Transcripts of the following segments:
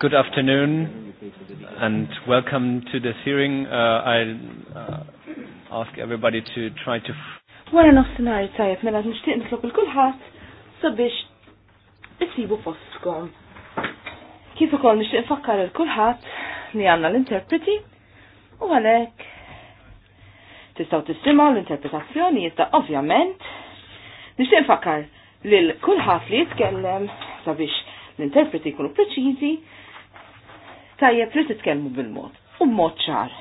Good afternoon and welcome to this hearing. Uh, I'll uh, ask everybody to try to... Wara nofsinari tajab, mela nishtiq nitlob il-kulħat sabiex isibu postkom. Kif ukoll nixtieq nfakkar il-kulħadd li għandna l-interpreti u għalhekk tistgħu tissimgħu l-interpretazzjoni iżda ovvjament nixtieq nfakkar lil kulħadd li jitkellem sabiex l-interpreti jkunu preċiżi tajjeb li titkellmu bil-mod u mod ċar.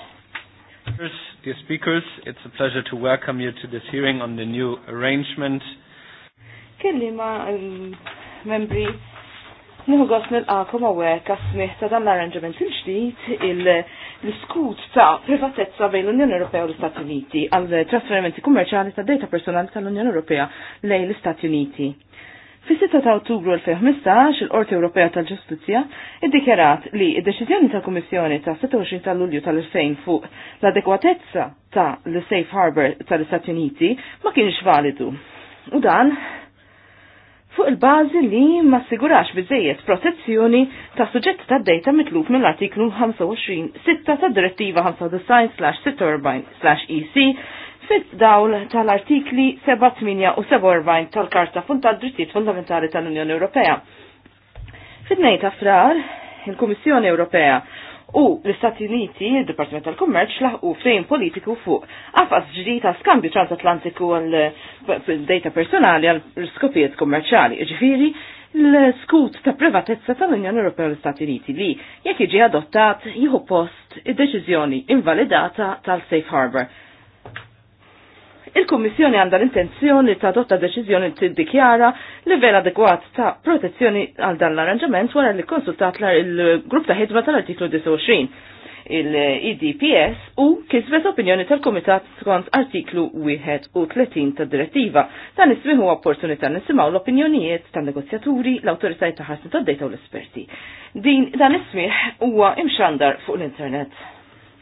Dear speakers, it's a pleasure to welcome you to this hearing on the new arrangement. Kellima mm, membri Nħugos nil-għakom għawek għasmiħ ta' dan l-arranġament il-ġdijt il-skut ta' privatezza bejn l-Unjoni Ewropea u l-Istati Uniti għal trasferimenti kummerċali ta' data personali tal-Unjoni Ewropea lejn l-Istati Uniti. Fis-6 ta' Ottubru 2015, il-Qorti Ewropea tal-Ġustizzja iddikjarat li id-deċiżjoni tal-Kummissjoni ta' 26 ta' Lulju tal-2000 fuq l-adekwatezza ta' l-Safe Harbor tal-Istati Uniti ma kienx validu. U dan fuq il-bażi li ma sigurax biżejjed protezzjoni ta' suġġetti ta' data mitluf mill-artiklu 25 ta' Direttiva 95/46/EC fit dawl tal-artikli 7 u 47 tal-Karta Funtal Drittijiet Fundamentali tal-Unjoni Ewropea. fid ta' frar, il-Kummissjoni Ewropea u l-Istati Uniti, il-Departiment tal-Kummerċ, laħqu frame politiku fuq għafas ġdijt ta' skambju transatlantiku għal-data personali għal-skopijiet kummerċali. Ġifiri, l-skut ta' privatezza tal-Unjoni Ewropea u l-Istati Uniti li jekk jiġi adottat jieħu post id-deċiżjoni invalidata tal-Safe Harbor il-Kummissjoni għandha l-intenzjoni ta' adotta deċiżjoni tiddikjara livell adekwat ta' protezzjoni għal dan l-arranġament wara li konsultat il-grupp ta' ħidma tal-artiklu 29 il-EDPS u kisbet opinjoni tal-Komitat skont artiklu 31 tad direttiva Dan ismiħu opportunità nisimaw l-opinjonijiet tan negozjaturi l-autoritajiet ta' ħarsin ta' dejta u l-esperti. Din dan ismiħ huwa imxandar fuq l-internet.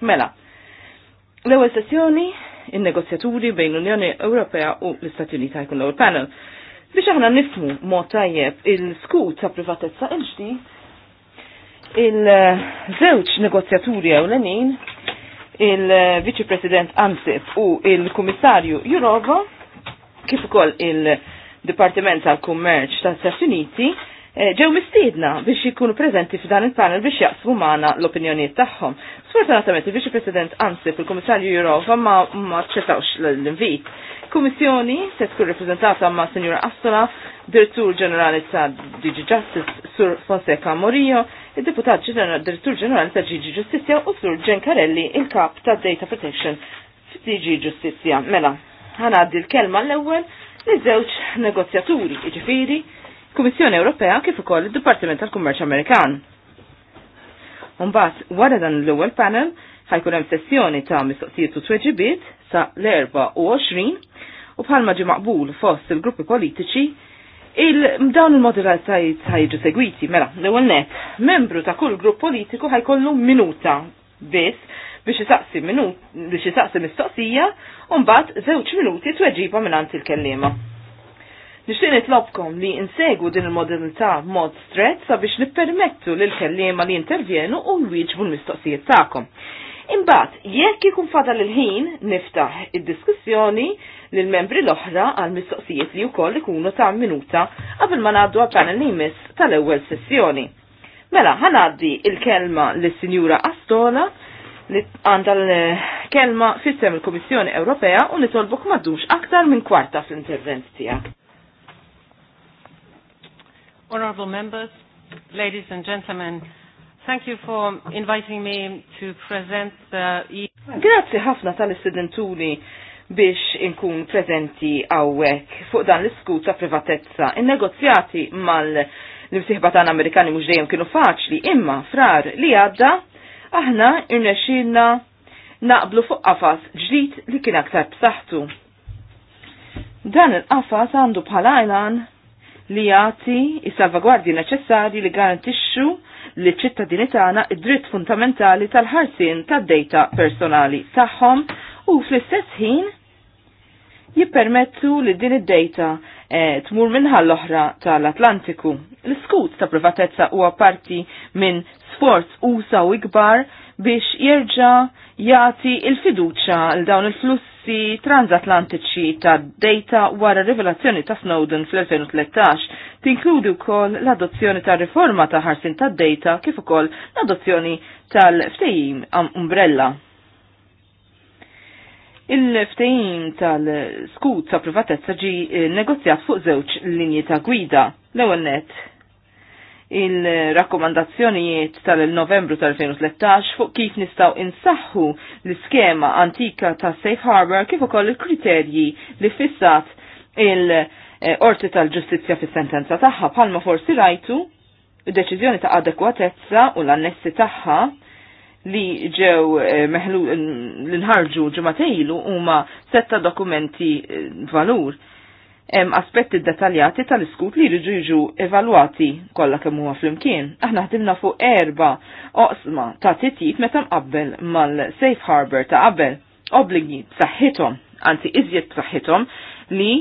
Mela, l-ewwel sessjoni in-negozjaturi bejn l-Unjoni Ewropea u l-Istati Uniti jkun l-ewwel panel. Biex aħna nifmu mod tajjeb il-skut ta' privatezza il-ġdid il-żewġ negozjaturi ewlenin il-Viċi President Ansip u il-Kummissarju Jurova kif ukoll il-Dipartiment tal-Kummerċ tal istati Uniti Eh, ġew mistiedna biex jikunu prezenti f'dan il-panel biex jaqsmu maħna l-opinjonijiet tagħhom. Sfortunatament il-Viċi President Ansip il-Kummissarju Jurova ma ma ċetawx l-invit. Kummissjoni se tkun rappreżentata ma' Sinjura Astola, Dirtur Ġenerali ta' Digi Justice Sur Fonseca Morillo, il-Deputat Dirtur Ġenerali ta' Digi Justizia u Sur Carelli, il-Kap ta' Data Protection f'Digi Justizia. Mela, għaddi l-kelma l-ewwel li żewġ negozjaturi, iġifieri, Kummissjoni Ewropea kif ukoll id-Dipartiment tal-Kummerċ Amerikan. Mbagħad wara dan l-ewwel panel ħajkun hemm sessjoni ta' mistoqsijiet u tweġibiet sa l-24 u bħalma ġi maqbul fost il-gruppi politiċi il-dawn il-moderatajt ħajġu segwiti, mela, l-ewel net, membru ta' kull grupp politiku ħajkollu minuta biss biex jisaqsi minut biex jisaqsi mistoqsija u mbagħad żewġ minuti tweġiba minn il-kellima. Nixtieq nitlobkom li insegu din il-modalità mod strett sabiex nippermettu lil kelliema li intervjenu u l-wieġbu l-mistoqsijiet tagħkom. Imbagħad, jekk ikun fadal il-ħin, niftaħ id-diskussjoni l membri l-oħra għal mistoqsijiet li wkoll ikunu ta' minuta qabel ma ngħaddu għal panel jmiss tal-ewwel sessjoni. Mela, ħanaddi il-kelma lis-Sinjura Astola li għanda l-kelma fissem il-Komissjoni Ewropea u nitolbok madux aktar minn kwarta fl-intervent tijak. Honourable members, ladies and gentlemen, thank you for inviting me to present the... E- Grazie ħafna tal-istudentuli biex inkun prezenti għawek fuq dan l iskut ta' privatezza. Il-negozjati mal-imsiħba tan Amerikani muġdejem kienu faċli, imma frar li għadda, aħna irnexilna naqblu fuq qafas ġdid li kien aktar b'saħħtu. Dan il-qafas għandu bħala li jagħti is-salvagwardji neċessarji li garantixxu li ċittadini tagħna id-dritt fundamentali tal-ħarsien tad-dejta personali tagħhom u fl-istess ħin jippermettu li din id-dejta eh, tmur minħal l-oħra tal-Atlantiku. L-iskut ta' privatezza huwa parti minn sforz usa u ikbar biex jerġa' jagħti il-fiduċja l dawn il-flussi servizzi transatlantiċi ta' data wara rivelazzjoni ta' Snowden fl-2013 tinkludi wkoll l-adozzjoni ta' riforma ta' ħarsin ta' data kif ukoll l-adozzjoni tal-ftehim umbrella. Il-ftehim tal-skut ta' privatezza ġi eh, negozjat fuq żewġ linji ta' gwida. L-ewwel net il-rakkomandazzjonijiet tal-Novembru tal-2013 fuq kif nistaw insaħħu l-iskema antika ta' Safe Harbor kif ukoll il-kriterji li fissat il-Orti tal-Ġustizzja fis-sentenza tagħha bħalma forsi rajtu id-deċiżjoni ta' adekwatezza u l-annessi tagħha li ġew eh, meħlu l-inħarġu ġimgħa huma setta dokumenti eh, valur hemm aspetti dettaljati tal-iskut li jridu jiġu evalwati kollha kemm huwa flimkien. Aħna ħdimna fuq erba' oqsma ta' titjib meta mqabbel mal-Safe Harbor ta' qabel obbligi b'saħħithom, anzi iżjed b'saħħithom li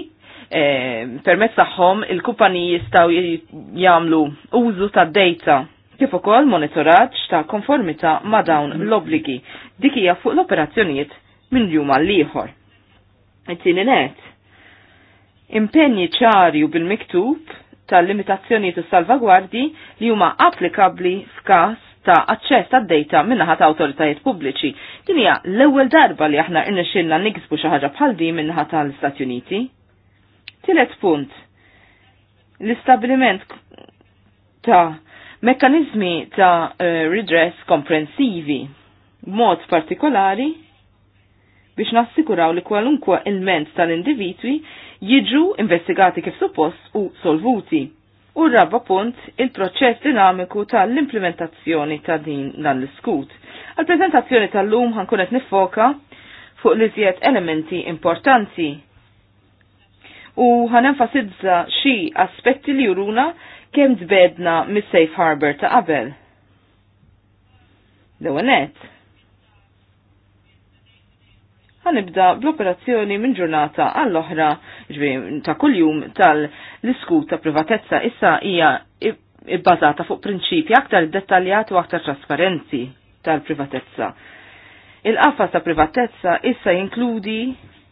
E, permezz tagħhom il-kumpaniji jistgħu jagħmlu użu ta' data kif ukoll monitoraġġ ta' konformità ma' dawn l-obbligi. Dik hija fuq l-operazzjonijiet minn jum għal ieħor. It-tieni impenji ċari u bil-miktub tal-limitazzjoni u salvaguardi li huma applikabli f'każ ta' aċċess ta' data minnaħa ta' autoritajiet pubbliċi. Din hija l-ewwel darba li aħna irnexxilna niksbu xi ħaġa bħal din minnaħa tal-Istati Uniti. Tielet punt. L-istabbiliment ta' mekkanizmi ta' eh, redress komprensivi b'mod partikolari biex nassikuraw li kwalunkwa ilment tal-individwi jiġu investigati kif suppost u solvuti. U rabba punt il-proċess dinamiku tal-implementazzjoni ta' din dan l-iskut. Għal-prezentazzjoni tal-lum ħankunet nifoka fuq li zjed elementi importanti. U ħanenfasizza xi aspetti li juruna kemm tbedna mis-Safe Harbor ta' qabel. Dewenet, għanibda bl-operazzjoni minn ġurnata għall-oħra ta' kuljum tal-iskut ta' privatezza issa hija ibbażata fuq prinċipji aktar dettaljati u aktar trasparenti tal-privatezza. Il-qafas ta' privatezza issa jinkludi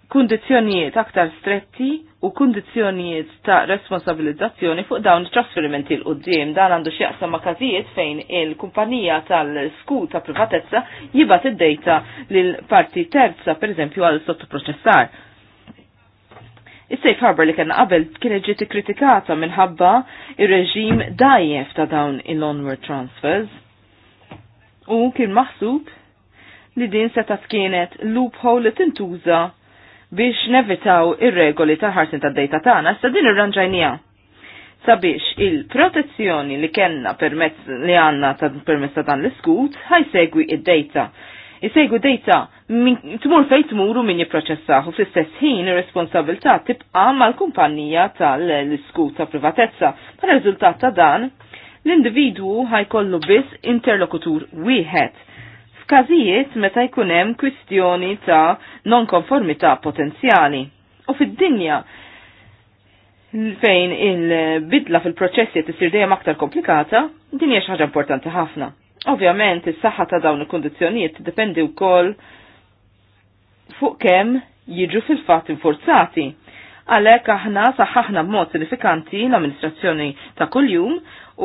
Kundizzjonijiet aktar stretti u kundizzjonijiet ta' responsabilizzazzjoni fuq dawn trasferimenti l-qoddim. Dan għandu xieqsa ma' kazijiet fejn il-kumpanija tal-sku ta' privatezza jibat id-dejta l-parti terza, per eżempju, għal sottoprocessar. Is-safe harbor li kena qabel kienet ġiet kritikata minħabba ir-reġim dajjef ta' dawn il-onward transfers u kien maħsub li din seta' kienet loophole li tintuża biex nevitaw ir-regoli ta' ħarsin ta' dejta tagħna sta din ir-ranġajnija. Sabiex il-protezzjoni li kellna permezz li għandna ta' permezz ta' dan l-iskut ħajsegwi id-dejta. Isegwi dejta tmur fejn tmuru min jipproċessaħu fl-istess ħin ir-responsabilità tibqa' mal-kumpanija tal-iskut ta' privatezza. Par rezultat ta' dan, l-individwu ħajkollu biss interlokutur wieħed f'każijiet meta jkun hemm kwistjoni ta' nonkonformità potenzjali. U fid-dinja fejn il-bidla fil-proċessi isir dejjem aktar komplikata, din hija xi ħaġa importanti ħafna. Ovvjament, is-saħħa ta' dawn il-kundizzjonijiet tiddependi wkoll fuq kemm jiġu fil-fatt infurzati. Għalhekk aħna saħħaħna b'mod sinifikanti l-amministrazzjoni ta' kuljum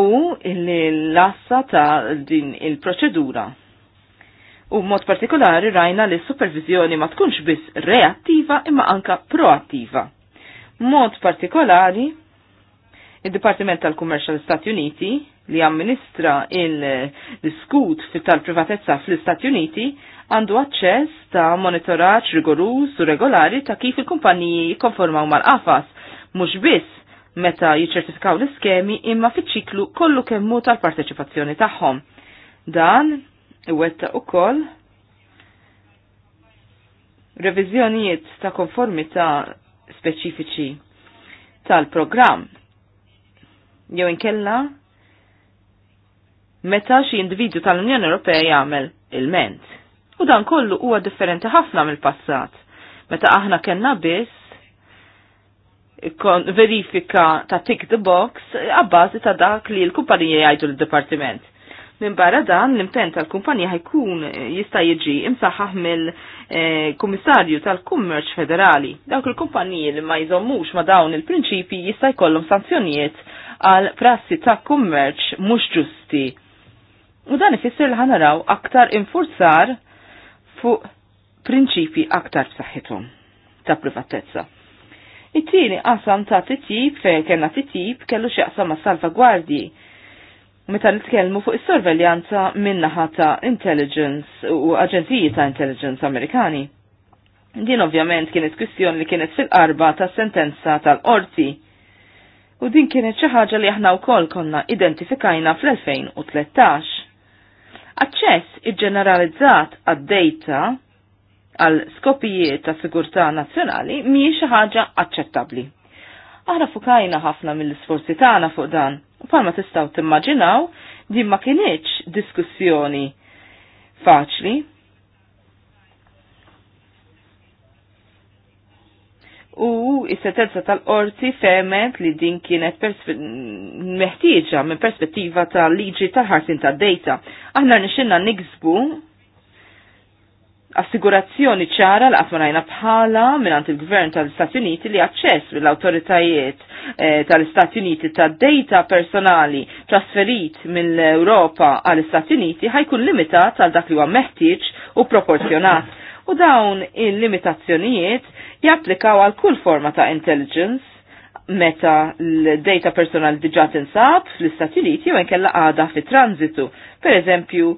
u l-lassa ta' din il-proċedura U mod partikolari rajna li supervizjoni ma tkunx biss reattiva imma anka proattiva. Mod partikolari il-Dipartiment tal-Kummerċ tal-Istati Uniti li amministra il-diskut fit tal-privatezza fl-Istati Uniti għandu aċċess ta' monitoraċ rigorus u regolari ta' kif il-kumpaniji konformaw mal-qafas, mhux biss meta jiċċertifikaw l-iskemi imma fiċ-ċiklu kollu kemmu tal-parteċipazzjoni tagħhom. Dan iwetta u kol revizjonijiet ta' konformità speċifiċi tal-programm. Jew inkella meta xi individu tal-Unjoni Ewropea jagħmel il-ment. U dan kollu huwa differenti ħafna mill-passat. Meta aħna kellna biss verifika ta' tick the box għabbażi ta' dak li l-kumpanija jgħidu l-Dipartiment. Minn barra dan l-impen tal-kumpanija ħajkun eh, jista' jiġi imsaħħaħ mill-Kummissarju eh, tal-Kummerċ Federali. Dawk il-kumpaniji li ma jżommux ma dawn il-prinċipi jista' jkollhom sanzjonijiet għal prassi ta' kummerċ mhux ġusti. U dan ifisser li ħanaraw aktar infurzar fuq prinċipi aktar b'saħħithom ta' privatezza. It-tieni qasam ta' titjib fejn kellna titjib kellu x'jaqsam ma' salvagwardji meta nitkellmu fuq is-sorveljanza minnaħa ta' intelligence u aġenziji ta' intelligence Amerikani. Din ovvjament kienet kwistjon li kienet fil-qarba ta' sentenza tal-qorti. U din kienet xi ħaġa li aħna wkoll konna identifikajna fl-2013. Aċċess iġġeneralizzat għad-data għal skopijiet ta' sigurtà nazzjonali mhijiex xi ħaġa aċċettabbli. Aħna fukajna ħafna mill-isforzi tagħna fuq dan U palma tistaw timmaġinaw din ma kienieċ diskussjoni faċli. U is-sentenza tal-qorti femet li din kienet meħtieġa minn perspettiva tal-liġi tal-ħarsin tad-dejta. Aħna nixinna niksbu assigurazzjoni ċara l rajna bħala minnant il-gvern tal-Stati Uniti li għacċess mill-autoritajiet eh, tal-Stati Uniti ta' data personali trasferit mill-Europa għal-Stati Uniti ħajkun limitat għal dak li huwa meħtieġ u proporzjonat. U dawn il-limitazzjonijiet japplikaw għal kull forma ta' intelligence meta l-data personal diġa tinsab fl-Istati Uniti u nkella għada fi transitu. Per eżempju,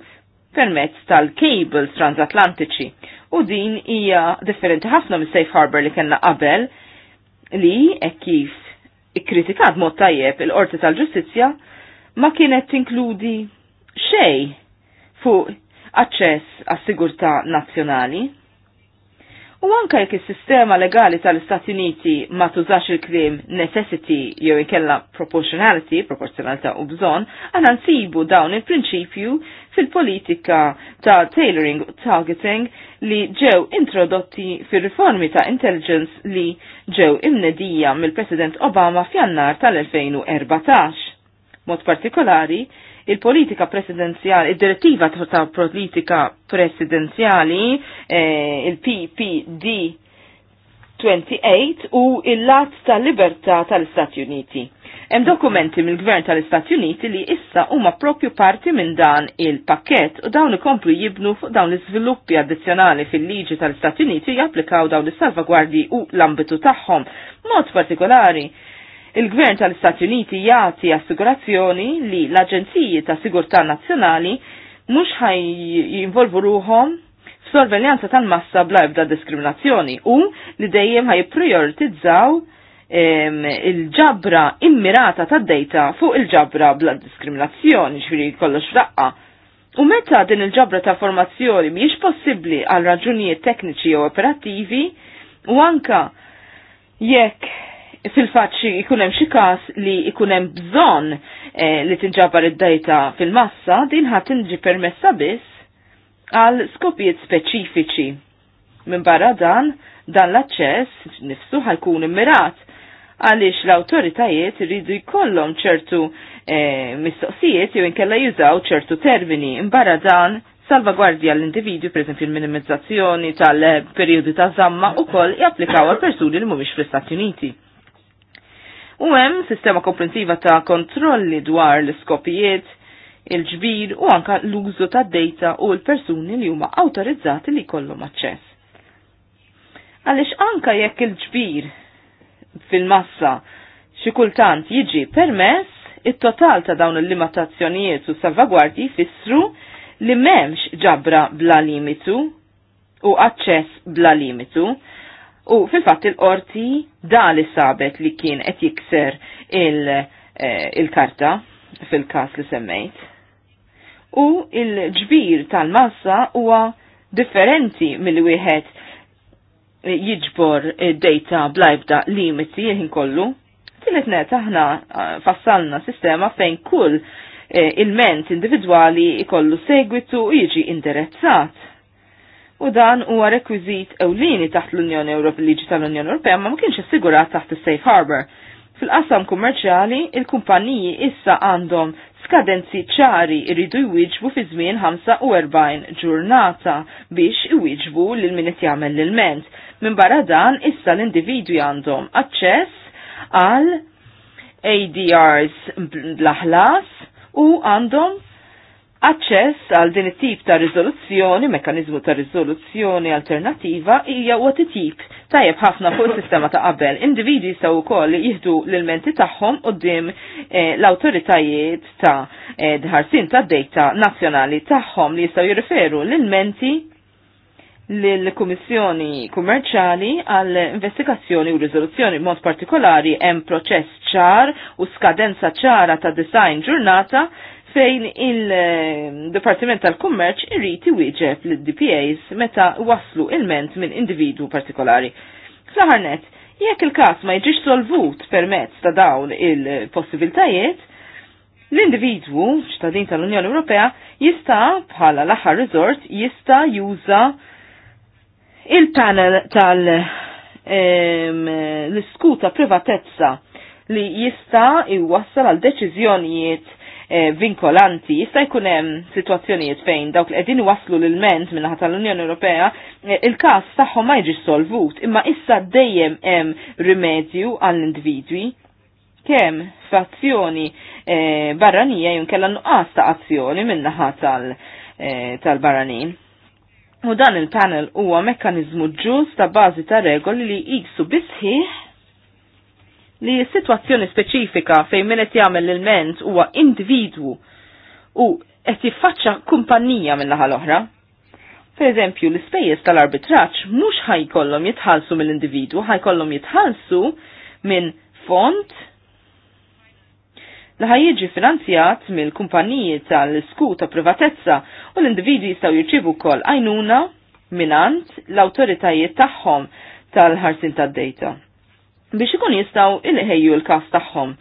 permezz tal-cables transatlantiċi. U din hija differenti ħafna mis safe harbor li kellna qabel li hekk kif ikkritikat mod tajjeb il-Qorti tal-Ġustizzja ma kienet tinkludi xej fuq aċċess għas-sigurtà nazzjonali. U anka jekk is-sistema legali tal-Istati Uniti ma tużax il krim necessity jew ikella proportionality, proporzjonalità u bżonn, għandna nsibu dawn il-prinċipju fil-politika ta' tailoring u targeting li ġew introdotti fir-riformi ta' intelligence li ġew imnedija mill-President Obama f'jannar tal-2014. Mod partikolari, il-politika presidenzjali, il-direttiva ta' politika presidenzjali, eh, il-PPD 28 u il-lat tal-libertà tal-Istati Uniti. Hemm dokumenti mill-Gvern tal-Istati Uniti li issa huma propju parti minn dan il-pakket u dawn ikomplu jibnu fuq dawn l-iżviluppi addizzjonali fil-liġi tal-Istati Uniti japplikaw dawn is-salvagwardji u l-ambitu tagħhom. Mod partikolari, Il-Gvern tal-Istati Uniti jagħti assigurazzjoni li l-Aġenziji ta' Sigurtà Nazzjonali mhux ħaj jinvolvu ruhom f'sorveljanza tal-massa bla ebda diskriminazzjoni u li dejjem ħaj prioritizzaw il-ġabra immirata ta' dejta fuq il-ġabra bla diskriminazzjoni ġifiri kollox raqqa. U meta din il-ġabra ta' formazzjoni miex possibli għal raġunijiet tekniċi u operattivi u anka jekk fil fat xie ikunem hemm xi każ li ikunem hemm bżonn eh, li tinġabar id-dajta fil-massa din ħadd tinġi permessa biss għal skopijiet speċifiċi. Minn barra dan, dan l-aċċess nifsu ħajkun immirat għaliex l-autoritajiet rridu jkollhom ċertu eh, mistoqsijiet jew inkella jużaw ċertu termini. Imbarra dan salvagwardja l-individwi, per esempio minimizzazzjoni tal-periodi eh, ta' zamma u koll japplikaw għal persuni li mhumiex fl-Istati Uniti u hemm sistema komprensiva ta' kontrolli dwar l-iskopijiet, il-ġbir u anka l-użu ta' data u l-persuni li huma awtorizzati li kollhom aċċess. Għaliex anka jekk il-ġbir fil-massa xi kultant jiġi permess, it-total ta' dawn il-limitazzjonijiet u salvagwardji jfissru li m'hemmx ġabra bla limitu u aċċess bla limitu U fil-fatt il-qorti da li sabet li kien qed jikser eh, il-karta il fil-kas li semmejt. U il-ġbir tal-massa huwa differenti mill-wieħed jiġbor data blajbda limiti jħin kollu. Tillet net aħna eh, fassalna sistema fejn kull eh, il-ment individwali ikollu segwitu u jiġi indirezzat u dan huwa rekwiżit ewlieni taħt l-Unjoni Ewropea liġi tal-Unjoni Ewropea ma ma kienx assigurat taħt is-Safe Harbor. Fil-qasam kummerċjali, il-kumpaniji issa għandhom skadenzi ċari irridu jwieġbu fi żmien 45 ġurnata biex iwieġbu lil min qed jagħmel l-ment. Minn barra dan issa l-individwi għandhom aċċess għal ADRs l-aħlas u għandhom Aċċess għal din it-tip ta' riżoluzzjoni, mekkaniżmu ta' riżoluzzjoni alternattiva hija huwa titip tajjeb ħafna fuq sistema ta' qabel. Individwi jistgħu wkoll jieħdu l-elementi tagħhom qudiem eh, l-awtoritajiet ta' eh, dħarsin ta' dejta nazzjonali tagħhom li jistgħu jirriferu l-elementi l-Kummissjoni Kummerċali għall investigazzjoni u riżoluzzjoni mod partikolari hemm proċess ċar u skadenza ċara ta' design ġurnata fejn il-Departiment tal-Kummerċ irriti iwieġeb l dpas meta waslu il-ment minn individu partikolari. Saħarnet, jekk il-kas ma jġiġ solvut permezz ta' dawn il-possibiltajiet, l-individwu, ċittadin tal-Unjoni Ewropea, jista' bħala l-aħħar resort jista' juża il-panel tal-iskuta privatezza li jista' iwassal għal deċiżjonijiet E, vinkolanti. Jista' jkun hemm sitwazzjonijiet fejn dawk li qegħdin waslu lil ment minnaħa tal-Unjoni Ewropea e, il-każ tagħhom ma jiġi solvut, imma issa dejjem hemm rimedju għall-individwi kemm f'azzjoni e, barranija kellha nuqqas ta' azzjoni minnaħa tal-barranin. U dan il-panel huwa mekkaniżmu ġust ta' bażi ta' regoli li jqisu bisħiħ li situazzjoni speċifika fejn min qed jagħmel l ment huwa individwu u qed jiffaċċa kumpanija mill-naħa l-oħra. Per eżempju, l-ispejjeż tal-arbitraġġ mhux ħajkollhom jitħallsu mill-individwu, ħajkollhom jitħallsu minn font li ħajjiġi finanzjat mill-kumpaniji tal-isku ta' privatezza u l-individwi jistgħu jirċievu wkoll għajnuna minant l-awtoritajiet tagħhom tal-ħarsin tad-dejta biex ikun jistaw il-ħejju l-kas tagħhom.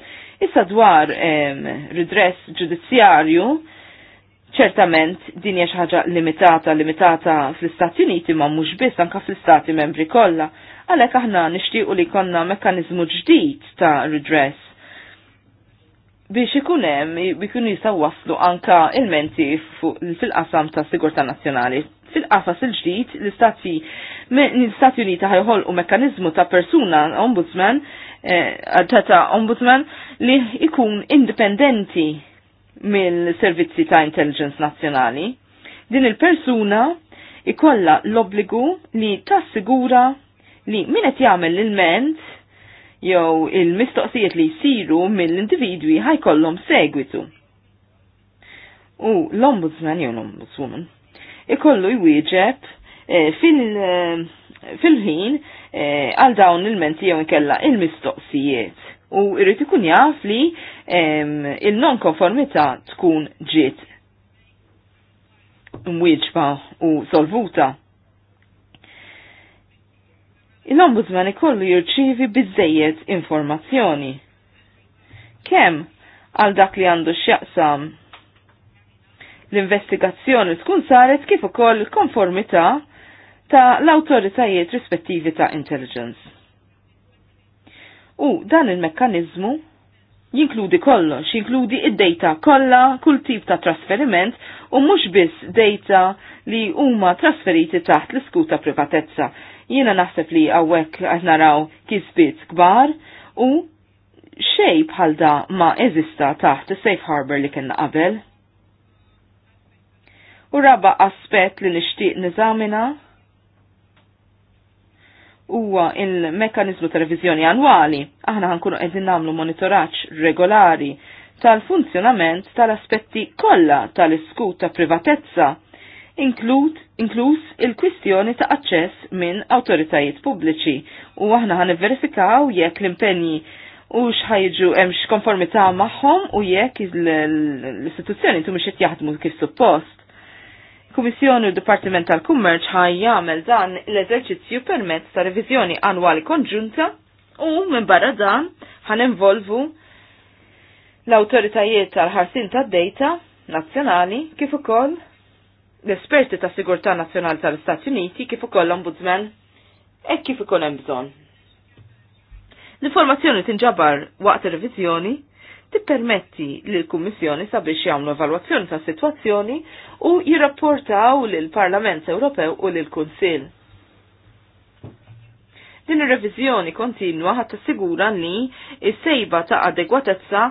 Issa dwar ridress ġudizzjarju, ċertament din hija xi ħaġa limitata limitata fl-Istati Uniti ma mhux biss anke fl-Istati Membri kollha, għalhekk aħna nixtiequ li konna mekkaniżmu ġdid ta' redress biex ikun hemm ikun jistgħu waslu anka il-menti fil-qasam ta' sigurtà nazzjonali. Fil-qafas il-ġdid, l-Istati l-Istati Uniti ħajħol u mekanizmu ta' persuna ombudsman, eh, ta' ombudsman li ikun indipendenti mill-servizzi ta' intelligence nazzjonali. Din il-persuna ikolla l-obbligu li tassigura li min qed jagħmel l-ment jew il-mistoqsijiet li jsiru mill-individwi ħajkollhom segwitu. U l-ombudsman jew l-ombudswoman ikollu jwieġeb eh, eh, fil-ħin eh, għal dawn il-menti jew inkella il-mistoqsijiet. U irrit ikun jaf li il-non tkun ġiet mwieġba u solvuta. Il-ombudsman ikollu jirċivi bizzejiet informazzjoni. Kem għal dak li għandu x'jaqsam l-investigazzjoni tkun saret kif ukoll konformità ta' l-autoritajiet rispettivi ta' intelligence. U dan il-mekkanizmu jinkludi kollox, jinkludi id-data kollha, kull tip ta' trasferiment u mhux biss data li huma trasferiti taħt l-iskuta privatezza. Jiena naħseb li hawnhekk qed naraw kisbiet kbar u xej bħal da ma eżista taħt is-safe harbor li kien qabel. U raba aspett li nixtieq niżamina huwa il-mekkaniżmu ta' reviżjoni annwali. Aħna ħankunu qegħdin nagħmlu monitoraġġ regolari tal-funzjonament tal-aspetti kollha tal-iskut ta' privatezza, inkluż il-kwistjoni ta' aċċess minn awtoritajiet pubbliċi u aħna ħan verifikaw jekk l-impenji u xħajġu hemm x'konformità magħhom u jekk l-istituzzjoni tu mhux jaħdmu kif suppost. Kummissjoni u Dipartiment tal-Kummerċ ħaj jagħmel dan l-eżerċizzju permezz ta' reviżjoni annwali konġunta u minn barra dan involvu l-awtoritajiet tal-ħarsin tad data nazzjonali kif ukoll l-esperti ta' sigurtà nazzjonali tal-Istati Uniti kif ukoll l-Ombudsman e kif ukoll hemm bżonn. L-informazzjoni tinġabar waqt ir-reviżjoni tippermetti li l-Kummissjoni sabiex jagħmlu evalwazzjoni ta' sitwazzjoni u jirrapportaw lill Parlament Ewropew u lil Kunsill. Din ir-reviżjoni kontinwa ħadd tassigura li s-sejba ta' adegwatezza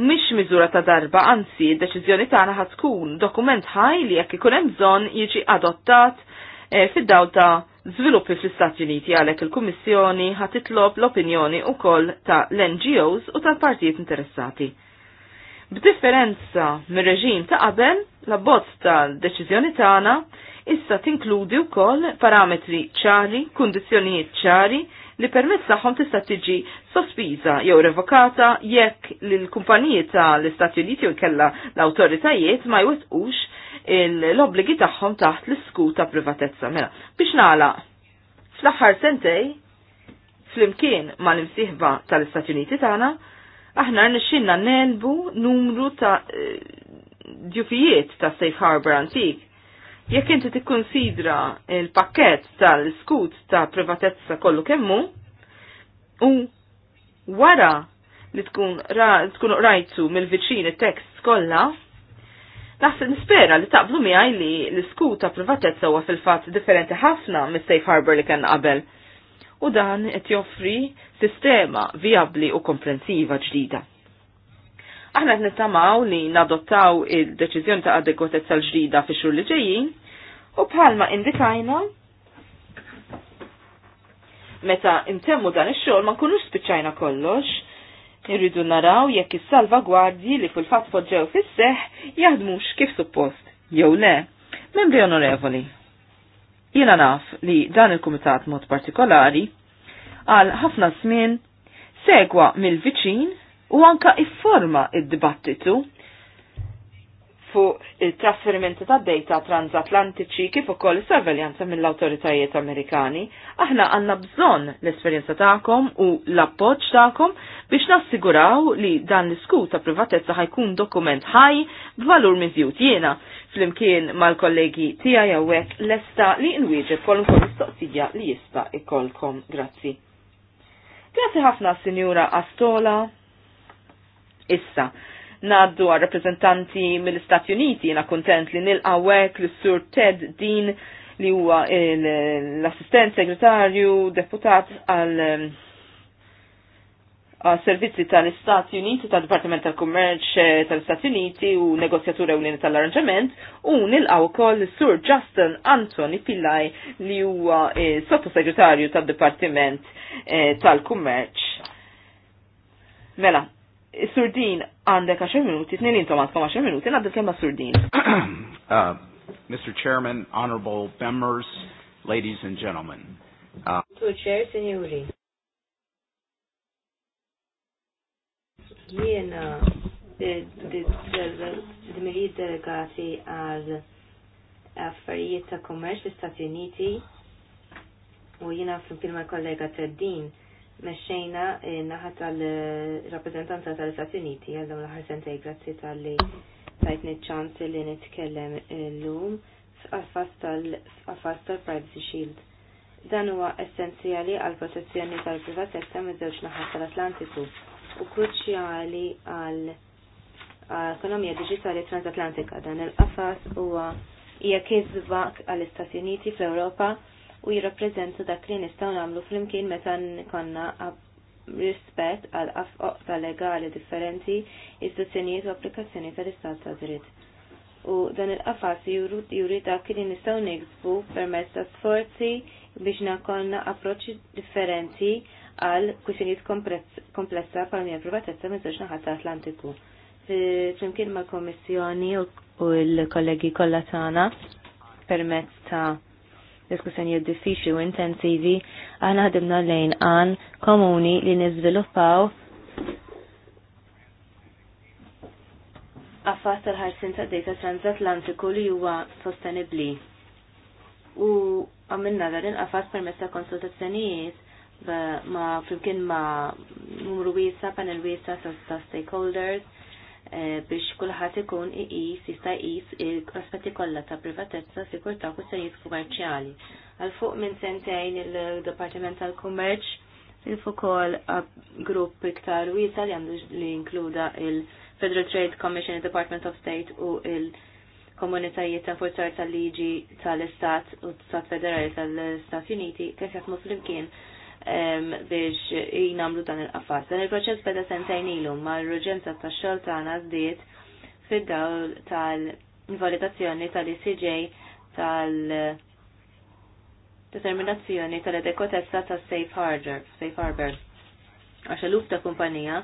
mhix miżura ta' darba, anzi d-deċiżjoni tagħna ħadd tkun dokument ħaj li jekk ikun hemm bżonn jiġi adottat eh, fid dawl ta' żviluppi fl-Istati Uniti għalek il-Kummissjoni ħatitlob l-opinjoni wkoll ta' l-NGOs u tal-partijiet interessati. B'differenza mir-reġim ta' qabel, l-abbozz tal-deċiżjoni tagħna issa tinkludi wkoll parametri ċari, kundizzjonijiet ċari li permess tagħhom tista' tiġi sospiża jew revokata jekk l-kumpaniji tal-Istati Uniti u kella l-awtoritajiet ma jwettqux l-obbligi tagħhom taħt l-isku ta' privatezza. Mela, biex nagħlaq fl-aħħar sentej flimkien ma' l-imsieħba tal-Istati Uniti tagħna, aħna rnexxinna nelbu numru ta' eh, djufijiet ta' Safe Harbor antik Jekk inti tikkonsidra il-pakket tal-skut ta' privatezza kollu kemmu, u wara li tkun ra, tkun rajtu mill-viċin it-tekst kollha, naħseb nispera li taqblu miegħi li l-iskut ta' privatezza huwa fil-fatt differenti ħafna mis-safe harbor li kien qabel. U dan qed joffri sistema viabli u komprensiva ġdida. Aħna qed nittamaw li nadottaw il-deċiżjoni ta' adekwatezza l-ġdida fi xhur li ġejjin u bħalma indikajna meta intemmu dan ix-xogħol ma nkunux spiċċajna kollox, irridu naraw jekk is-salvagwardji li fil-fatt poġġew fis-seħ jaħdmux kif suppost jew le. Membri onorevoli, jiena naf li dan il-kumitat mod partikolari għal ħafna żmien segwa mill-viċin u anka informa id-dibattitu fuq il-trasferimenti ta' data transatlantiċi kif ukoll is-sorveljanza mill-awtoritajiet Amerikani, aħna għandna bżonn l-esperjenza tagħkom u l-appoġġ tagħkom biex nassiguraw li dan l-isku ta' privatezza ħajkun dokument ħaj b'valur miżjud jiena flimkien mal-kollegi tiegħi l lesta li nwieġeb kwalunkwe mistoqsija li jista' ikolkom. Grazzi. Grazzi ħafna Sinjura Astola issa. Naddu għal rappresentanti mill-Istati Uniti, jena kontent li nil-għawek l-Sur Ted Dean li huwa l-assistent segretarju deputat ehm, għal servizzi tal-Istati Uniti, tal-Dipartiment tal-Kummerċ eh, tal-Istati Uniti u negozjatura ewlieni tal-arranġament u nilqaw ukoll Sur Justin Anthony Pillaj li huwa eh, sottosegretarju tal-Dipartiment eh, tal-Kummerċ. Mela, Surdin għandek 10 minuti, t-nil intom għandkom 10 minuti, għandek kemm Surdin. uh, Mr. Chairman, honorable members, ladies and gentlemen. Mr. Uh, chair, signori. Jena, d dimiri delegati għal affarijiet ta' kommerċ fl-Stati Uniti u jena fl-pilma kollega Teddin meċċejna naħat tal-rappresentanza tal-Stati Uniti għallum l-ħar sentej grazzi tal-li tajtni ċans li nitkellem l-lum f'affas tal-Privacy Shield. Dan huwa essenzjali għal protezzjoni tal-privatezza miż-żewġ naħat tal-Atlantiku u kruċjali għal ekonomija digitali transatlantika. Dan il-qafas huwa hija kisba għall-Istati Uniti fl-Ewropa u jirrapprezenta dak li nistgħu nagħmlu flimkien meta nkonna rispett għal ta' legali differenti, istituzzjonijiet u applikazzjoni tal-istat ta' dritt. U dan il-qafas juri dak li nistgħu niksbu permezz ta' sforzi biex nakonna approċċi differenti għal kwistjonijiet komplessa bħal mija privatezza minn żewġ naħat Atlantiku. Flimkien mal-Kommissjoni u l-kollegi kollha tagħna permezz ta' diskussjoni diffiċli u intensivi, aħna ħadimna lejn għan komuni li niżviluppaw għaffas tal-ħarsin ta' data transatlantiku li huwa sostenibli. U għamilna għadin għaffas permess ta' konsultazzjonijiet ma flimkien ma numru wisa panel wisa ta' stakeholders, Eh, biex kulħadd ikun iqis jista' jqis l-aspetti kollha ta' privatezza, sikurtà u kwistjonijiet kummerċjali. Għal fuq minn sentejn il-Dipartiment tal-Kummerċ infokol grupp iktar wiesa li għandu li inkluda il-Federal Trade Commission, il-Department of State u il- komunitajiet ta' forzar tal-liġi tal-Istat u tal stat Federali tal-Istat Uniti kif jaħdmu flimkien biex jinamlu dan il qaffar Dan il-proċess beda sentajn ilu ma l-urġenza ta' xol tagħna żdiet fid-dawl tal invalidazzjoni tal-ICJ tal- determinazzjoni tal edekotessa ta' Safe Harbor. Safe Harbor. Għax eluf ta' kumpanija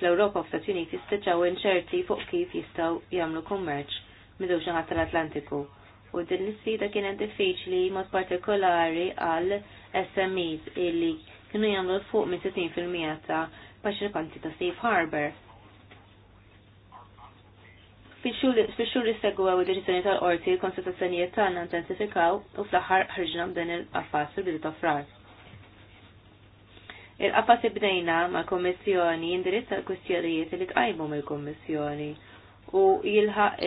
fl-Ewropa u Stati Uniti spiċċaw inċerti fuq kif jistgħu jagħmlu kummerċ miżewġ xaħat tal-Atlantiku. U din l-sfida kienet diffiċli mod partikolari għal SMEs illi kienu jagħmlu fuq minn 60% ta' paċirkanti ta' Safe Harbor. Fix-xhur li segwew id-deċiżjoni tal-qorti, ta' tagħna intensifikaw u fl-aħħar ħarġna b'dan il-qafas fil-bidu ta' frar. il affas ibdejna mal-Kommissjoni indirizza l-kwistjonijiet li tqajmu mill-Kommissjoni u jilħaq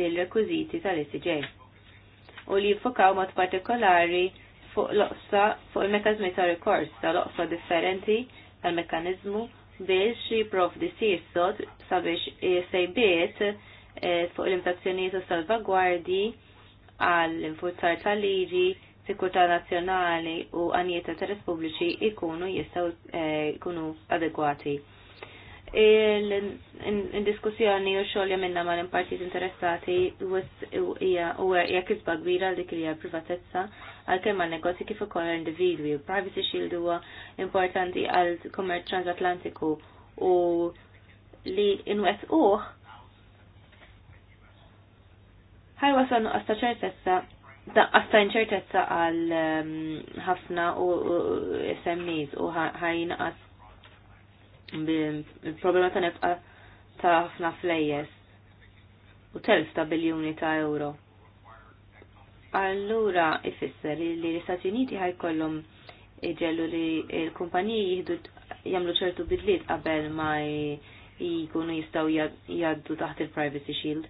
il-rekwiziti tal-ECJ u li jiffokaw mod partikolari fuq l-oqsa fuq il-mekanizmi ta' rikors ta' oqsa differenti tal-mekanizmu biex jiprovdi sir sod sabiex sejbiet eh, fuq l-imtazzjonijiet u salvagwardi għall-infurzar tal-liġi sikurta nazjonali u għanijiet ta' teres pubbliċi ikunu jistaw ikunu eh, adegwati. Il-diskussjoni u xolja minna mal-impartijiet interessati u hija jakizba kbira dik li hija privatezza għalkemm għal negozji kif ukoll individwi individwi. Privacy Shield huwa importanti għal kummerċ transatlantiku u li inwet uħ ħaj wasan għasta ċertezza għasta ċertezza għal um, ħafna u SMEs u ħajn għas problema ta' nefqa ta' ħafna flejjes u telf ta' biljoni ta' euro allura ifisser li l-Istati Uniti ħajkollhom iġellu li l-kumpaniji jihdu jagħmlu ċertu bidliet qabel ma jkunu jistgħu jgħaddu taħt il-Privacy Shield.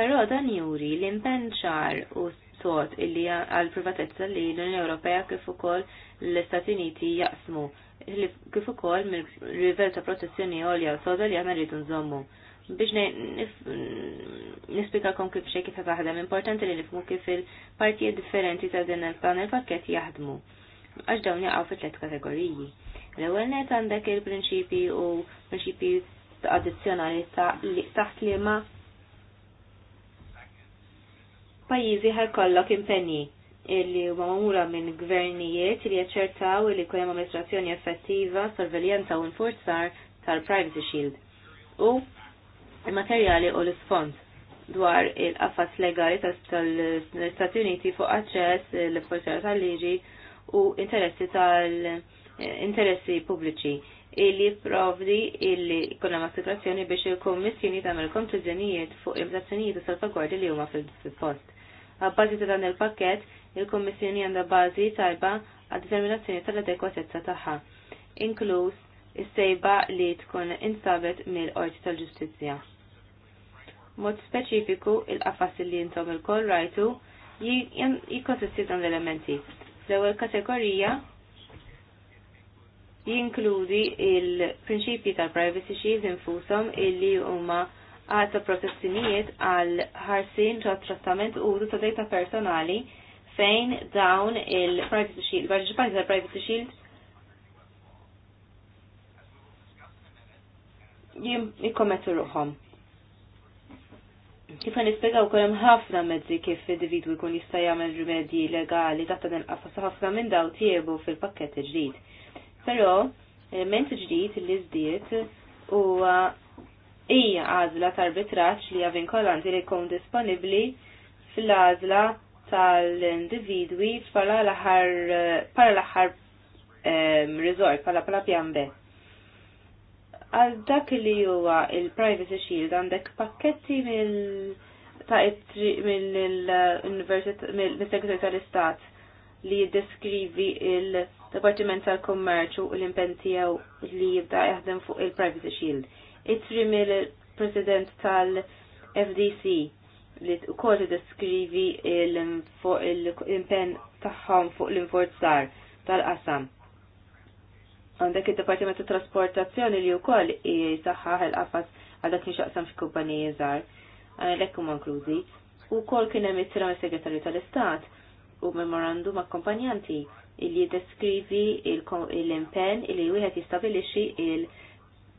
Però dan juri l-impenn ċar u sod illi għal privatezza li l-Unjoni Ewropea kif ukoll l-Istati Uniti jaqsmu kif ukoll mill rivel ta' protezzjoni għolja u soda li għamel rridu nżommu biex nispikakom kif xej kif taħdem, importanti li nifmu kif il-partijiet differenti ta' din dan il-pakket jaħdmu. Għax dawn jaqgħu fi tliet kategoriji. L-ewwel net għandek il-prinċipi u prinċipi addizzjonali taħt li ma pajjiżi ħajkollok impenji illi huma magħmula minn gvernijiet li jaċċertaw li jkun amministrazzjoni effettiva, sorveljanza u nfurzar tal-Privacy Shield. U il-materjali u l-sfond dwar il-qafas legali tal-Stati Uniti fuq aċċess l-forzjar tal-liġi u interessi tal-interessi pubbliċi illi provdi illi kolla massikrazzjoni biex il kummissjoni tagħmel konklużjonijiet fuq il-implazzjonijiet u salvaguardi li huma fil-post. Għabbażi ta' dan il-pakket, il kummissjoni għandha bażi tajba għad-determinazzjoni tal-adekwatezza tagħha, inkluż is-sejba li tkun instabet mill-Qorti tal-Ġustizzja mod speċifiku il-qafas li jintom il-koll rajtu jikonsisti dan l-elementi. L-ewwel kategorija jinkludi il-prinċipji tal-privacy shield infushom illi huma għata protezzjonijiet għal ħarsin ta' trattament użu ta' data personali fejn dawn il-privacy shield, parċipanti tal-privacy shield jikkommettu ruħom. Kif għan nispiegaw kolem ħafna mezzi kif individu jkun jista' jagħmel rimedji legali taħt dan qafas ħafna minn daw tiebu fil-pakket ġdid. Però element ġdid li zdiet huwa hija għażla tal-arbitraġġ li għavin vinkolanti li jkun disponibbli fl-għażla tal-individwi bħala l-aħħar pala l-aħħar ehm, resort bħala pala pjan għal dak li huwa il-Privacy Shield għandek pakketti mill ta' mill-Segretarju tal-Istat li jiddeskrivi il-Departiment tal-Kommerċu u l-impentijaw li jibda jaħdem fuq il-Privacy Shield. Ittri mill-President tal-FDC li ukoll jiddeskrivi il impen tagħhom fuq l-inforzar tal-qasam għandek id-Departiment ta' Trasportazzjoni li wkoll jisaħħaħ il-qafas għal dak nixaqsam xi kumpaniji żgħar għalhekk huma u Ukoll kien hemm ittra mis-Segretarju tal-Istat u memorandum akkompanjanti li jiddeskrivi l-impenn illi wieħed jistabilixxi il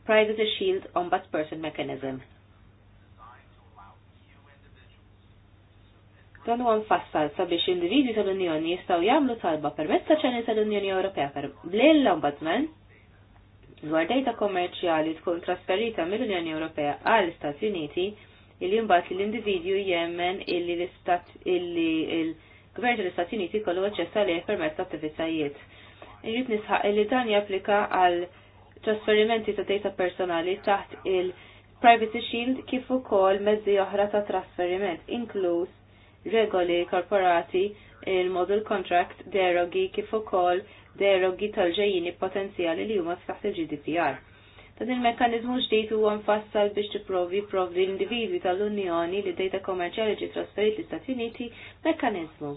privacy Shield Ombudsperson Mechanism Dan huwa mfassal sabiex individwi tal-Unjoni jistgħu jagħmlu talba permezz ta' ċani tal-Unjoni Ewropea per l-Ombudsman dwar data kommerċjali tkun trasferita mill-Unjoni Ewropea għall istati Uniti illi mbagħad l-individwu jemmen illi l-istat illi l gvern tal-Istati Uniti kollu aċċess għalih permezz ta' attivitajiet. Irrid nisħaq illi dan japplika għal trasferimenti ta' data personali taħt il- Privacy Shield kif ukoll mezzi oħra ta' trasferiment, inkluż regoli korporati il-model contract derogi kif ukoll derogi tal-ġejjini potenzjali li huma taħt il-GDPR. Dan il-mekkanizmu ġdid huwa mfassal biex tipprovi provdi l-individwi tal-Unjoni li dejta kommerċjali ġi trasferit l-Istati Uniti mekkanizmu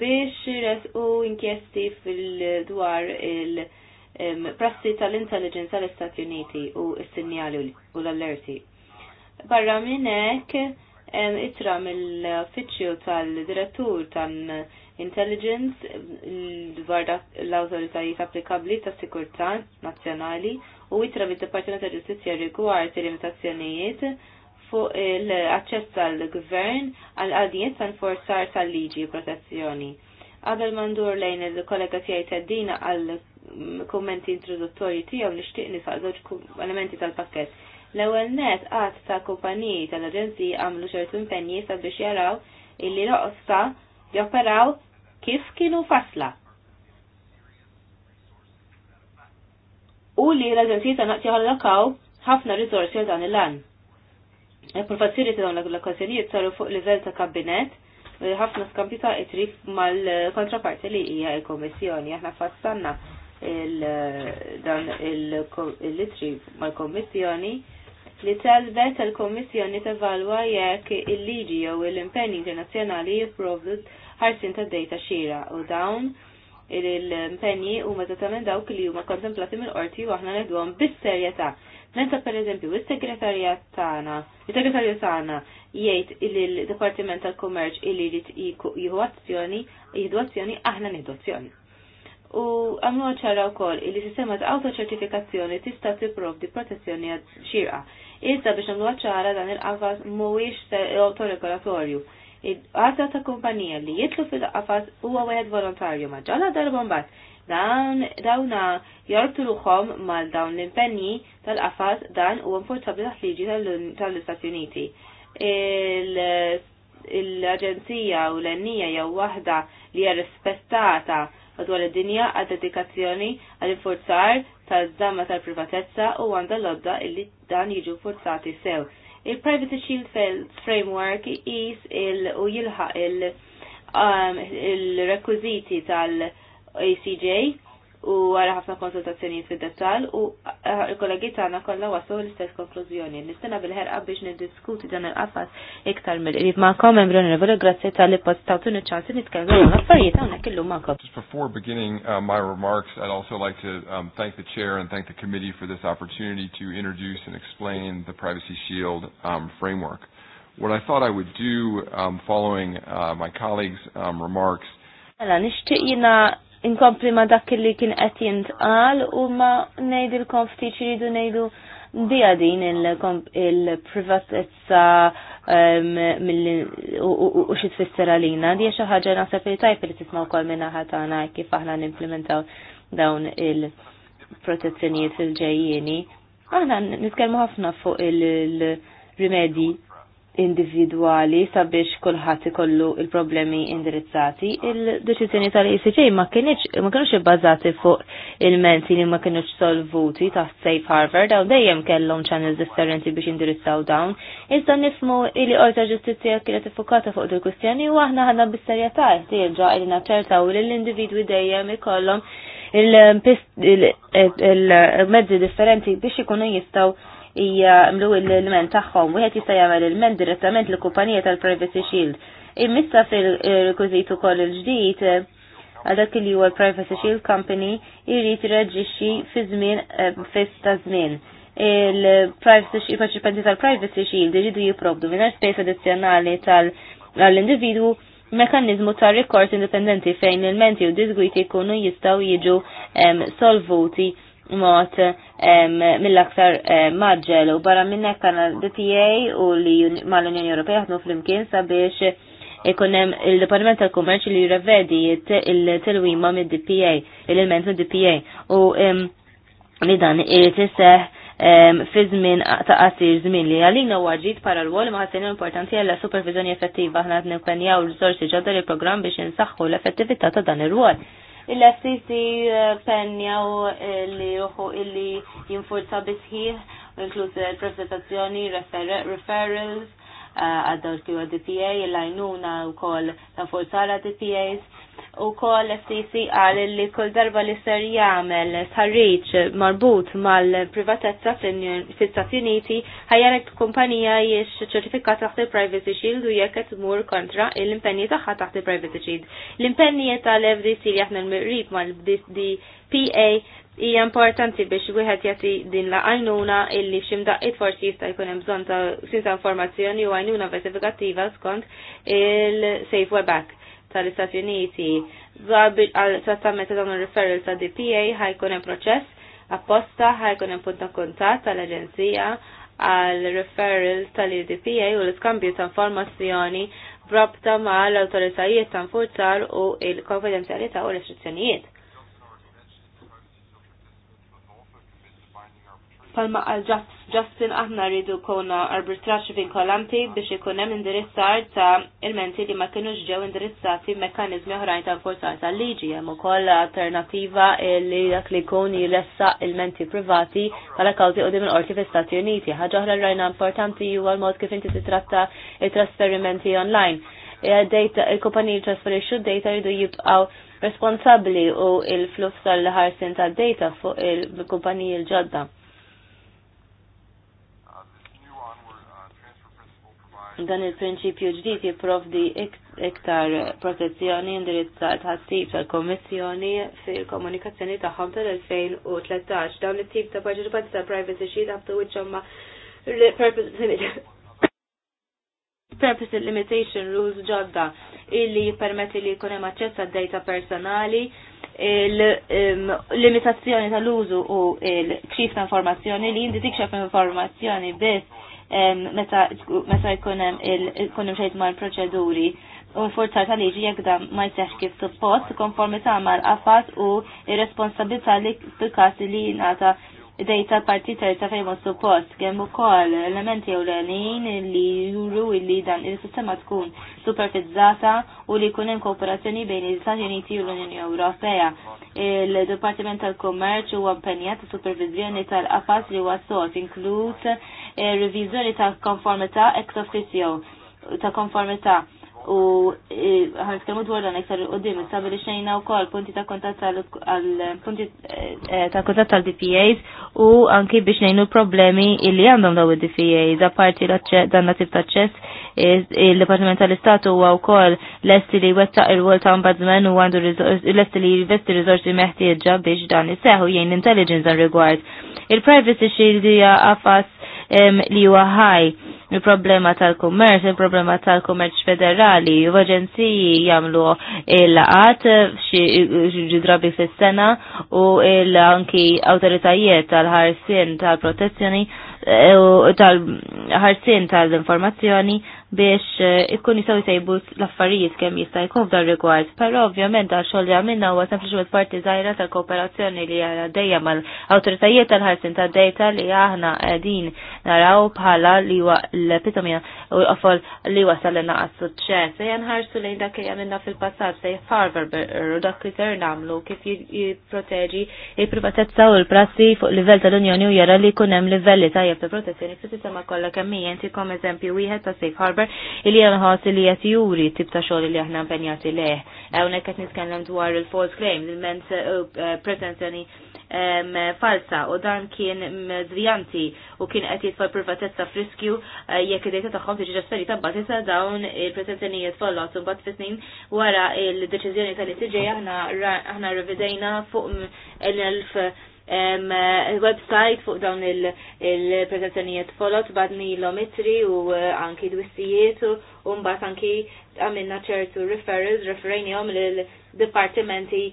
biex resqu inkjesti fil-dwar il-prassi tal-intelligence tal-Istati Uniti u s-sinjali u l-allerti. Barra minn hekk itra mill-uffiċċju tal-direttur tal-intelligence mm, dwar l-awtoritajiet applikabbli tas sikurta nazzjonali u itra mid-Dipartiment ta' Ġustizzja rigward il-limitazzjonijiet fuq l-aċċess tal-gvern għal qadijiet tal-forzar tal-liġi protezzjoni. Qabel mandur lejn il-kollega tiegħi teddina għal kummenti introduttorji tiegħu nixtieq nisaq elementi tal-pakkett L-ewwel net qatt ta' kumpaniji tal-aġenziji għamlu ċertu impenji sabiex jaraw illi l-oqsa joperaw kif kienu fasla. U li l-aġenziji ta' naqti lokaw ħafna risorsi għal dan il-lan. il professjoni ta' dawn l-okkażjonijiet saru fuq livell ta' kabinet u eh, ħafna skampi ta' itrif mal-kontraparti li hija il komissjoni Aħna fassanna il-dan eh, il-itrif mal-Kommissjoni li talbet il-Kommissjoni tevalwa jekk il-liġi jew l-impenni internazzjonali jipprovdu ħarsin ta' dejta xira u dawn il-impenni u mażatament dawk li huma kontemplati mill-qorti u aħna ngħidhom bis-serjetà. Meta pereżempju is-segretarjat tagħna, is-segretarju tagħna jgħid il-Dipartiment tal-Kummerċ illi jrid jieħu azzjoni, jieħdu azzjoni aħna nieħdu azzjoni. U għamlu ċara u koll il-sistema ta' autoċertifikazzjoni tista' tipprovdi protezzjoni għad xirqa. Issa biex nagħmlu ċara dan il-qafas mhuwiex autoregolatorju. Għazza ta' kumpanija li jitlu fil-qafas huwa wieħed volontarju ma' ġala darba mbagħad dawn dawna jortu ruħom mal dawn l impenni tal-qafas dan u importabli taħt liġi tal-Istati Uniti. L-Aġenzija u l-Ennija jew waħda li hija rispettata madwar id-dinja għad dedikazzjoni għal infurzar tal damma tal-privatezza u għandha l-odda illi dan jiġu forzati sew. Il-Privacy Shield Framework is il u jilħaq um, il-rekwiziti tal-ACJ u għara ħafna konsultazzjonijiet fid dettal u eh, il-kollegi tagħna kollha waslu l-istess konklużjoni. Nistenna bil-ħerqa biex niddiskuti dan il-qafas iktar mill-qrib magħkom hemm l-Onorevoli grazzi tal-ipost tawtun iċ-ċans nitkellmu għal affarijiet hawnhekk illum magħkom. Just before beginning uh, my remarks, I'd also like to um, thank the chair and thank the committee for this opportunity to introduce and explain the Privacy Shield um, framework. What I thought I would do um, following uh, my colleagues' um, remarks Għala, mela, nishtiq jina inkompli ma dak li kien qed jintqal u ma ngħidilkom ftit iridu ngħidu dija din il-privatezza u xi tfisser għalina. Dija xi ħaġa naħseb li tajb li tisma' wkoll minn naħa tagħna kif aħna nimplementaw dawn il-protezzjonijiet il-ġejjieni. Aħna nitkellmu ħafna fuq il-rimedji individwali sabiex kulħadd ikollu il-problemi indirizzati. Il-deċiżjoni tal-ECJ ma kienx ma ibbażati fuq il-menti li ma kienux solvuti ta' Safe Harbor daw dejjem kellhom channels differenti biex indirizzaw dawn. Iżda nifmu li orta ġustizzja kienet iffukata fuq dil kustjoni u aħna ħadna bis-serjetà il li naċċertaw li l-individwi dejjem ikollhom il-mezzi differenti biex ikunu jistaw jagħmlu l-ilment tagħhom. Wieħed jista' jagħmel il-ment direttament l kumpanija tal-Privacy Shield. Immissa fil rekwiżitu koll il-ġdid għal dak li huwa Privacy Shield Company jrid jirreġixxi fi żmien eh, fis ta' żmien il-privacy il-parċipanti tal-privacy shield iġidu jiprovdu minn space addizzjonali tal-individu mekanizmu ta' rekord indipendenti fejn il-menti u disgwiti jkunu jistaw jiġu solvuti mod mill-aktar maġġel u barra minnek għana DPA u li mal-Unjoni Ewropea ħadmu fl-imkien sabiex ikonem il-Departiment tal-Kummerċ li jirrevedi il telwima mid-DPA, il-ilment mid-DPA u li dan irtiseħ fi żmien ta' qasir żmien li għalina huwa para l-wol ma' ħassin importanti għalla supervizjoni effettiva ħna u l sorsi ġadda li programm biex insaħħu l-effettività ta' dan ir wol il e eh, penja u eh, li uħu illi jinfurza bisħiħ, inkluż il prezentazzjoni referrals, eh, għaddaw l-QDPA, il-lajnuna u kol ta' forzara DPAs, u kol FTC għal li kull darba li ser jagħmel tarriċ marbut mal-privatezza fil istati Uniti ħajjarek kumpanija jiex ċertifikat taħt il-Privacy Shield u jekk qed tmur kontra l impenni tagħha taħt il-Privacy Shield. L-impenji tal fdc li aħna l-mirrib mal-DPA hija importanti biex wieħed jagħti din la għajnuna illi it forsi jista' jkun hemm bżonn ta' sinta informazzjoni u għajnuna verifikattiva skont il-Safe Web Act tal-Istati Uniti dwar għal trattament ta' dawn il-referral ta' DPA ħajkun hemm proċess apposta ħajkun hemm punta kuntatt tal-Aġenzija għal referral tal-DPA u l-iskambju ta' informazzjoni brabta ma' l-autoritajiet ta' u il-konfidenzjalità u l restrizzjonijiet. palma għal Justin aħna rridu kona arbitraċ vinkolanti biex ikunem indirizzar ta' il-menti li ma kienu ġew indirizzati mekanizmi oħrajn ta' forzar ta' liġi hemm ukoll alternativa li dak li jkun jressa il-menti privati bħala kawżi qudiem il-qorti fl-Istati Uniti. Ħaġa oħra rajna importanti huwa l-mod kif inti titratta il-trasferimenti online. E, il-kumpaniji trasferixxu data jridu jibqgħu responsabli u il-fluss tal-ħarsin tad data fuq il-kumpaniji l-ġodda. dan il-prinċipju ġdid jipprovdi iktar protezzjoni indirizzat ħassib tal komissjoni fil-komunikazzjoni tagħhom tal-2013. Dawn it-tip ta' parċipanti ta' privacy sheet għabtu wiċċhom ma' purpose limitation rules ġodda illi jippermetti li jkun hemm aċċess għad-data personali il-limitazzjoni tal-użu u l-ċif ta' informazzjoni li jinti tikxef informazzjoni biss meta jkun hemm il kunem xejt mal-proċeduri u l-forza ta' liġi jekk dan ma jseħx kif suppost konformità mal-qafat u ir-responsabilità li fil-każ li jingħata dejta parti terza fejn ma suppost kemm ukoll elementi ewlenin li juru li dan il-sistema tkun superfizzata u li jkun hemm kooperazzjoni bejn l-Istati Uniti u l-Unjoni Ewropea. Il-Dipartiment tal-Kummerċ huwa impenjat supervizjoni tal-qafas li huwa sot inkluż eh, revizjoni ta' konformità ex officio ta' konformità u għan e, nitkellmu dwar dan iktar sabi li xejna wkoll punti ta' kontatt għal punti e, e, ta' kontatt għal DPAs u anki biex ngħinu l-problemi illi għandhom daw id-DPAs apparti dan nativ ta' ċess il-Departiment tal-Istat huwa wkoll lesti li wettaq il-World Ombudsman u għandu lesti li jivesti riżorsi meħtieġa biex dan is-seħu jgħin intelligence dan rigward. Il-privacy shield hija qafas li huwa ħaj il-problema tal-kummerċ, il-problema tal-kummerċ federali, u aġenziji jamlu il-laqat ġidrabi fis-sena u anki autoritajiet tal-ħarsin tal-protezzjoni eh, tal-ħarsin tal-informazzjoni biex eh, ikun jisaw jisajbu l-affarijiet kemm jista' jkun f'dan rigward. Però ovvjament għal xogħol li għamilna huwa sempliċement parti żgħira tal-kooperazzjoni li għara dejja mal-awtoritajiet tal-ħarsin tad-dejta li aħna qegħdin naraw bħala li huwa l-epitomija u l li wasal li għas suċċess. Se jenħarsu lejn dak li għamilna fil-passat se jfarver u dak li ser namlu kif jipproteġi il-privatezza u l-prassi fuq livell tal-Unjoni u jara li jkun hemm livelli tajjeb ta' protezzjoni fis-sistema kollha kemm hija inti kom eżempju wieħed ta' safe harbor Harper illi għanħas illi jett juri tip ta' xogħol li aħna impenjati leħ. Hawnhekk qed nitkellem dwar il-false claim, il-ment eh, eh, pretenzjoni falsa u dan kien mżvijanti u kien qed jitfall privatezza friskju eh, jekk id-dejta tagħhom tiġi ġasferita mbagħad issa dawn il-pretenzjonijiet follot u mbagħad fit snin wara il-deċiżjoni tal-ICJ aħna revidejna fuq elf website fuq dawn il-prezentazzjonijiet folot bad nilometri u eh, anki dwissijiet u mbagħad anki għamilna ċertu referrals referenjom l-dipartimenti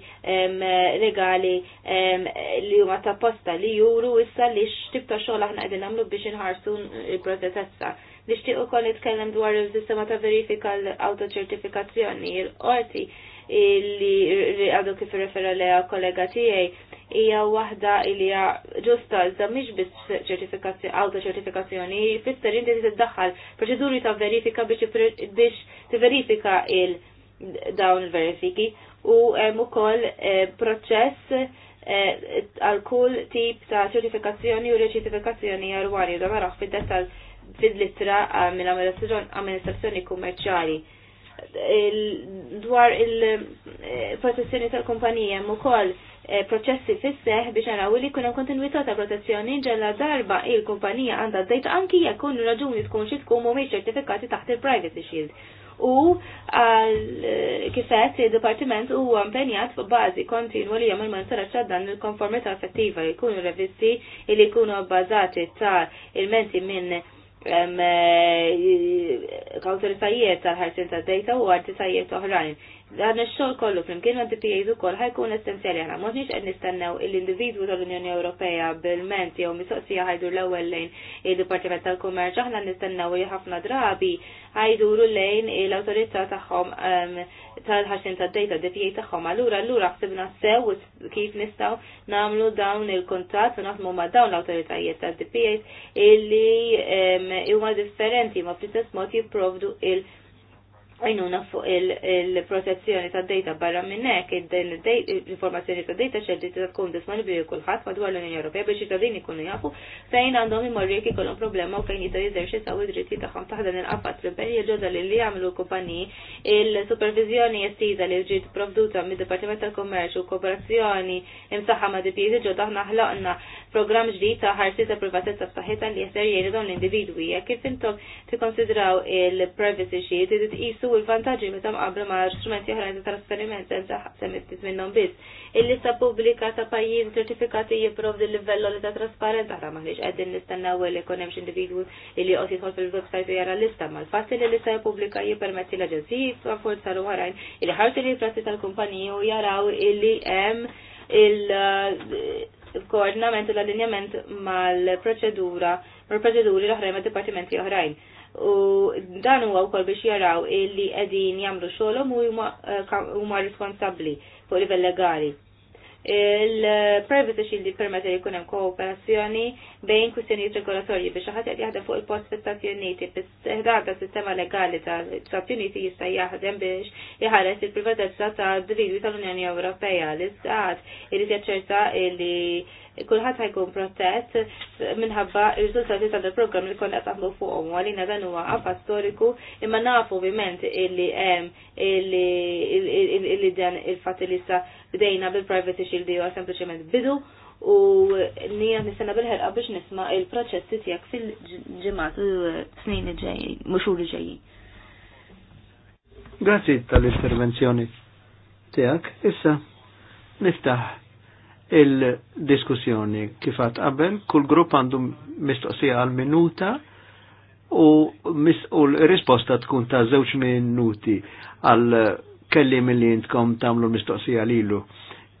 legali li huma ta' posta li juru issa li x'tib ta' xogħol aħna qegħdin biex nħarsu il-protezza. Nixtieq ukoll nitkellem dwar il-sistema ta' verifika l-autoċertifikazzjoni, il-qorti li għadu kif referra leha kollega tiegħi hija waħda li ġusta iżda mhix biss ċertifikazzjoni auto ċertifikazzjoni, fisser inti tiddaħħal proċeduri ta' verifika biex biex tiverifika il dawn il-verifiki u hemm ukoll eh, proċess eh, għal kull tip ta' ċertifikazzjoni u reċertifikazzjoni għarwani u da maraħ fid-dettal fid-litra mill-amministrazzjoni kummerċali dwar il-protezzjoni eh, tal-kumpanija mu ukoll eh, proċessi fisseħ biex għaraw li kuna kontinuità ta' protezzjoni ġella darba il-kumpanija għandha d-dejt anki jekun raġuni tkun xi mu meċ ċertifikati taħt il-Privacy Shield u għal eh, kifet il-Departiment u għampenjat f-bazi kontinu li man monitoraċ dan il-konformita effettiva li jkunu revisti li jkunu bbażati ta' il-menti minn kawtorizajiet eh, tal-ħarsin tal-dejta u għartizajiet oħrajn. Dan ix-xogħol kollu flimkien ma' DPAs ukoll ħajkun essenzjali aħna m'għodniex qed nistennew l-individwu tal-Unjoni Ewropea bil-ment jew mistoqsija ħajdu l-ewwel lejn il-Dipartiment tal-Kummerċ aħna nistennew li ħafna drabi ħajduru lejn l-awtorità tagħhom ehm, tal-ħaxin tad-dejta DPA tagħhom. Allura allura ħsibna sew kif nistgħu nagħmlu dawn il-kuntatt u naħdmu ma' dawn l-awtoritajiet tad-DPAs illi ehm, huma differenti ma fl-istess mod jipprovdu il- għajnuna fuq il-protezzjoni ta' data barra minnek, l-informazzjoni ta' data ċerti ta' tkun disponibli li kullħat madwar l-Unjoni Ewropea biex ċittadini kunu jafu fejn għandhom imorri jek ikollhom problema u fejn jistgħu jeżerċitaw id-dritti tagħhom taħt il-qafat l-impenji ġodda li li jagħmlu kumpaniji il-supervizjoni estiża li ġiet provduta mid-Dipartiment tal-Kummerċ u kooperazzjoni imsaħħa ma' DPZ ġodda aħna ħlaqna programm ġdid ta' ħarsi ta' privatezza f'saħħitha li jeser jgħidu l-individwi jekk kif intom tikkonsidraw il-privacy sheet irid jisu l-vantaġġi meta mqabbla ma' strumenti oħrajn ta' trasferiment semmiftit minnhom biss. Il-lista pubblika ta' pajjiż ċertifikati jipprovdi l livello li ta' trasparenza aħna maħniex qegħdin nistennew li jkun hemm individwu li joqgħod jidħol fil-website jara l lista mal fassi li lista pubblika jippermetti l-aġenziji forza l oħrajn li ħarti li prassi tal-kumpaniji u jaraw illi hemm il- il-koordinament u l-allinjament mal-proċedura, mal-proċeduri l-oħrajn ma' dipartimenti oħrajn u dan huwa wkoll biex jaraw illi qegħdin jagħmlu xogħolhom u huma eh, responsabbli fuq livell legali. Il-privacy shield permetta li jkun hemm kooperazzjoni bejn kwistjonijiet regolatorji biex ħadd qed jaħdem fuq il-post fl-Stati Uniti fis sistema legali tal-Stati Uniti jista' jaħdem biex jħares il-privatezza ta' individwi tal-Unjoni Ewropea li istat irid jaċċerta li kulħadd ħajkun protett minħabba il r ta' tal program li konna taħlu fuqhom għalina dan huwa għafa storiku imma nafu ovvjament illi hemm illi dan il-fatt li sa bdejna bil-privacy shield u sempliċement bidu u nija nisena bil ħelqa biex nisma il-proċessi tiegħek fil-ġimgħat u snin li ġejjin, muxur li ġejjin. Grazzi tal-intervenzjoni tiegħek. Issa niftaħ il-diskussjoni kifat qabel, kull grupp għandu mistoqsija għal minuta u, u l-risposta tkun ta' żewġ minuti għal kellim li jintkom tamlu mistoqsija lilu.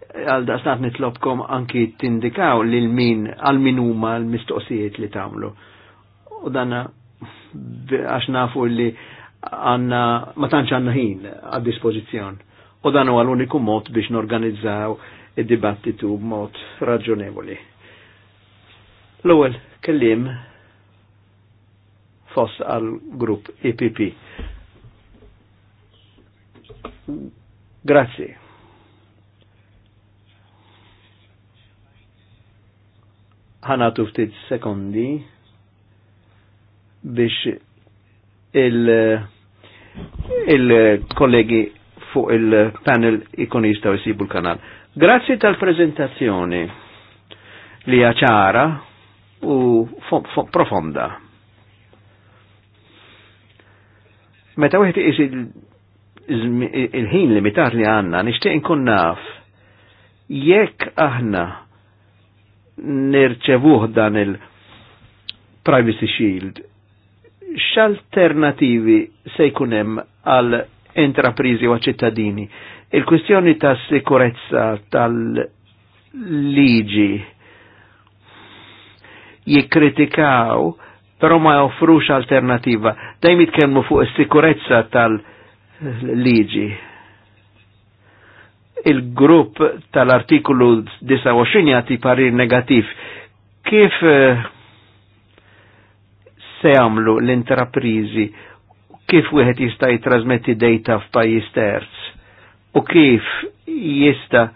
Għal daqsnat nitlobkom anki tindikaw li l-min għal minuma l-mistoqsijiet li tamlu. U danna għax nafu li għanna ma tantx għanna ħin għad dispozizjon U dan huwa l-uniku mod biex norganizzaw id-dibattitu mod raġunevoli. L-ewwel kellim fos għal grupp EPP. Grazie. ħanatu ftit sekondi biex il-kollegi il fuq il-panel ikonista u jisibu l-kanal. Grazzi tal-prezentazzjoni li ċara u profonda. Meta wieħed is il-ħin limitat li għanna, nixtieq nkun naf jekk aħna nirċevuh dan il-Privacy Shield, x'alternativi se jkun hemm għal intraprizi u ċittadini Il-kwistjoni ta' sikurezza tal-liġi jikkritikaw, però ma joffrux alternativa. Dejjem jitkellmu fuq is-sikurezza tal-liġi. Il-grupp tal artiklu 29 jati parir negativ. Kif eh, se jagħmlu l-intraprizi kif wieħed jista' jitrasmetti data f'pajjiż terz? u kif jista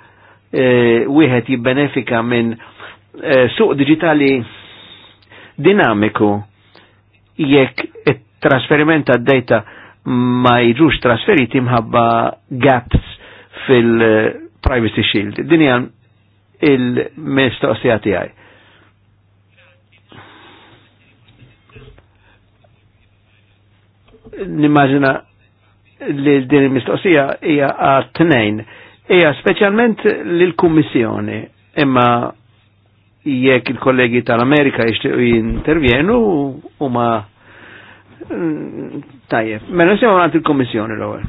eh, wieħed jibbenefika minn eh, suq digitali dinamiku jekk it-trasferiment tad-data ma jiġux trasferiti mħabba gaps fil-privacy shield. Din hija il-mistoqsija tiegħi. Nimmaġina li din il-mistoqsija hija għat-tnejn, hija speċjalment lill-Kummissjoni, imma jekk il-kollegi tal-Amerika jixtiequ jintervjenu huma mm, tajjeb. Mela nsemgħu għand il-Kummissjoni l-ewwel.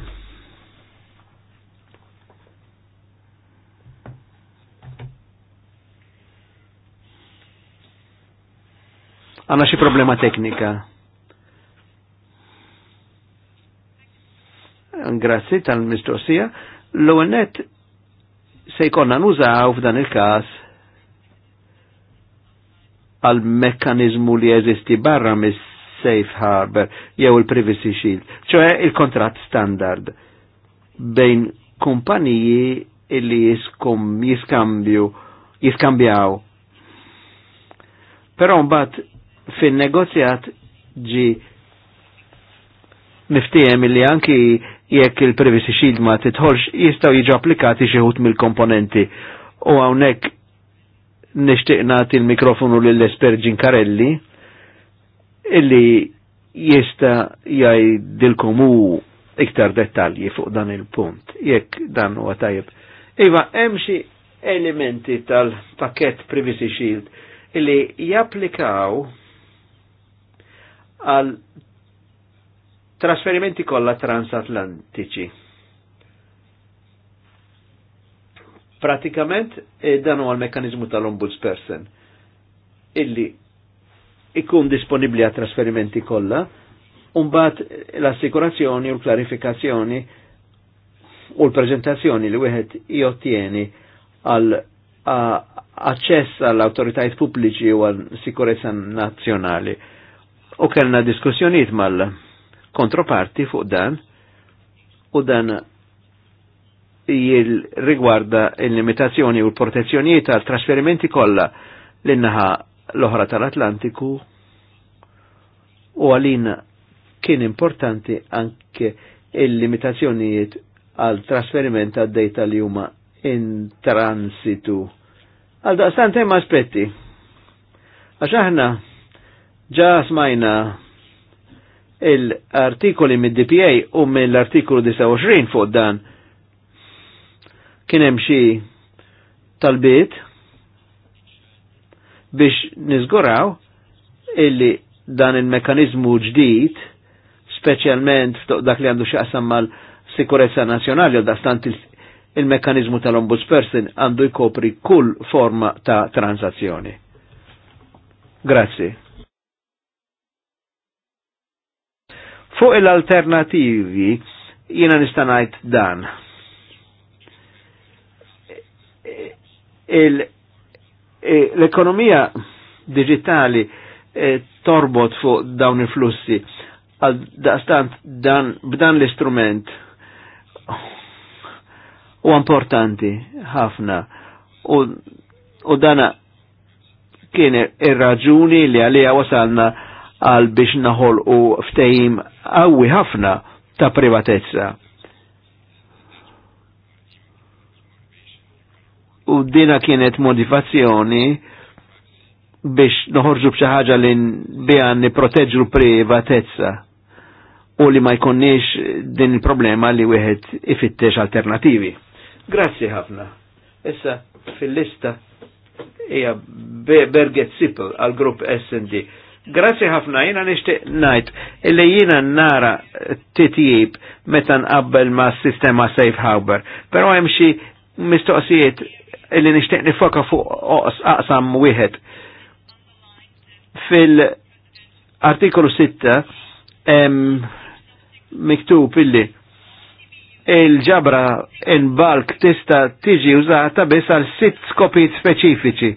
Għanna xi problema teknika. Grazzi tal-mistoqsija. L-ewwel se jkollna nużaw f'dan il-każ għal mekkanizmu li jeżisti barra mis safe harbor jew il-privacy shield, ċoħe il-kontrat standard bejn kumpaniji illi jiskum jiskambju jiskambjaw. Però mbagħad fin-negozjat ġi niftijem illi anki jekk il-privacy shield ma titħolx jistaw jiġu applikati xieħut mill-komponenti. U għawnek nishtiqna til mikrofonu l-esper Ginkarelli illi jista jajdilkom u iktar dettalji fuq dan il-punt, jekk dan huwa għatajib. Iva, hemm xi elementi tal-pakket Privacy Shield illi japplikaw għal trasferimenti kollha transatlantiċi. Pratikament e, dan huwa l-mekkaniżmu tal-ombudsperson illi ikun disponibli għat trasferimenti kollha, Umbat l-assikurazzjoni u l-klarifikazzjoni u l-prezentazzjoni li wieħed jottieni għal aċċess għall autoritajiet pubbliċi u għal sikurezza nazzjonali. U kellna diskussjonijiet mal kontroparti fuq dan u dan jil rigwarda il-limitazzjoni u l-protezzjonijiet tal trasferimenti kollha l-innaħa l-oħra tal-Atlantiku u għalina kien importanti anke il-limitazzjonijiet għal trasferiment għad dejta li huma in transitu. Għal daqstant hemm aspetti. Għax aħna ġa smajna l artikoli mid-DPA u mill-artikolu 29 fuq dan kien hemm xi talbiet biex niżguraw illi dan il-mekanizmu ġdid, speċjalment dak li għandu xaqsam mal-sikurezza nazjonali, u dastant il-mekanizmu il tal-ombudsperson għandu jkopri kull forma ta' transazzjoni. Grazie. Fuq il-alternativi jina nista' ngħid dan. E, l-ekonomija digitali e, torbot fuq dawn il-flussi għal daqstant dan b'dan l-istrument u importanti ħafna u, u dana kien ir-raġuni li għalija wasalna għal biex naħol u ftejim għawi ħafna ta' privatezza. U dina kienet modifazzjoni biex noħorġu bċaħġa ħaġa li biha niproteġu privatezza u li ma jkunniex din il-problema li wieħed ifittex alternativi. Grazzi ħafna. Issa fil-lista hija Berget Sippel għal grupp SD. Grazie ħafna, jina nishtiq najt, illi jina nara titjib meta qabbel ma sistema safe harbor, pero hemm xi mistoqsijiet illi nishtiq nifoka fuq aqsam wieħed. Fil-artikolu 6 hemm miktub illi il-ġabra in-balk tista tiġi użata biss għal sitt skopijiet speċifiċi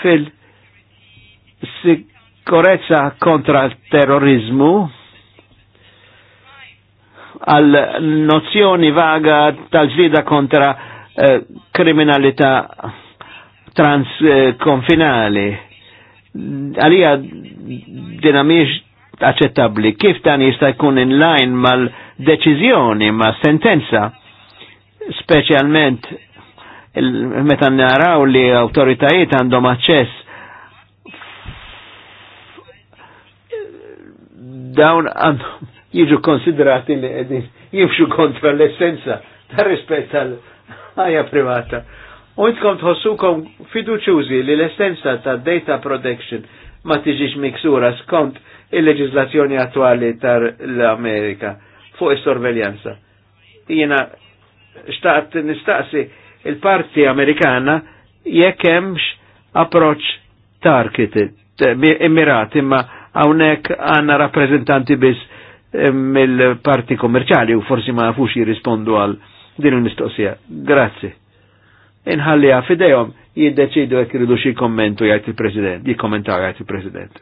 fil- korrezza kontra terrorizmu għal nozzjoni vaga tal-ġlida kontra eh, kriminalità transkonfinali. Għalija dinamiex accettabli. Kif dan jista' jkun in line mal-deċiżjoni, ma' sentenza, speċjalment meta naraw li autoritajiet għandhom aċċess dawn għandhom jiġu konsiderati li għedin jimxu kontra l-essenza ta' rispett għal ħajja privata. U jitkom tħossukom fiduċuzi li l-essenza ta' data protection ma tiġiġ miksura skont il-leġizlazzjoni attuali tar l-Amerika fuq is-sorveljanza. Jiena xtaqt nistaqsi il-parti Amerikana jekk hemmx approċ targeted, immirat imma Hawnhekk għandna rappreżentanti biss eh, mill-parti kommerċali u forsi ma nafux jirrispondu għal din il-mistoqsija. Grazzi. Inħalli fidejhom jiddeċidu jekk iridu xi kommentu jgħid il-President, jikkommentaw jgħid il-President.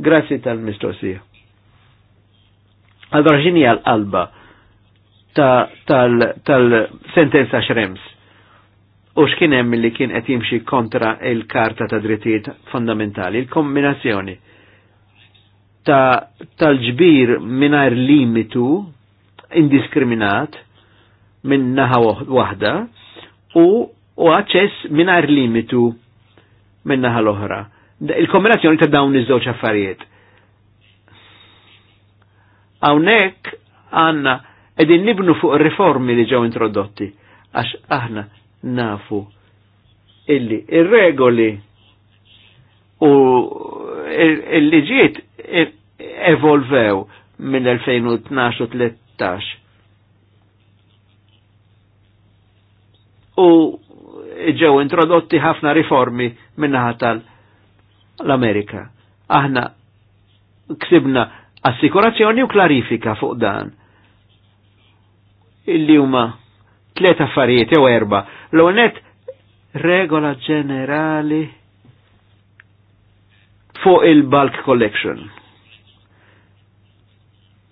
Grazzi tal-mistoqsija. Allora ġini għal alba tal-sentenza xrems u x'kienem hemm li kien qed jimxi kontra il-Karta ta' Drittijiet Fondamentali, il-kombinazzjoni tal-ġbir minar limitu indiskriminat minn naħa wahda u, u għacċess minar limitu minn naħa l-oħra. Il-kombinazzjoni ta' dawn iż-żewġ affarijiet. Hawnhekk għandna qegħdin nibnu fuq riformi li ġew introdotti għax aħna nafu illi ir-regoli u il-liġiet evolvew minn 2012 u 13. U ġew introdotti ħafna riformi minnaħa tal-Amerika. Aħna ksibna assikurazzjoni u klarifika fuq dan. Illi huma tliet affarijiet jew erba. L-onet regola ġenerali fuq il-bulk collection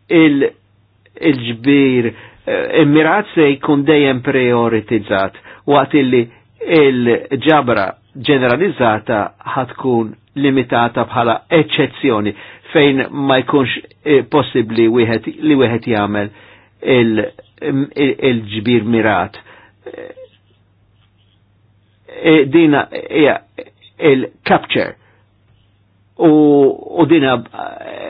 il-ġbir eh, immirat se jkun dejjem prioritizzat waqt illi il-ġabra ġeneralizzata ħatkun limitata bħala eccezzjoni fejn ma jkunx eh, possibli li wieħed jagħmel il-ġbir mirat. Eh, dina il-capture u, u dina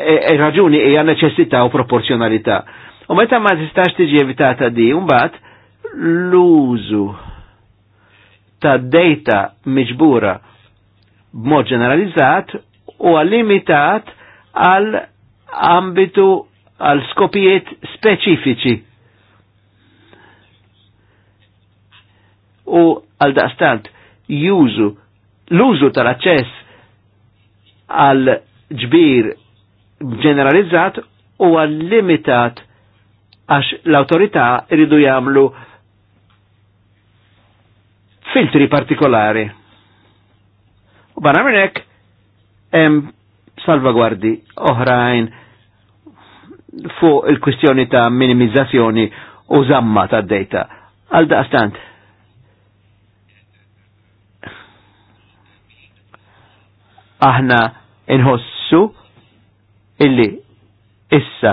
e, e, raġuni hija neċessità u proporzjonalità. U meta ma tistax tiġi evitata di, mbagħad l-użu ta' data miġbura b'mod ġeneralizzat u limitat għal ambitu għal skopijiet speċifiċi. U għal daqstant, l-użu tal-aċċess għal ġbir ġeneralizzat u għal limitat għax l-autorità iridu jagħmlu filtri partikolari. U barra minnek, hekk hemm oħrajn fuq il-kwistjoni ta' minimizzazzjoni u zamma ta' data. Għal daqstant, aħna inħossu illi issa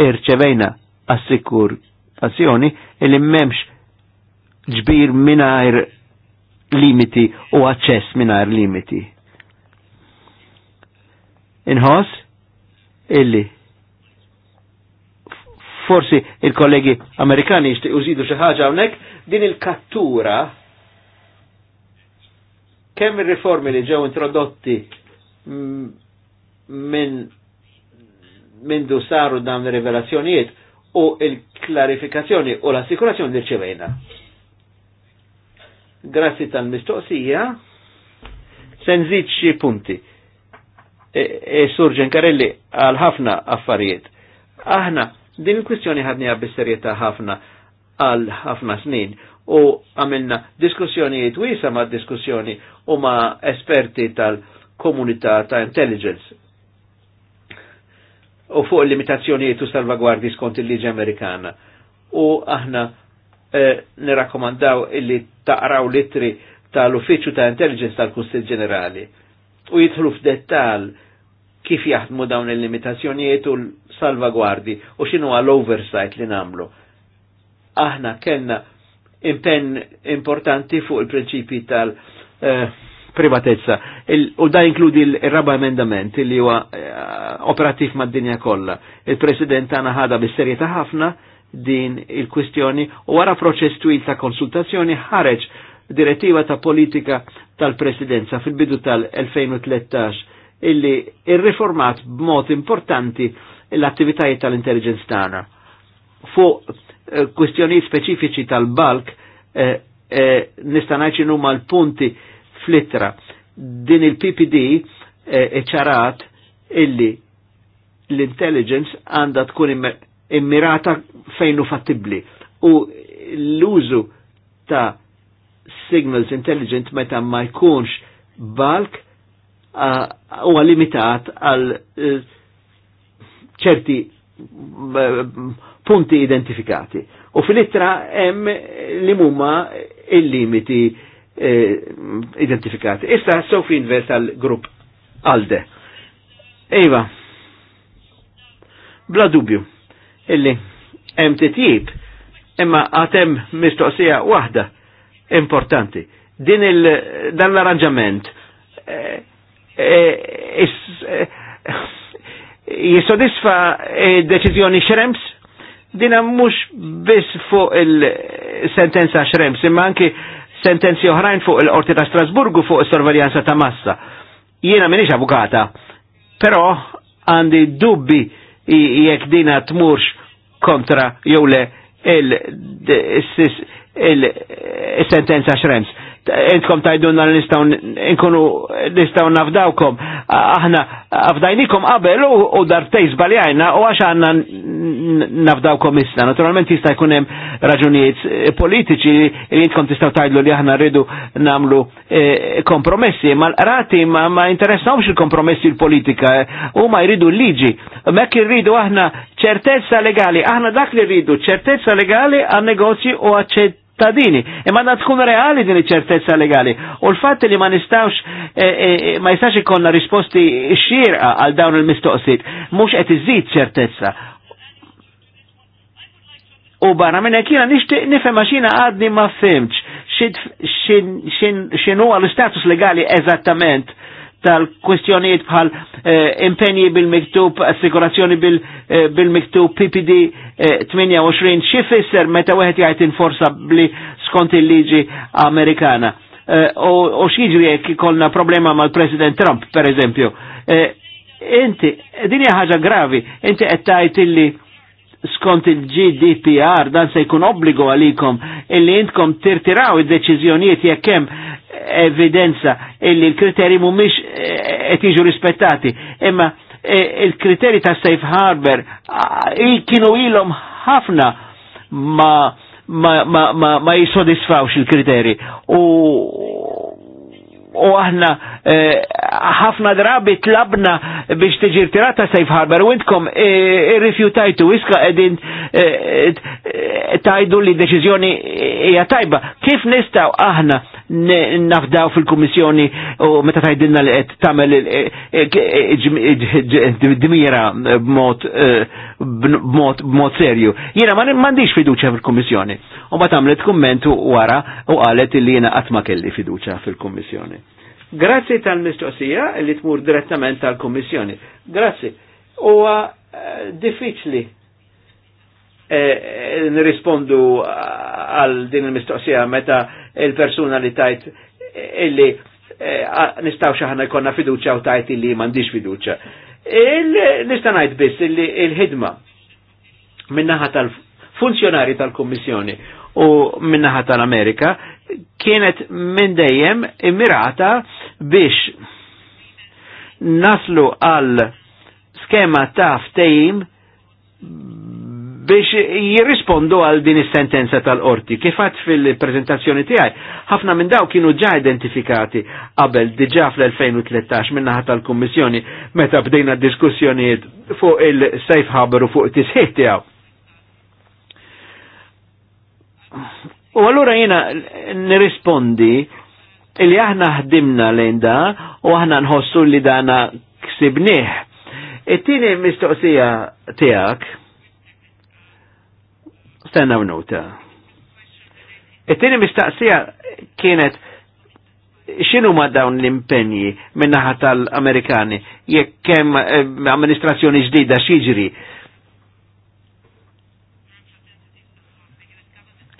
irċevejna assikurazzjoni illi memx ġbir minajr limiti u aċċess minajr limiti. Inħoss illi forsi il-kollegi Amerikani jishtiq użidu xi ħaġa hawnhekk din il-kattura kemm ir reformi li ġew introdotti minn minn saru dan rivelazzjonijiet u il-klarifikazzjoni u l-assikurazzjoni li ċevejna. Grazzi tal-mistoqsija, Senzit xie punti. E, e Surġen Karelli għal ħafna affarijiet. Aħna, din il-kwistjoni ħadni bis ħafna għal ħafna snin u għamilna diskussjonijiet wiesa ma' diskussjoni u ma' esperti tal- komunità ta' intelligence u fuq il-limitazzjonijiet u salvagwardi skont il-liġi Amerikana. U aħna eh, nirakkomandaw illi taqraw litri tal-Uffiċċju ta' Intelligence tal-Kustil Ġenerali u jidħlu f'dettal kif jaħdmu dawn il-limitazzjonijiet u l-salvagwardi u x'inhu għall-oversight li namlu. Aħna kellna impenn importanti fuq il-prinċipi tal- eh, privatezza. U da inkludi il-raba emendament li huwa eh, operativ mad-dinja kollha. Il-President tagħna ħada bis-serjetà ħafna din il-kwistjoni u wara proċess twil ta' konsultazzjoni ħareġ direttiva ta' politika tal-presidenza fil-bidu tal-2013 illi irriformat b'mod importanti l-attivitajiet tal-intelligence tagħna. Fu eh, kwistjonijiet speċifiċi tal-balk eh, eh, nista' l punti flittra. Din il-PPD e, eċarat illi l-intelligence għanda tkun immirata fejn fattibli. U l-użu ta' signals intelligent meta ma jkunx bulk huwa limitat għal e, ċerti e, punti identifikati. U fil-ittra hemm li huma il-limiti Eh, identifikati. Issa Sofi invers għal grupp Alde. Ejva, bla dubju, illi hemm titjib, imma għatem mistoqsija waħda importanti. Din il dan l-arranġament eh, eh, jisodisfa deċizjoni xrems dina mux bis fuq il-sentenza xrems, imma anki sentenzi oħrajn fuq il-Qorti ta' Strasburgu fuq is-sorveljanza ta' massa. Jiena minix avukata, però għandi dubbi jekk dina tmurx kontra jew le il-sentenza il, il, il, il, il, il, il, il, il, sentenza Schrems entkom tajdunna li nistaw nkunu nistaw nafdawkom. Aħna afdajnikom qabel u dartej zbaljajna u għax għanna nafdawkom issa. Naturalment jista' jkun hemm raġunijiet eh, politiċi li intkom tistaw tajdlu li aħna rridu namlu eh, kompromessi, ma l-rati ma interessawx il-kompromessi l-politika eh, u ma jridu liġi. Mek irridu aħna ċertezza legali, aħna dak li rridu ċertezza legali għan negozji u għacċett ċittadini. Imma da tkun reali din iċertezza legali. U l fat li ma nistawx, eh, eh, ma jistax ikonna risposti xirqa għal dawn il-mistoqsit, mux qed iżid ċertezza. U barra minn hekk jiena nixtieq nifhem għadni ma fimx xinu għal istatus legali eżattament tal kwestjoniet bħal eh, impenji bil-miktub, assikurazzjoni eh, bil-miktub eh, bil PPD eh, 28 xifisser meta wieħed jgħid inforsa bli skont il-liġi Amerikana. U eh, xieġri jek kolna problema mal-President Trump, per eżempju. Eh, inti, din hija gravi, inti qed tgħid illi skont il-GDPR dan se jkun obbligo għalikom illi intkom tirtiraw id-deċiżjonijiet jekk hemm evidenza illi l-kriteri mhumiex eh, qed jiġu rispettati. Imma eh, il-kriteri ta' safe harbor ah, kienu ilhom ħafna ma ma ma ma, ma jissodisfawx il-kriteri u u aħna eh, ħafna drabi tlabna biex tiġi tirata safe harbor u intkom eh, irrifjutajtu iska edin eh, tajdu li deċiżjoni hija tajba. Kif nistaw aħna nafdaw fil-Kummissjoni u meta tajdinna li qed tagħmel dmira b'mod serju. Jiena ma m'għandix fiduċja fil-Kummissjoni. U ma tagħmlet kummentu wara u qalet li jiena qatt ma kelli fiduċja fil-Kummissjoni. Grazzi tal-mistoqsija li tmur direttament tal-Kommissjoni. Grazzi. Huwa eh, diffiċli eh, eh, nirrispondu għal din il-mistoqsija meta il-persuna li tajt illi nistaw xaħna jkonna fiduċa u tajt illi mandiġ fiduċa. Nista najt biss illi il-ħidma minnaħa tal-funzjonari tal-Kommissjoni u minnaħa tal-Amerika kienet minn dejjem immirata biex naslu għal skema ta' ftejim biex jirrispondu għal din is-sentenza tal-qorti. Kifat fil-prezentazzjoni tiegħi, ħafna minn daw kienu ġa identifikati qabel diġà fl-2013 minn naħa tal-Kummissjoni meta bdejna diskussjonijiet fuq il-safe harbor u fuq it-tisħiħ tiegħu U allura jina nirrispondi li aħna ħdimna lejn da u aħna nħossu li dana ksibniħ. It-tieni mistoqsija tiegħek stenna minuta. It-tieni mistoqsija kienet xinu ma dawn l-impenji minnaħat tal-Amerikani jekk kem eh, amministrazzjoni ġdida xiġri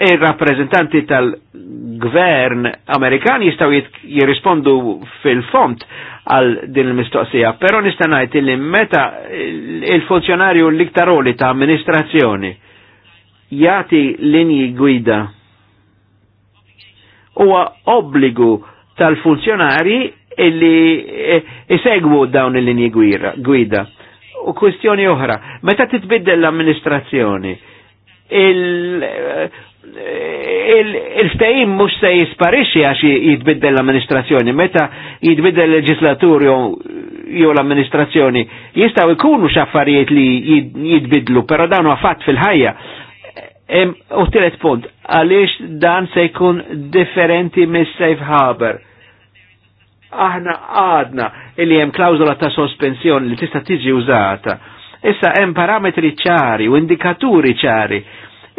il-rappresentanti tal-gvern Amerikan jistaw jirrispondu fil-font għal din il-mistoqsija, pero nistanajt li meta il-funzjonarju l-iktaroli ta' amministrazzjoni jati linji guida huwa obbligu tal-funzjonari illi e, isegwu dawn il-linji guida. U kwistjoni oħra, meta titbiddel l-amministrazzjoni, il-ftajim mux se jisparixi għax jitbiddel l-amministrazzjoni, meta jitbiddel l-leġislatur jew l-amministrazzjoni, jistaw ikunu xaffarijiet li jitbidlu, pero dan għafat fil-ħajja. U tiret punt, għaliex dan se jkun differenti mis safe harbor. Aħna għadna li jem klawzola ta' sospensjoni li tista' tiġi użata. Issa hemm parametri ċari u indikaturi ċari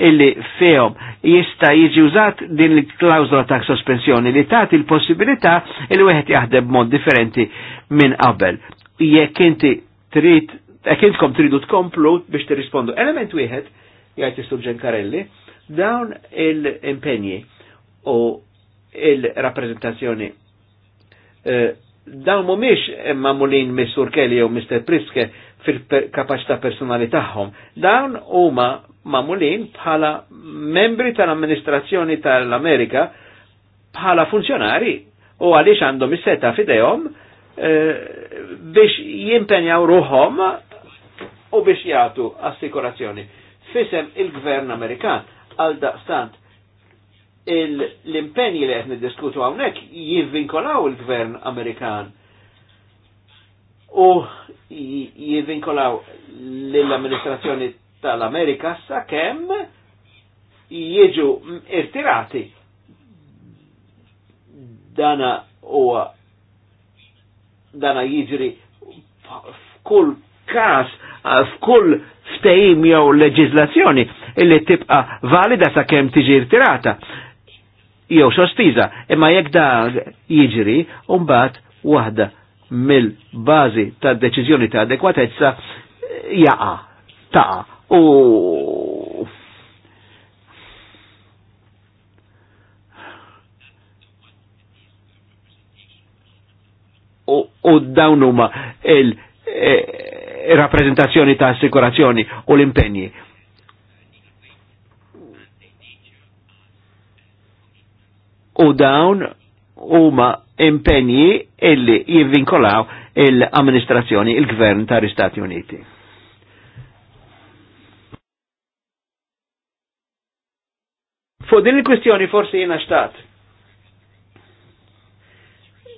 illi fejom jista jiġi użat din il-klawzola ta' sospensjoni li tagħti il-possibilità li wieħed jaħdem mod differenti minn qabel. Jekk inti trid jekk intkom tridu tkomplu biex tirrispondu. Element wieħed jgħid is Ġenkarelli, dawn il-impenji u il-rappreżentazzjoni eh, dawn mumiex mamulin Mr. Kelly u Mr. Priske fil-kapacità personali tagħhom. Dawn huma mamulin bħala membri tal-amministrazzjoni tal-Amerika bħala funzjonari u għaliex għandhom is-seta fidejhom eh, biex jimpenjaw ruħom u biex jagħtu assikurazzjoni. Fisem il-gvern Amerikan għal daqstant l-impenji li qed niddiskutu hawnhekk jivvinkolaw il-gvern Amerikan u jivvinkolaw lill-amministrazzjoni tal-Amerika sa' kem jieġu irtirati. Dana u dana jiġri f'kull kas, f'kull ftejim jew leġizlazzjoni illi tibqa valida sa' kem tiġi irtirata. Jew sostiża, imma jekk da jiġri, umbat waħda mill-bazi tad deċiżjoni ta' adekwatezza jaqa, ta' u u, dawn huma il eh, eh, rappresentazzjoni ta' assikurazzjoni u l impegni U dawn huma impegni illi jivvinkolaw il-amministrazzjoni, il-gvern tal-Istati Uniti. Fuq din il-kwistjoni forsi jina xtat.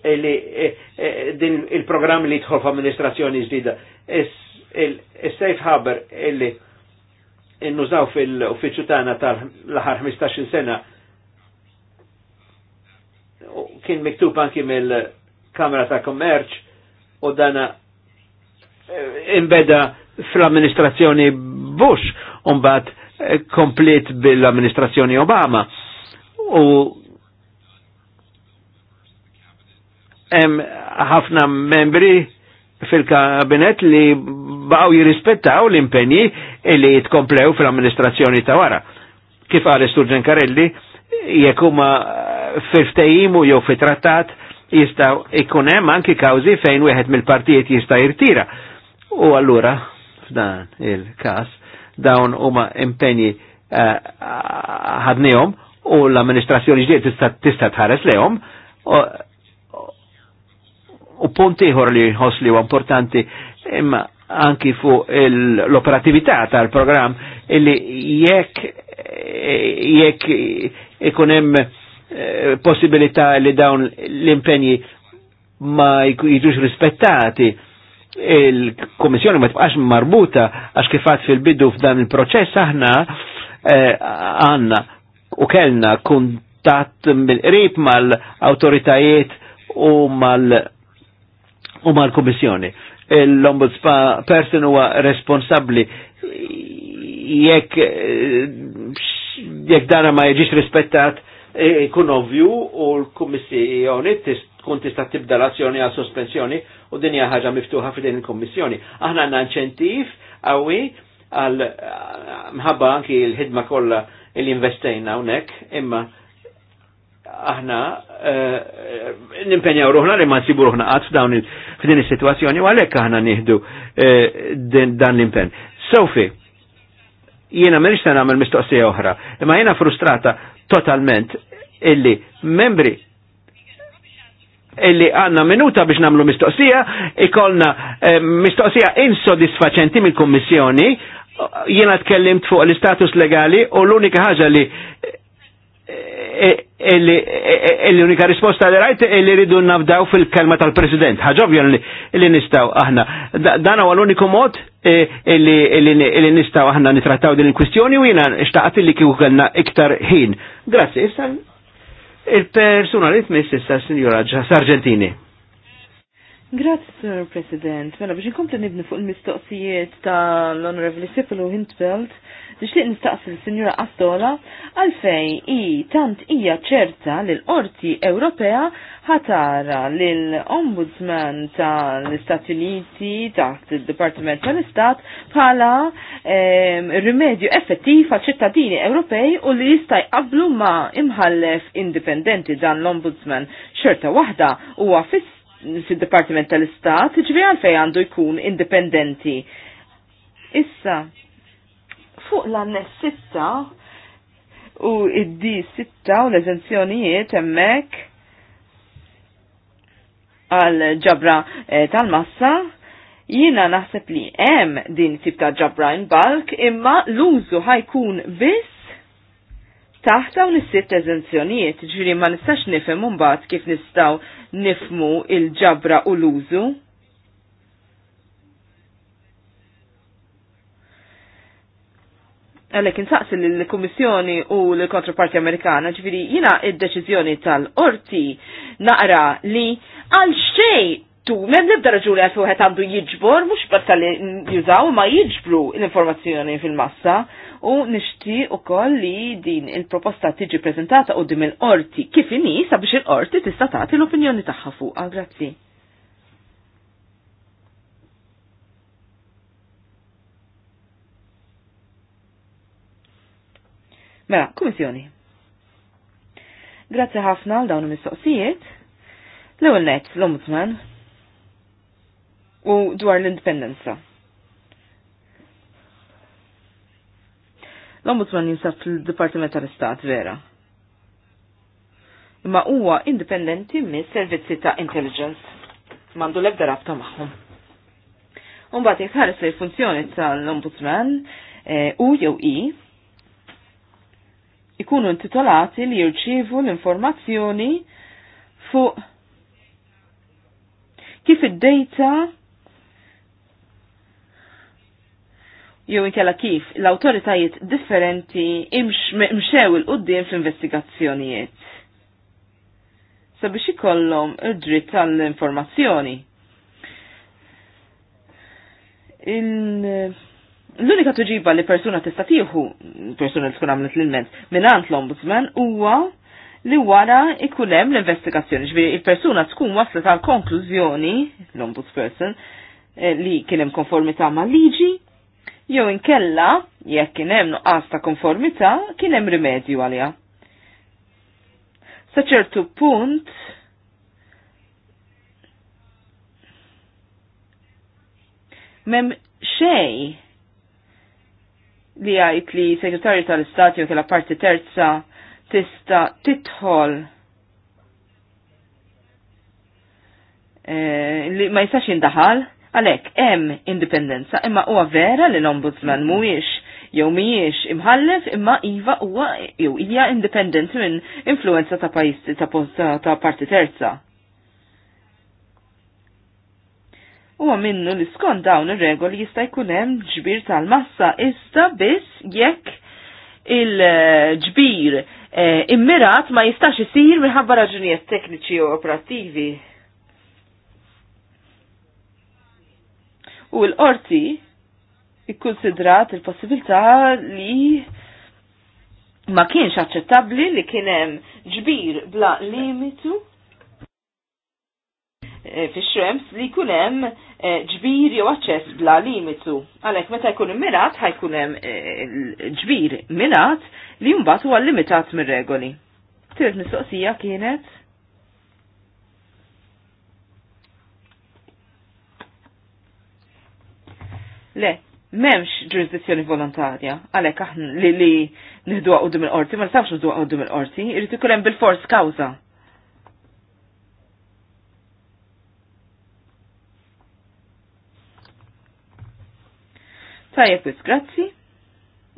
Illi eh, eh, din il-programm li jidħol amministrazzjoni ġdida. Is-safe harbor illi innużaw fil uffiċu tagħna tal-aħħar 15-il sena kien miktub anki mill-Kamra ta' Kommerċ u dana eh, imbeda fl-amministrazzjoni Bush, unbat komplet bil-amministrazzjoni Obama. U ħafna membri fil-kabinet li baqgħu jirrispettaw l-impenji li jitkomplew fil-amministrazzjoni ta' wara. Kif għal Sturġen Karelli, jekk huma fil-ftehim jew fit-trattat jista' ikun hemm anki kawżi fejn wieħed mill-partijiet jista' jirtira. U allura f'dan il-każ dawn huma impenji eh, ħadnihom u l-amministrazzjoni ġdid tista' tħares lehom u punt ieħor li jħoss li huwa importanti imma anki fuq l-operatività tal-programm illi jekk jekk ikun hemm eh, possibilità li dawn l-impenji ma jiġux rispettati il-Komissjoni ma tibqax marbuta għax kifat fil-bidu f'dan il-proċess aħna eh, għanna u kellna kuntat mill-qrib mal-autoritajiet u mal- u komissjoni L-Ombudsman person huwa responsabbli jekk eh, jekk dana ma jiġix rispettat eh, ikun ovju ovvju u l-Kummissjoni tkun tista' tibda l-azzjoni għal sospensjoni u din hija ħaġa miftuħa f'din il-Kummissjoni. Aħna għandna inċentiv qawwi għal mħabba anki l-ħidma kollha li investejna hawnhekk, imma aħna eh, nimpenjaw ruħna li ma nsibu ruħna qatt f'dawn f'din is-sitwazzjoni u għalhekk aħna nieħdu eh, dan l-impenn. Sofi, jiena m'għandix nagħmel mistoqsija oħra, imma jiena frustrata totalment illi membri illi għanna minuta biex namlu mistoqsija, ikolna eh, mistoqsija insodisfaċenti mill-Kommissjoni, jiena tkellimt fuq l-istatus legali u l-unika ħaġa li eh, eh, l-unika risposta li rajt li ridu nabdaw fil-kelma tal-President. ħagħobjon li nistaw aħna. Dan huwa l-uniku mod illi nistaw aħna nitrattaw din il-kwistjoni u jiena xtaqt li kieku kellna iktar ħin. Grazzi, Il-persuna li tmiss signora Sargentini. Grazie Sir President. Mela, biex nkompli nibni fuq il-mistoqsijiet tal honorable Sipolo Hintbelt, Nixtieq nistaqsi l-Sinjura Astola għalfej i tant hija ċerta li l-Qorti Ewropea ħatara lil ombudsman tal-Istati Uniti taħt il-Dipartiment tal-Istat bħala rimedju effettiv għal ċittadini Ewropej u li jista' jqablu ma' imħallef indipendenti dan l-ombudsman xorta waħda huwa fis fil departiment tal-Istat, ġvi għalfej għandu jkun indipendenti. Issa, Fuq l-annes sitta u id-di sitta u l-eżenzjonijiet emmek għal ġabra eh, tal-massa jina naħseb li hemm din tip ta' ġabra in balk imma l-użu ħajkun biss taħt dawn is-sitt eżenzjonijiet, ġiri ma nistax nifhem mbagħad kif nistgħu nifmu il-ġabra u l-użu. għalek insaqsi l-Komissjoni u l-Kontraparti Amerikana, ġviri jina id-deċizjoni tal-orti naqra li għal xej tu, mem nibda raġuni għal fuħet għandu jiġbor, mux bata li jużaw, ma jiġbru l-informazzjoni fil-massa, u nishti u koll li din il-proposta tiġi prezentata u dim il-orti, kif ini sabiex il-orti tista' tagħti l-opinjoni tagħha Għal grazzi. Mela, kummissjoni. Grazzi ħafna għal dawn il-mistoqsijiet. L-ewwel net l-Ombudsman u dwar l-indipendenza. L-Ombudsman jinsab fil departiment tal-Istat vera. Imma huwa indipendenti mis servizzi ta' intelligence. Mandu l-ebda rabta magħhom. Umbagħad jekk ħares li funzjoni tal-Ombudsman eh, u jew i ikunu intitolati li jirċivu l-informazzjoni fuq kif id-data jew inkella kif l-awtoritajiet differenti imxew il-qoddim fl-investigazzjonijiet. Sabiex ikollhom id-dritt tal-informazzjoni. il L-unika tuġiba li persuna tista' tieħu, persuna li tkun għamlet l-ilment, minant l-ombudsman huwa li wara ikun hemm l-investigazzjoni, ġviri il-persuna tkun waslet għal konklużjoni, l-ombudsperson, eh, li kien hemm konformità mal liġi, jew inkella jekk kien hemm nuqqas ta' konformità kien hemm rimedju għaliha. Sa ċertu punt mem xej li għajt li segretarju tal-Istati u kella parti terza tista titħol eh, li ma jistax jindaħal għalek hemm indipendenza imma huwa vera li l-ombudsman mhuwiex jew mhijiex imħallef imma iva huwa jew hija independent minn influenza ta' ta', ta parti terza. u minnu li skont dawn ir-regoli jista' jkun hemm ġbir tal-massa issa biss jekk il-ġbir eh, immirat ma jistax isir minħabba raġunijiet tekniċi u operattivi. U l-qorti ikkonsidrat il-possibilità li ma kienx aċċettabbli li kien hemm ġbir bla limitu Eh, fi xrems li kunem eh, ġbir jew aċċess bla limitu. Għalhekk meta jkun immirat ħajkun hemm eh, ġbir mirat li mbagħad huwa limitat mir-regoli. Tiret mistoqsija kienet Le, memx ġurisdizzjoni volontarja, għalek aħna li li nħduwa u dim il-qorti, ma nistawx nħduwa u mill il-qorti, irrit ikun hemm bil-fors kawza. Tajjeb wis, grazzi.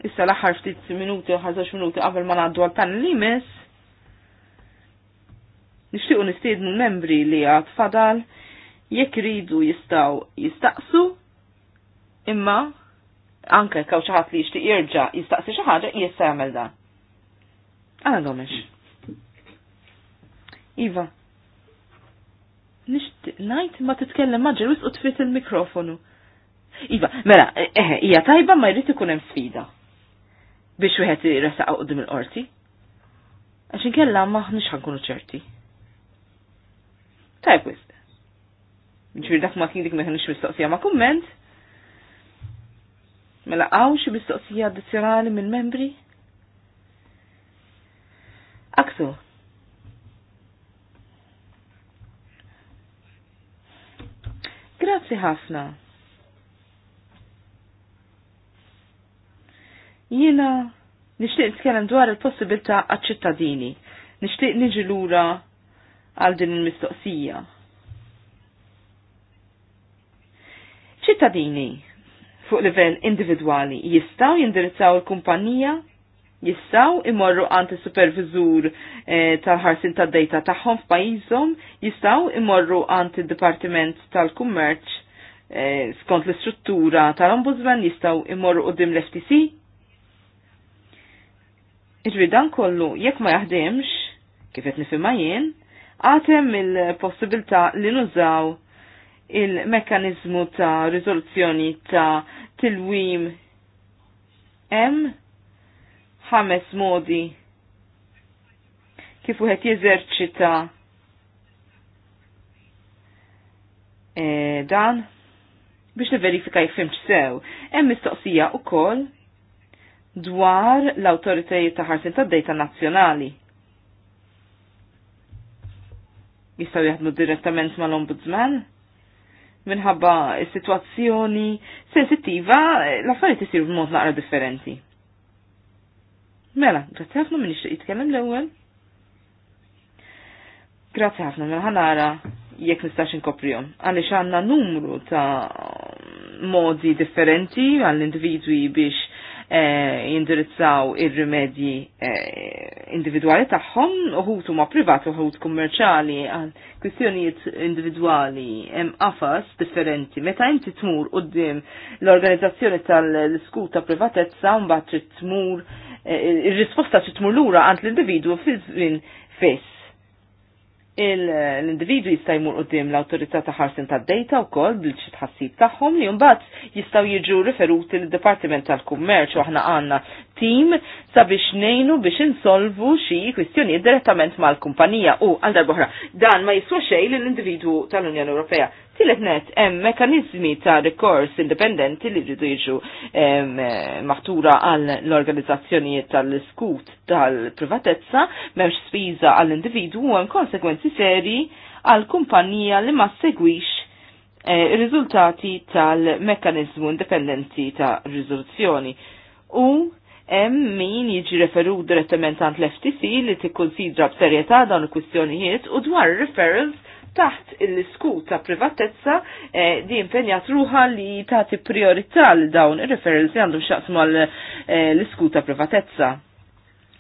Issa l-aħħar ftit minuti u ħażax minuti qabel ma ngħaddu għall-panel li jmiss. Nixtiequ nistiednu l-membri li għad fadal jekk iridu jistgħu jistaqsu imma anke kaw xi ħadd li jixtieq jerġa' jistaqsi xi ħaġa jista' jagħmel dan. Għana domex. Iva, nixtieq ngħid ma titkellem maġġer wisqu fit il-mikrofonu. Iva, mela, eħe, eh, eh, hija tajba ma jrid ikun hemm sfida biex wieħed jresaq qudiem il-qorti. Għax inkella ħniex ħankunu ċerti. Tajb wis. Ġifier dak ma kien dik meħniex mistoqsija ma' kumment. Mela hawn xi mistoqsija addizzjonali minn membri? Aktu. Grazzi ħafna. Jiena nixtieq nitkellem dwar il-possibilità għaċ-ċittadini. Nixtieq niġi lura għal din il-mistoqsija. ċittadini fuq livell individwali jistaw jindirizzaw il-kumpanija, jistaw imorru għanti supervizur eh, tal-ħarsin tad data tagħhom f'pajjiżhom, jistaw imorru għanti dipartiment tal-kummerċ eh, skont l-istruttura tal-ombudsman, jistaw imorru qudiem l-FTC. Iġri kollu, jekk ma jaħdimx, kif qed nifhimha jien, għatem il possibilta li nużaw il mekanizmu ta' riżoluzzjoni ta' tilwim hemm ħames modi kif wieħed jeżerċita e, dan biex niverifika jifimx sew. Hemm mistoqsija wkoll dwar l-autoritajiet ta' ħarsin ta' data nazzjonali. Jistaw jaħdmu direttament mal-ombudsman? Minħabba situazzjoni sensittiva, l-affarijiet jisir b'mod naqra differenti. Mela, grazzi ħafna minn ixtieq jitkellem l-ewwel. Grazzi ħafna minn mela ħanara jekk nistax inkoprijom. Għaliex għandna numru ta' modi differenti għall-individwi biex Eh, jindirizzaw ir-rimedji eh, individuali tagħhom uħut huma privat uħut kummerċali għal kwistjonijiet individwali hemm għafas differenti. Meta inti tmur qudiem l-organizzazzjoni tal ta' privatezza mbagħad trid tmur eh, ir-risposta trid tmur lura għand l-individwu fi żmien l-individu jista' jmur qudiem l-awtorità ta' ħarsin tad-dejta wkoll bil ċi tħassib tagħhom li mbagħad jistgħu jiġu riferuti lid-Dipartiment tal-Kummerċ u aħna għandna tim sabiex ngħinu biex insolvu xi kwistjonijiet direttament mal-kumpanija u għal darbohra dan ma jiswa xejn lill individu tal-Unjoni Ewropea. Tilet net, hemm mekanizmi ta' rikors indipendenti li rridu jiġu maħtura għal l-organizzazzjonijiet tal-iskut tal-privatezza, m'hemmx spiża għall-individwu u hemm konsekwenzi seri għal kumpanija li ma segwix eh, riżultati tal mekanizmu indipendenti ta' rizoluzzjoni. U hemm min jiġi referu direttament għand l-FTC li tikkonsidra b'serjetà dawn il-kwistjonijiet u dwar referrals taħt il lisku ta' privatezza eh, di impenjat ruħa li tagħti priorità li dawn ir-referrals li għandhom xaqsmu għal eh, ta' privatezza.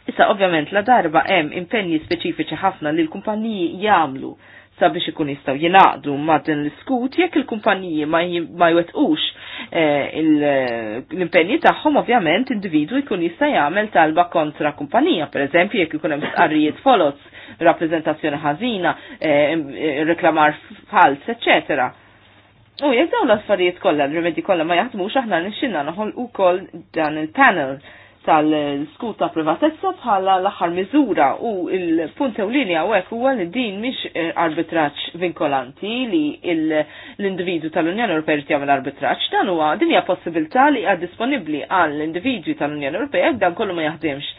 Issa ovvjament la darba hemm impenji speċifiċi ħafna li l-kumpaniji jagħmlu sabiex ikun jistaw jinaqdu ma' din l-iskut jekk il-kumpaniji ma jwetqux e, l-impenji tagħhom ovvjament individu jkun jista' jagħmel talba kontra kumpanija, pereżempju jekk ikun hemm sqarrijiet folots rappreżentazzjoni ħażina, eh, eh, reklamar fals, eccetera. U jek dawn l-affarijiet kollha, l-rimedi kollha ma jaħdmux aħna nixxinna noħol ukoll dan il-panel tal-skut ta' privatezza bħala l-aħħar miżura u il-punt ewlieni hawnhekk huwa li din mhix eh, arbitraġġ vinkolanti li l-individwu tal-Unjoni Ewropea jrid jagħmel arbitraġġ dan huwa din hija possibilità li hija disponibbli għall individwi tal-Unjoni Ewropea dan kollu ma jaħdimx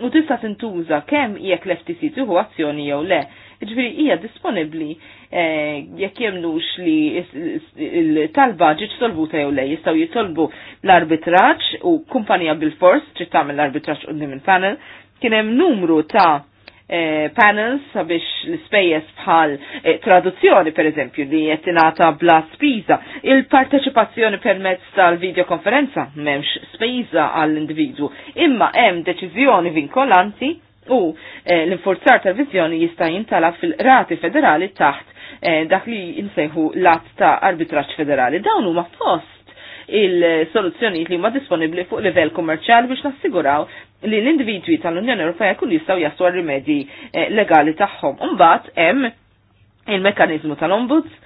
u tista' tintuża kemm jekk l-FTC tieħu azzjoni jew le. Ġifieri hija disponibbli eh, jekk jemnux li talba ġiġ solvuta jew le jistgħu jitolbu l-arbitraġġ u kumpanija bil-fors trid tagħmel l-arbitraġġ qudiem il-panel kien hemm numru ta' Eh, panels sabiex l spejjeż bħal eh, traduzzjoni per eżempju li ingħata bla spiża. Il-parteċipazzjoni permezz tal-videokonferenza m'hemmx spiża għall individwu imma hemm deċiżjoni vinkolanti u eh, l-infurzar tal-vizjoni jista' jintala fil-rati federali taħt dak li jinsejħu l-att ta' arbitraċ federali. Dawn huma fost il-soluzzjonijiet li huma disponibbli fuq livell kummerċjali biex nassiguraw li l-individwi tal-Unjoni Ewropea kun jistgħu jaslu rimedji eh, legali tagħhom. Imbagħad hemm il-mekkaniżmu tal-ombuds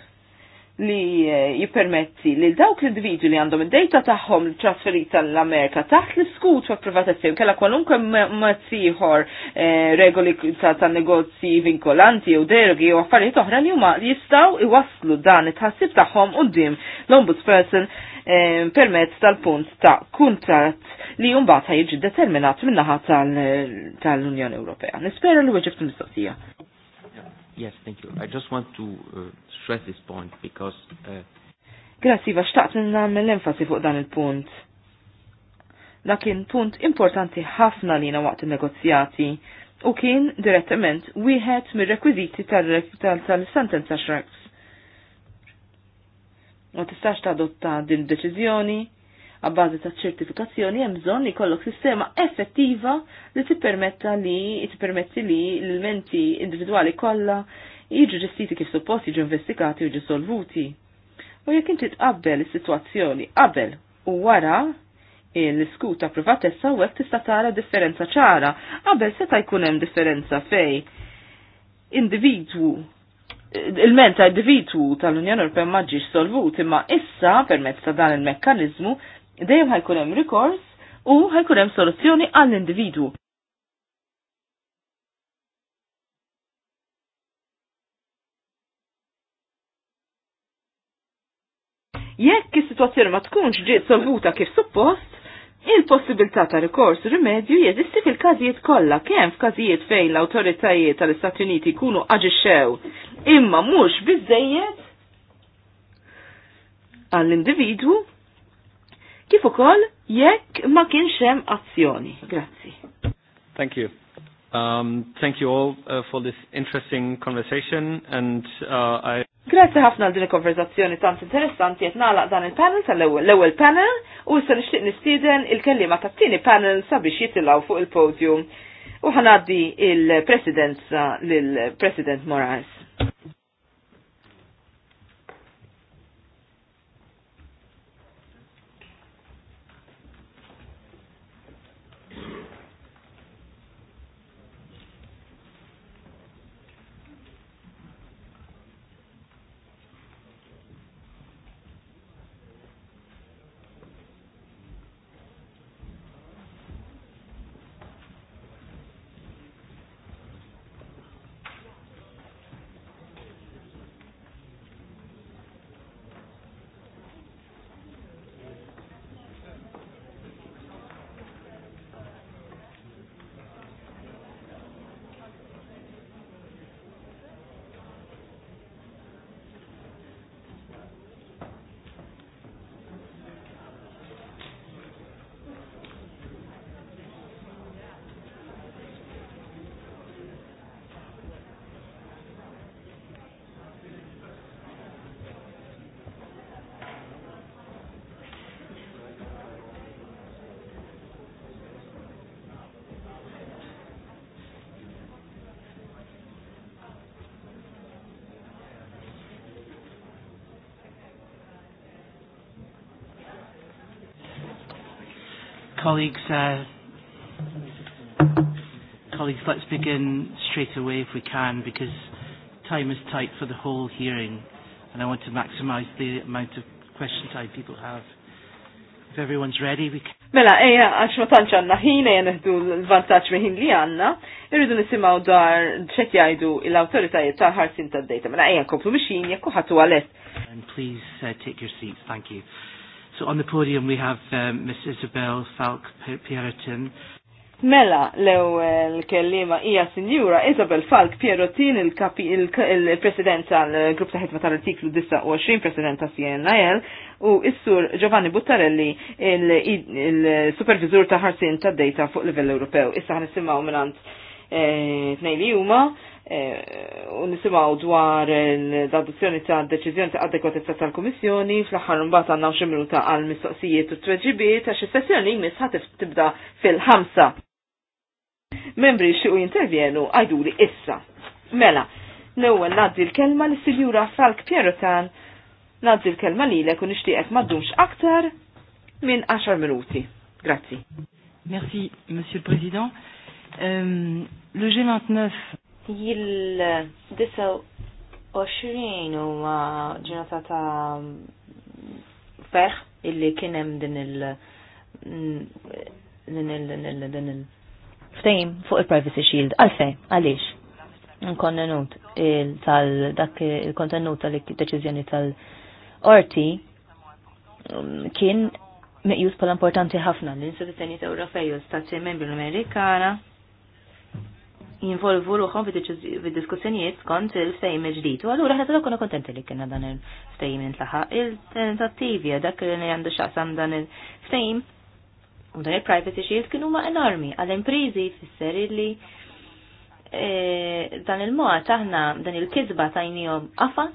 li eh, jippermetti li dawk l-individwi li għandhom id-dejta tagħhom trasferita l-Amerika taħt l-iskut għal privatazzjoni kellha kwalunkwe ieħor eh, regoli ta' negozji vinkolanti jew derogi jew affarijiet oħra li huma jistgħu iwasslu dan it-ħassib tagħhom quddiem l-ombudsperson permezz tal-punt ta' kuntat li jumbat jiġi determinat minnaħa tal-Unjoni Ewropea. Nispera li weġibt mistoqsija. Yes, thank you. I just want to uh, stress this point because... Uh... Grazzi, va xtaqt l enfasi fuq dan il-punt. Lakin punt importanti ħafna lina waqt il-negozjati u kien direttament wieħed mir-rekwiżiti tal-sentenza tal, tal, tal ma tistax tadotta din deċiżjoni għabbażi ta' ċertifikazzjoni hemm bżonn li jkollok sistema effettiva li tippermetta li tippermetti li l-elementi individwali kollha jiġu ġestiti kif suppost jiġu investigati u jiġu solvuti. U jekk inti tqabbel is-sitwazzjoni qabel u wara l-iskuta privatessa u għek tista' tara differenza ċara qabel seta' jkun hemm differenza fej individwu il-menta individu tal-Unjoni Ewropea ma ġiex solvut imma issa permezz ta' dan il-mekkaniżmu dejjem ħajkun hemm rikors u ħajkun hemm soluzzjoni għall-individu. Jekk is-sitwazzjoni ma tkunx ġiet solvuta kif suppost, Il-possibilità ta' rikors rimedju jeżisti fil-każijiet kollha kemm f'każijiet fejn l-awtoritajiet tal-Istati Uniti jkunu aġixxew imma mhux biżejjed għall-individwu kif ukoll jekk ma kienx hemm azzjoni. Grazzi. Thank you. Um, thank you all uh, for this interesting conversation and uh, I Grazzi ħafna għal din il-konverzazzjoni tant interessanti qed nagħlaq dan il-panel tal-ewwel panel u issa nixtieq nistieden il-kelliema tat-tieni panel sabiex jitilgħu fuq il-podium u ħanaddi il-presidenza lill-President Morales. Colleagues, uh, colleagues, let's begin straight away if we can, because time is tight for the whole hearing, and I want to maximise the amount of question time people have. If everyone's ready, we can. Mela, eja, għax ma tantx għanna ħin eja neħdu l vantaċ meħin li għanna, irridu nisimaw dar ċek jajdu l autoritajiet ta' ħarsin ta' d dejta Mela eja komplu mxin, jekku ħatu għalet. And please uh, take your seats. Thank you. So on the podium we have um, Miss Isabel Falk Pierotin. Mela, l kellima hija sinjura Isabel Falk Pierotin, il-president tal-grupp ta' ħidma tal-artiklu 29, president ta' CNIL, u issur Giovanni Buttarelli, il-supervizur ta' ħarsin ta' data fuq livell Ewropew. Issa ħanissimaw minant eh, tnejli huma Eh, u nisimaw dwar l-adozzjoni ta' deċizjoni ta' adekwatezza tal-Komissjoni, fl-axħar mbagħad għandna xi ta' għal mistoqsijiet u t-tweġi tweġibiet għax is-sessjoni jmiss tibda fil-ħamsa. Membri xiqu jintervjenu għajduli issa. Mela, l-ewwel ngħaddi l-kelma lis sinjura Falk Pierotan, ngħaddi l-kelma lilek u nixtieqek m'għaddumx aktar minn 10 minuti. Grazzi. Merci, Monsieur le Président. Euh, le G29 jil-29 huma ġenata ta' ferħ illi kienem din il- din il- din il- ftejm fuq il-Privacy Shield. Għalfej, għalix? Nkontenut tal-dak il-kontenut tal-deċizjoni tal-orti um, kien meqjus pal importanti ħafna l ta' Ewropej u stati membri l-Amerikana jinvolvu ruħom fid-diskussjonijiet skont il-fejm il-ġdijt. U ħna tal-okna kontenti li kena dan il-fejm intlaħa. Il-tentattivi dak li għandu xaqsam dan il-fejm u dan il-privacy shield kienu ma enormi għal-imprizi fisser li e, dan il-mod taħna dan il-kizba tajnijom għafa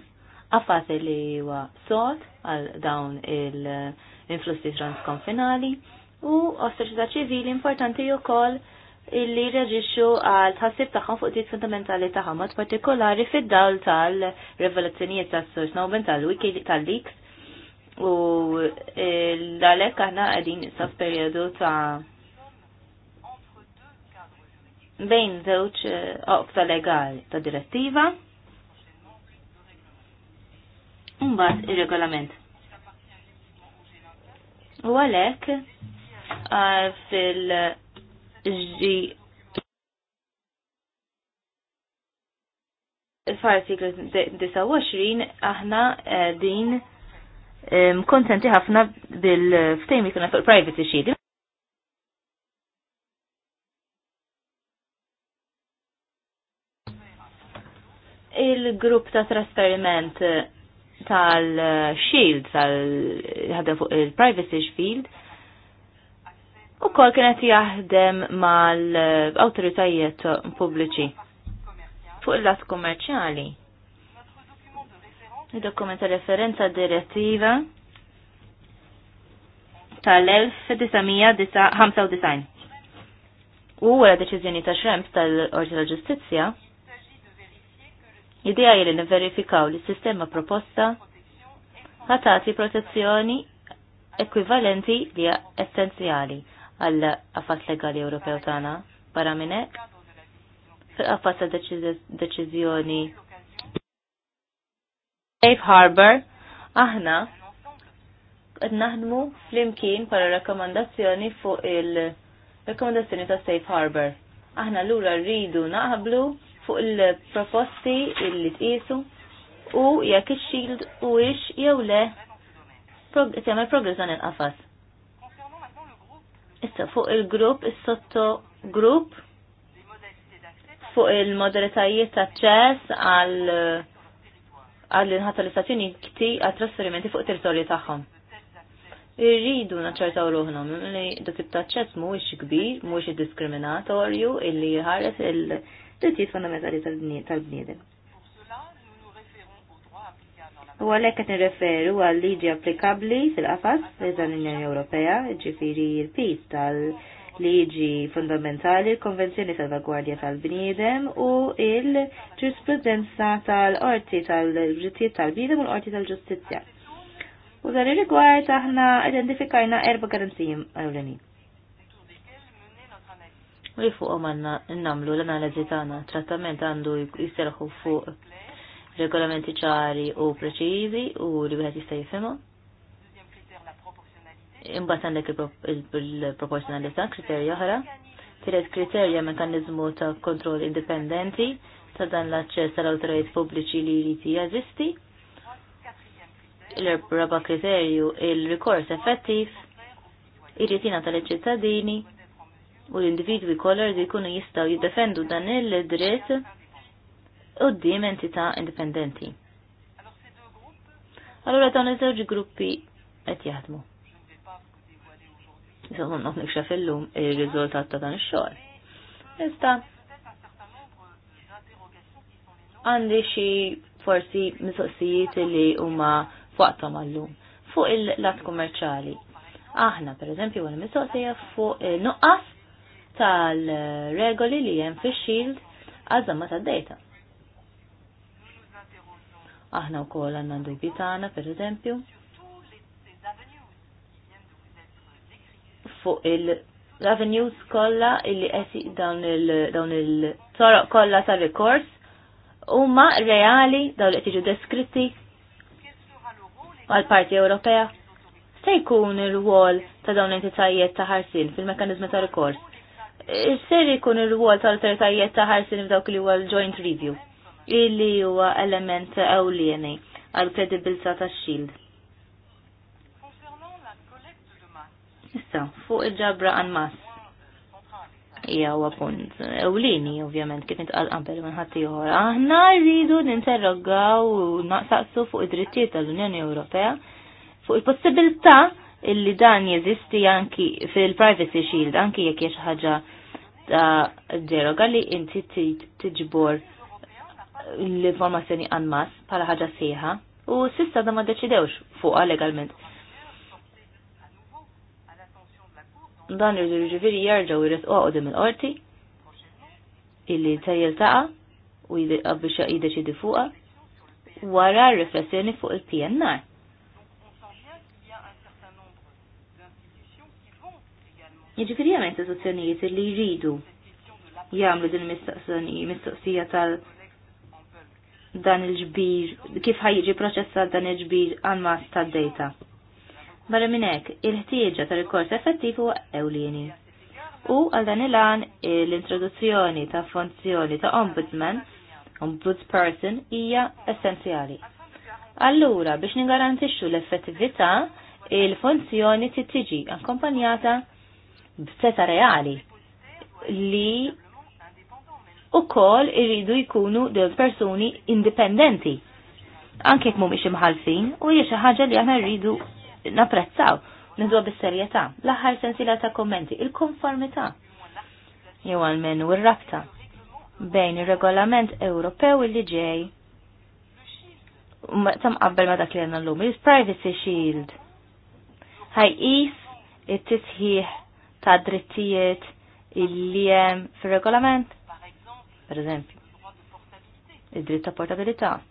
għafas li huwa sod għal dawn il-influssi transkonfinali u għas ċivili importanti u koll illi reġiċu għal tħassib tagħhom fuq tiet fundamentali tagħhom, mod partikolari fid-dawl tal ta' s sur Snowden tal wiki tal-leaks u e, l-għalek aħna għadin issa periodu ta' bejn zewċ e, oqta legali ta' direttiva un bat il regolament U għalek fil- ġi f'artiklu 29 aħna eh, din kontenti ħafna bil-ftejmi kuna fuq privacy shield. Il-grupp ta' trasferiment eh, tal-shield eh, tal-ħadda fuq il-privacy shield u kol kienet jaħdem mal-autoritajiet pubbliċi fuq il-lat kommerċjali. Il-dokument ta' referenza direttiva tal-1995 u għala deċizjoni ta' xremp tal-Orġi tal-Ġustizja Ideja li verifikaw li s-sistema proposta ħatati protezzjoni ekvivalenti li essenzjali għal affat legali Ewropew tagħna. Barra minn hekk, fil qafat ta' deċiżjoni Safe Harbor, aħna qed naħdmu flimkien para rakkomandazzjoni fuq il-rakkomandazzjoni ta' Safe Harbor. Aħna lura rridu naqblu fuq il-proposti illi tqisu u jekk ix-shield u ix jew le jagħmel progress dan il-qafas. Issa fuq il-grupp, is-sotto grupp fuq il-modalitajiet ta' ċess għal għall-inħata l-Istati kti għal trasferimenti fuq territorju tagħhom. Irridu naċċertaw ruħnom li dak ta' ċess mhuwiex kbir, mhuwiex diskriminatorju illi jħares il-drittijiet fondamentali tal-bniedem. U għalhekk qed nirreferu għal liġi applikabbli fil-qafas l l-Unjoni Ewropea, ġifiri l-pis tal-liġi fundamentali, l-Konvenzjoni tal-Vagwardja tal-Bniedem u il-ġurisprudenza tal-Qorti tal-Ġittijiet tal-Bniedem u l-Qorti tal-Ġustizzja. U dan il rigward aħna identifikajna erba' għal ewlenin. U jifuqom għanna għandna nagħmlu l-analiżi tagħna, trattament għandu jserħu fuq regolamenti ċari u preċiżi u li wieħed jista' jifhimha. Imbagħad għandek il-proporzjonalità kriterja oħra. Tiret kriterja mekanizmu ta' kontroll indipendenti ta' dan l-aċċess tal-awtoritajiet pubbliċi li jrid jeżisti. Il-raba kriterju il-rikors effettiv irrid jingħata tal ċittadini u l-individwi kollha jkunu jistgħu jiddefendu dan il-dritt u d-dim entita indipendenti. Allora dawn iż-żewġ gruppi qed jaħdmu. Insomma, naf nikxef illum ir-riżultat ta' dan ix-xogħol. Iżda għandi xi forsi mistoqsijiet li huma fuqhom għallum fuq il-lat kummerċali. Aħna, per eżempju, għal mistoqsija fuq nuqqas tal-regoli li hemm fix xild għaż-żamma tad-data Aħna u kol għanna dubi tagħna, per eżempju, fuq il-revenues kolla illi qesi dawn il-toroq kolla ta' rikors huma reali dawn li qed deskritti għal-Parti Ewropea se jkun ir-rwol ta' dawn l-entitajiet ta' ħarsin fil-mekanizmi ta' rikors? Ser jkun ir-rwol tal entitajiet ta' ħarsin f'dawk li huwa l-joint review? illi huwa element ewlieni għal kredibilità tax-shield. Issa, fuq il-ġabra għan mas. Ija huwa punt ewlieni ovvjament kif intqal qabel minn ħadd ieħor. Aħna rridu ninterrogaw u naqsaqsu fuq id-drittijiet tal-Unjoni Ewropea fuq il-possibilità illi dan jeżisti anki fil-Privacy Shield anki jekk hija xi ħaġa ta' deroga li inti tiġbor l-informazzjoni għanmas pala ħaġa sieħa u sissa da ma deċidewx fuqa legalment. Dan il-ġifiri jarġaw jirrit uqod minn qorti illi tajjel taqa u biex jideċidi fuqa wara riflessjoni fuq il-PNR. Jġifiri hemm istituzzjonijiet illi jridu jgħamlu din mistoqsija tal- dan il-ġbir, kif ħajġi proċessat dan il-ġbir għal-mas ta' data. Barra minnek, il-ħtieġa ta' rikors effettiv ewlieni. U għal dan il-għan l-introduzzjoni ta' funzjoni ta' ombudsman, ombudsperson, hija essenzjali. Allura, biex ningarantixxu l-effettività, il-funzjoni tiġi akkompanjata b'seta reali li u kol irridu jkunu dil persuni indipendenti. Anke jek mumiex imħalfin u hija xi ħaġa li aħna rridu napprezzaw, nidu bis-serjetà, l-aħħar sensila ta' kommenti, il-konformità. Jew għalmenu r rabta bejn ir-regolament Ewropew li ġej tam qabbel ma dak li għanna l-lum, il-Privacy Shield. Ħajqis it-tisħiħ ta' drittijiet il-li fil-regolament per esempio. Id-dritt ta' portabilità.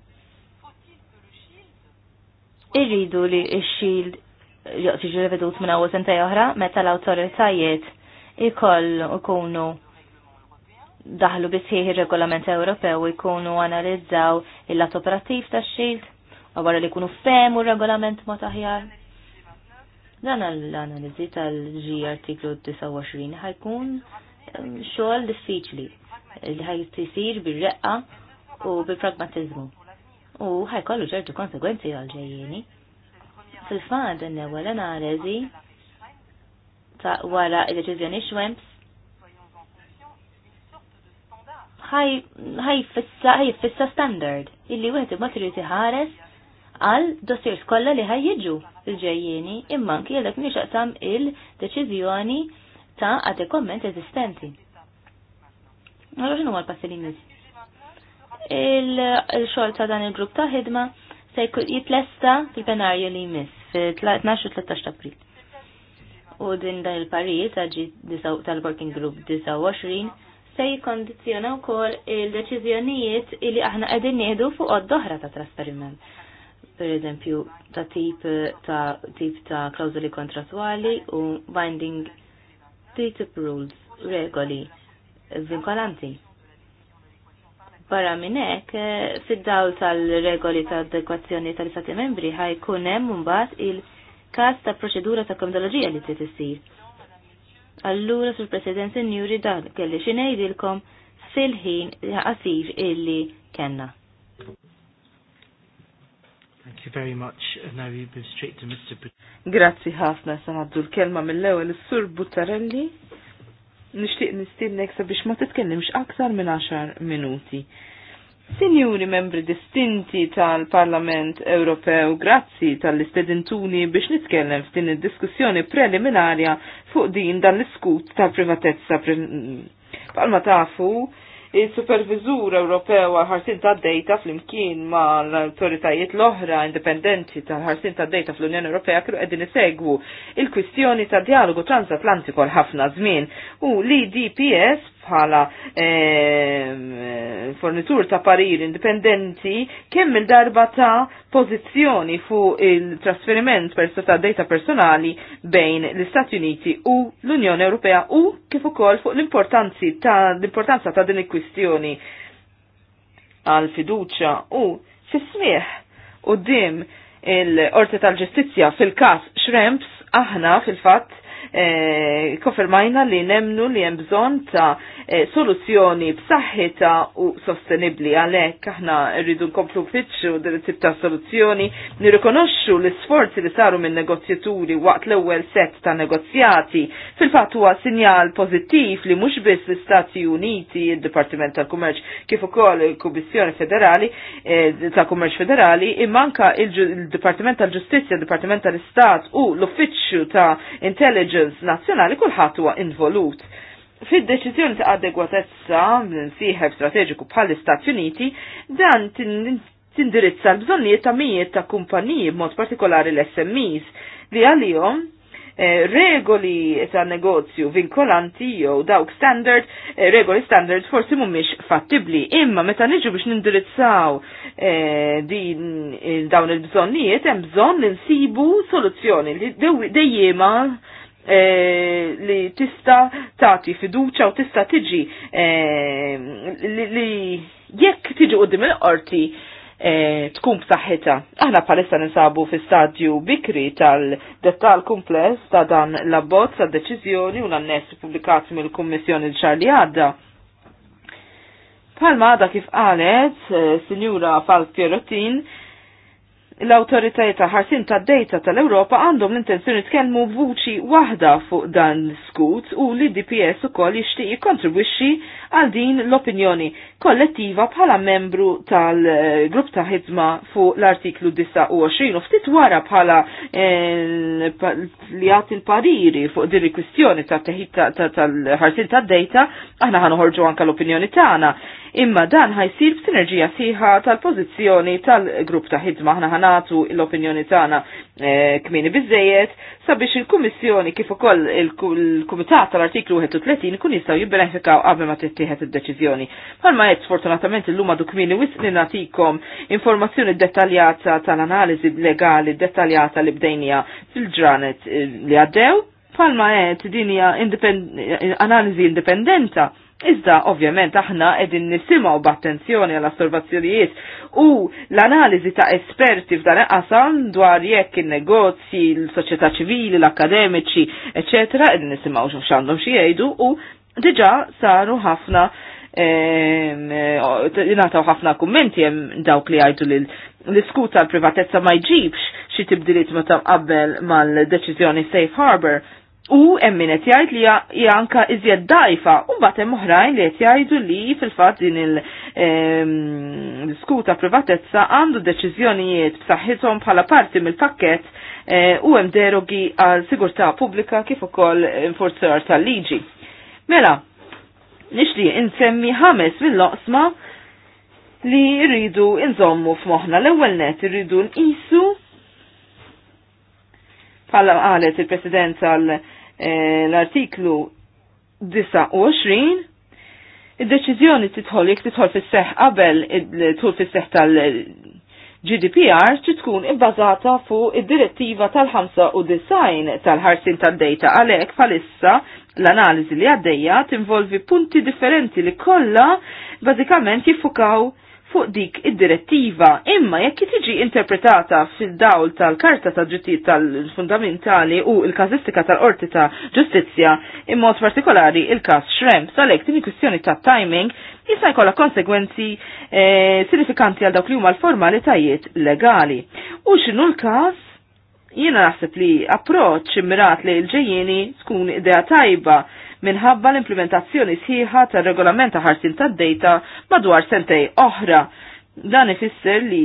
Irridu li x-shield tiġi revedut minn għawet sentaj oħra meta l-autoritajiet ikoll ikunu daħlu bisħiħi regolament Ewropew u jkunu analizzaw il-lat operattiv ta' shield għawara li jkunu femu regolament ma taħjar. Dan l analizzi tal ġi artiklu 29 ħajkun ehm, xogħol diffiċli il ħaj tisir bil-reqqa u bil-pragmatizmu. U ħajkollu ġertu konsegwenzi għal-ġejjeni. Fil-fad n-ewwel analiżi ta' wara il deċizjoni xwemps ħaj fissa standard illi wieħed imma trid iħares għal dossier kollha li ħaj jiġu il-ġejjeni imma ki dak nixaqsam il-deċiżjoni ta' komment eżistenti. Għallu xinu għal passi li miz. Il-xol ta' dan il-grupp ta' ħidma se jitlesta fil-penarju li miz fil-12-13 april. U din dan il-parijiet tal-working group 29 se jikondizjona wkoll il-deċiżjonijiet li aħna qegħdin nieħdu fuq d dohra ta' trasferiment per eżempju, ta' tip ta' tip ta' klawzoli kontratwali u binding tip rules, regoli vinkolanti. Barra minn hekk, eh, fid-dawl tal-regoli ta' adekwazzjoni tal-Istati membri ħajkun hemm mbagħad il-każ ta' proċedura ta' komdoloġija li trid issir. Allura Sur president Sinjuri dan kelli xi ngħidilkom fil-ħin qasir illi kellna. Thank you very much. And uh, now we've been straight to Mr. Grazzi ħafna għaddu l-kelma mill-ewwel is-Sur Buttarelli nixtieq nistiednek sabiex ma titkellimx aktar minn 10 minuti. Sinjuri membri distinti tal-Parlament Ewropew, grazzi tal-istedintuni biex nitkellem f'din id-diskussjoni preliminarja fuq din dan l-iskut tal-privatezza. Palma tafu, Il-Supervizur Ewropew għal-ħarsin ta' data fl-imkien ma' l-autoritajiet l-oħra indipendenti tal-ħarsin ta' data fl-Unjoni Ewropea kienu qegħdin isegwu il-kwistjoni ta' dialogu transatlantiku għal ħafna żmien u l-IDPS bħala ehm, fornitur ta' parir indipendenti kemm il-darba ta' pożizzjoni fuq il-trasferiment per ta' data personali bejn l-Istati Uniti u l-Unjoni Ewropea u kif ukoll fuq l-importanzi ta' l-importanza ta' din il-kwistjoni għal fiduċa u fismieħ u dim il-Orti tal-Ġustizzja fil-kas Shrimps aħna fil-fatt Eh, konfermajna li nemnu li hemm bżonn ta' eh, soluzzjoni b'saħħita u sostenibbli għalhekk aħna rridu nkomplu fitxu tip ta' soluzzjoni nirrikonoxxu l-isforzi li saru minn negozjaturi waqt l-ewwel set ta' negozjati fil-fatt huwa sinjal pożittiv li mhux biss l-Istati Uniti, il dipartiment tal-Kummerċ kif ukoll il-Kummissjoni Federali eh, ta' Kummerċ Federali imanka il-Dipartiment tal-Ġustizzja, il-Dipartiment tal-Istat u l-Uffiċċju ta' Intelligence skills nazzjonali kulħadd huwa involut. Fid-deċiżjoni ta' adegwatezza sieħeb strateġiku bħall-Istati Uniti dan tindirizza l-bżonnijiet ta' mijiet ta' kumpaniji b'mod partikolari l-SMEs li għalihom eh, regoli ta' negozju vinkolanti jew dawk standard, eh, regoli standard forsi mhumiex fattibli, imma meta niġu biex nindirizzaw eh, din dawn il-bżonnijiet hemm bżonn insibu soluzzjoni li dejjema Eh, li tista tagħti fiduċa u tista tiġi eh, li jekk tiġi u il-qorti eh, tkun b'saħħitha. Aħna bħalissa ninsabu fi stadju bikri tal-dettal kumpless ta' dan l-abbozz ta' deċiżjoni u l-annessi pubblikati mill-Kummissjoni l li għadda. Palma da kif qalet, Sinjura Falk Pierrotin, l-autoritajiet ta' ħarsin ta' data tal-Ewropa għandhom l-intenzjoni tkellmu vuċi waħda fuq dan l-skut u li DPS u koll jixtieq jikontribwixxi għal din l-opinjoni kollettiva bħala membru tal-grupp ta' ħidma fuq l-artiklu 29 u ftit wara bħala eh, li għat il-pariri fuq din il-kwistjoni ta' ħarsin ta' data aħna ħanħorġu anka l-opinjoni tagħna imma dan ħajsir b'sinerġija sieħa tal-pożizzjoni tal-grupp ta' ħidma aħna ħanatu l-opinjoni tagħna eh, kmini biżejjed sabiex il-Kummissjoni kif ukoll il-Kumitat tal-Artiklu 31 kun jistgħu jibbenefikaw qabel ma tittieħed id-deċiżjoni. Bħalma qed sfortunatament illum għadu kmini wisni nagħtikom informazzjoni dettaljata tal-analiżi legali dettaljata li bdejnija fil-ġranet eh, li għaddew palma għed dinja analizi indipendenta Iżda, ovvjament, aħna edin nisimaw b'attenzjoni għal osservazzjonijiet u l-analizi ta' esperti f'dan qasam dwar jekk il-negozji, l-soċjetà ċivili, l-akademiċi, eccetera, edin nisimaw x'għandhom xi jgħidu u diġà saru ħafna jingħataw eh, ħafna kummenti hemm dawk li jgħidu lil l-iskuta l-privatezza ma jġibx xi tibdiliet meta qabel mal-deċiżjoni Safe Harbor U emminet jgħid li hija anka iżjed dajfa, u mbagħad hemm oħrajn li qed jgħidu li fil-fatt din il-diskuta ehm, privatezza għandu deċiżjonijiet b'saħħithom bħala parti mill-pakkett e, u hemm derogi għal sigurtà pubblika kif ukoll infurzar tal-liġi. Mela, li insemmi ħames mill-loqsma li rridu inżommu f'moħħna l-ewwel net irridu nqisu bħala qalet il-President tal- Eh, l-artiklu 29 id-deċizjoni titħol jek titħol fis-seħ qabel tul fis-seħ tal-GDPR ċi tkun ibbażata fuq id-direttiva tal 95 u tal-ħarsin tad-data għalhekk bħalissa l-analiżi li għaddejja tinvolvi punti differenti li kollha bażikament jiffukaw fuq dik id-direttiva imma jekk tiġi interpretata fid-dawl tal-Karta ta' Drittijiet tal-Fundamentali u l-każistika tal-Qorti ta' Ġustizzja immod partikolari il-każ Shrem sal-hekk din kwistjoni ta' timing jista' jkollha konsegwenzi eh, sinifikanti għal dawk li huma l-formalitajiet legali. U x'inhu l-każ jiena naħseb li approċċ immirat li l-ġejjieni tkun idea tajba minħabba l-implementazzjoni sħiħa tar regolament ta' ħarsin tad-data madwar sentej oħra. Dan ifisser li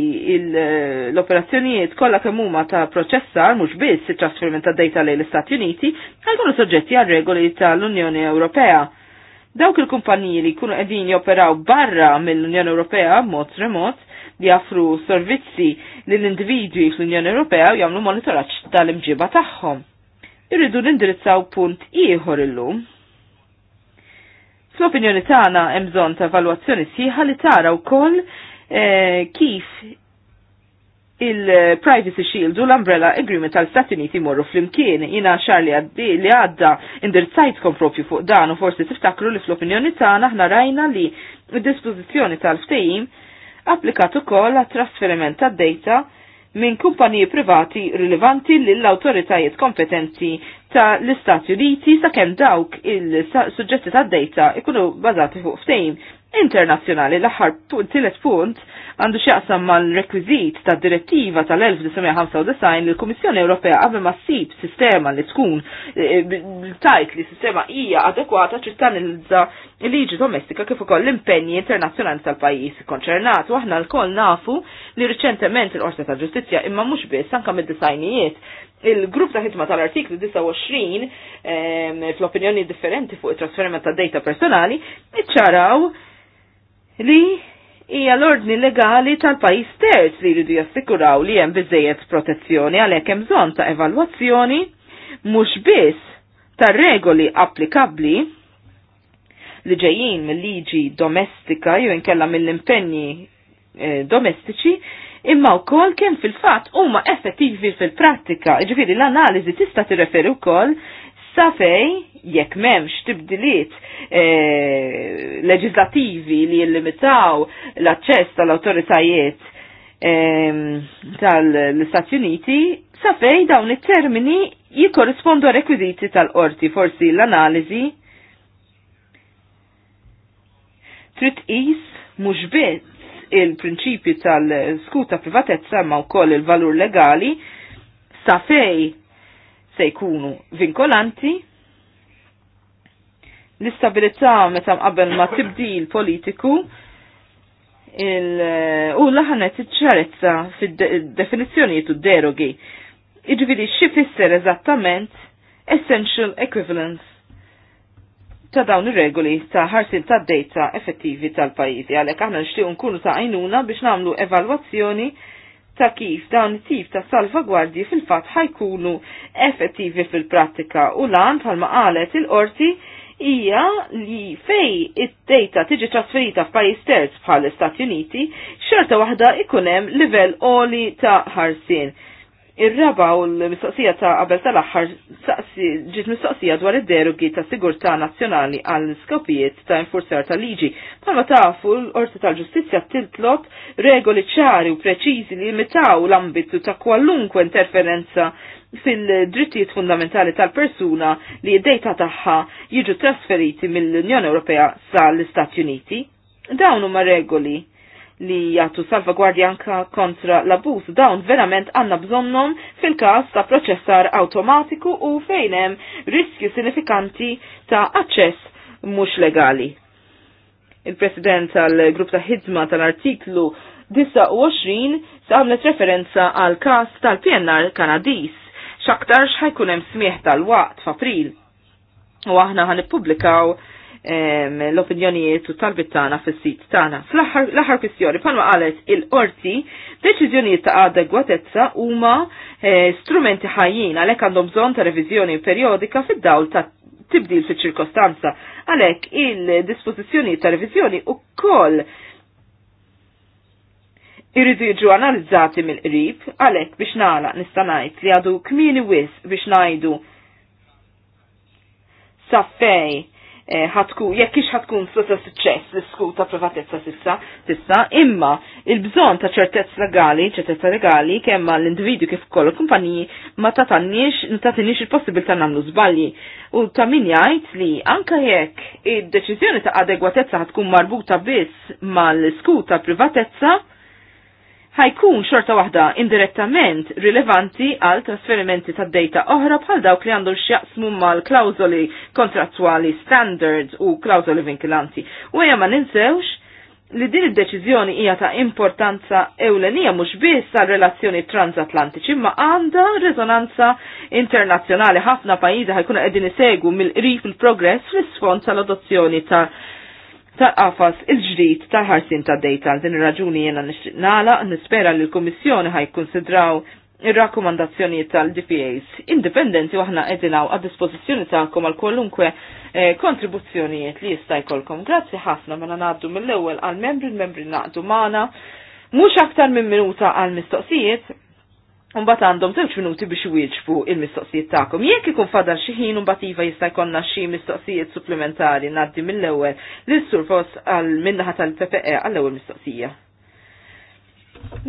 l-operazzjonijiet kollha kemm huma ta' proċessar mhux biss it-trasferiment tad-data lejn l-Istati Uniti ħajkunu soġġetti għal regoli tal-Unjoni Ewropea. Dawk il-kumpaniji li jkunu qegħdin joperaw barra mill-Unjoni Ewropea b'mod remot li jaffru servizzi lill-individwi fl-Unjoni Ewropea u jagħmlu monitoraġġ tal-imġiba tagħhom. Irridu nindirizzaw punt ieħor illum Fl-opinjoni tagħna hemm bżonn ta' evalwazzjoni sħiħa li tara wkoll eh, kif il-Privacy Shield u l-Umbrella Agreement tal-Stati Uniti morru fl-imkien jina xar li għaddi li għadda indirzajtkom propju fuq dan u forsi tiftakru li fl-opinjoni tagħna aħna rajna li d-dispożizzjoni tal-ftehim applikat ukoll għat trasferiment tad-data minn kumpaniji privati rilevanti lill-autoritajiet kompetenti ta' l-Istati Uniti sakemm dawk il-suġġetti tad data ikunu bazati fuq ftejn internazzjonali. L-aħħar tillet punt għandu x'jaqsam mal-rekwiżit tad direttiva tal-1995 li l-Kummissjoni Ewropea qabel ma ssib sistema li tkun e, e, tajt li sistema hija adekwata il-za liġi domestika kif ukoll l-impenji internazzjonali tal-pajjiż konċernat u aħna lkoll nafu li riċentement il-Qorta ta' ġustizzja imma mhux biss anke mid-disajnijiet il-grupp ta' ħidma tal-artiklu 29 fl-opinjoni differenti fuq it-trasferiment ta' data personali iċċaraw li hija l-ordni legali tal-pajis terz li jridu jassikuraw li hemm biżejjed protezzjoni għalhekk hemm bżonn ta' evalwazzjoni mhux biss tar regoli applikabbli li ġejjin mill-liġi domestika jew inkella mill-impenni eh, domestiċi imma wkoll kemm fil-fatt huma effettivi fil-prattika, ġifiri l-analiżi tista' tirreferi wkoll Safej fej, jekk memx tibdiliet e, leġislativi li jillimitaw l-aċċess tal-autoritajiet e, tal-Istati Uniti, sa fej dawn it-termini jikorrispondu għal rekwiziti tal-qorti, forsi l-analizi Trit is mhux biss il-prinċipju tal-skuta privatezza ma wkoll il-valur legali sa fej se jkunu vinkolanti l-istabilità meta qabel ma tibdil politiku u laħanet iċ-ċarezza fid-definizzjonijiet u derogi. Iġviri xifisser eżattament essential equivalence ta' dawn ir-regoli ta' ħarsin ta' data effettivi tal-pajjiżi għalhekk aħna nixtiequ nkunu ta' għajnuna biex nagħmlu evalwazzjoni ta' kif dawn it-tip ta' salvagwardji fil-fatt ħajkunu effettivi fil-prattika u lan bħalma qalet il-qorti hija li fej id-data tiġi trasferita f'pajjiż terz bħal istati Uniti, xorta waħda ikun hemm livell għoli ta' ħarsien Ir-raba u l-mistoqsija ta' qabel tal-aħħar ġiet mistoqsija dwar id-derogi ta' sigurtà nazzjonali għal skopijiet ta' infurzar ta' liġi. Palma tafu l-Orti tal-Ġustizzja tiltlot regoli ċari u preċiżi li limitaw l-ambitu ta' kwalunkwe interferenza fil-drittijiet fundamentali tal-persuna li id-dejta tagħha jiġu trasferiti mill-Unjoni Ewropea sal istati Uniti. Dawn huma regoli li jagħtu salvagwardja anka kontra l abus Dawn verament għandna bżonnhom fil-każ ta' proċessar awtomatiku u fejn hemm riskju sinifikanti ta' aċċess mhux legali. Il-President tal-Grupp ta' Ħidma tal-Artiklu 29 għamlet referenza għal kas tal-PNR Kanadis, xaktarx ħajkunem smieħ tal-waqt f'April. U aħna ħan publikaw l-opinjonijiet u talbit tagħna fis-sit tagħna. Fl-aħħar kwistjoni bħalma qalet il-qorti deċiżjonijiet ta' adegwatezza huma eh, strumenti ħajjin għalhekk għandhom bżonn ta' reviżjoni perjodika fid-dawl ta' tibdil fil ċirkostanza. Għalhekk il dispożizzjonijiet ta' reviżjoni ukoll irridu jiġu analizzati mill-qrib, għalhekk biex nagħlaq nista' ngħid li għadu kmini wis biex ngħidu sa' fej Eh, ħatkun, jekk ix ħatkun sosa suċċess l-sku ta' privatezza sissa, sissa, imma il-bżon ta' ċertezza legali, ċertezza legali, kemma l-individu kif kollu kumpaniji ma ta' tannix, ta' tannix il ta' namlu zballi. U ta' min jgħid li anka jekk id-deċizjoni ta' adegwatezza ħatkun marbuta biss mal-sku ta' privatezza, ħajkun xorta waħda indirettament rilevanti għal trasferimenti ta' data oħra bħal dawk li għandu xjaqsmu mal-klawzoli kontrattwali standards u klawzoli vinkilanti. U ma ninsewx li din id-deċiżjoni hija ta' importanza ewlenija mhux biss għal relazzjoni transatlantiċi ma għandha rezonanza internazzjonali ħafna pajjiżi ħajkunu qegħdin isegwu mill-qrib il-progress fl-isfond tal-adozzjoni ta' ta' qafas il-ġdid tal-ħarsin ta' data. Din raġuni jena nala nispera li l-Komissjoni ħaj konsidraw ir-rakkomandazzjonijiet tal-DPAs indipendenti u aħna edinaw għad dispożizzjoni tagħkom għal kwalunkwe eh, kontribuzzjonijiet li jista' jkollkom. Grazzi ħafna mela ngħaddu mill-ewwel għal membri l-membri naqdu magħna mhux aktar minn minuta għal mistoqsijiet Umbat għandhom żewġ minuti biex wieġbu il-mistoqsijiet tagħkom. Jekk ikun fadal xi ħin imbagħad iva jista' jkollna xi mistoqsijiet supplementari ngħaddi mill-ewwel lis sur fost għal minnaħa tal-PPE għall-ewwel mistoqsija.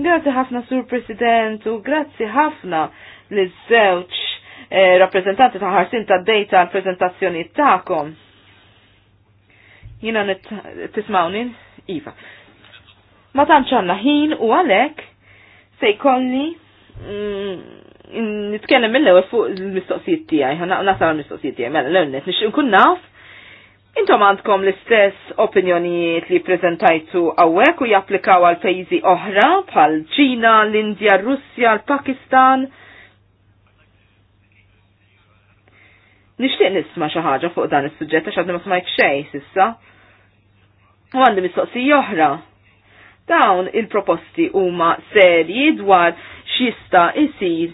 Grazzi ħafna Sur President u grazzi ħafna liż-żewġ eh, rappreżentanti ta' ħarsin ta' dejta għal prezentazzjoni tagħkom. Jiena tismawni? Iva. Ma tantx għandna ħin u għalhekk se jkolli Mm, nitkellem mill-ewwel fuq il-mistoqsijiet tiegħi, nasal mistoqsijiet tiegħi, mela l-ewnet nix nkun naf intom għandkom l-istess opinjonijiet li prezentajtu għawek u japplikaw għal pejzi oħra bħal ċina, l-Indja, r Russja, l-Pakistan. Nixtieq nisma xi ħaġa fuq dan is-suġġett għax għadni ma smajt xejn sissa. U għandi mistoqsija oħra dawn il-proposti huma serji dwar jista' isir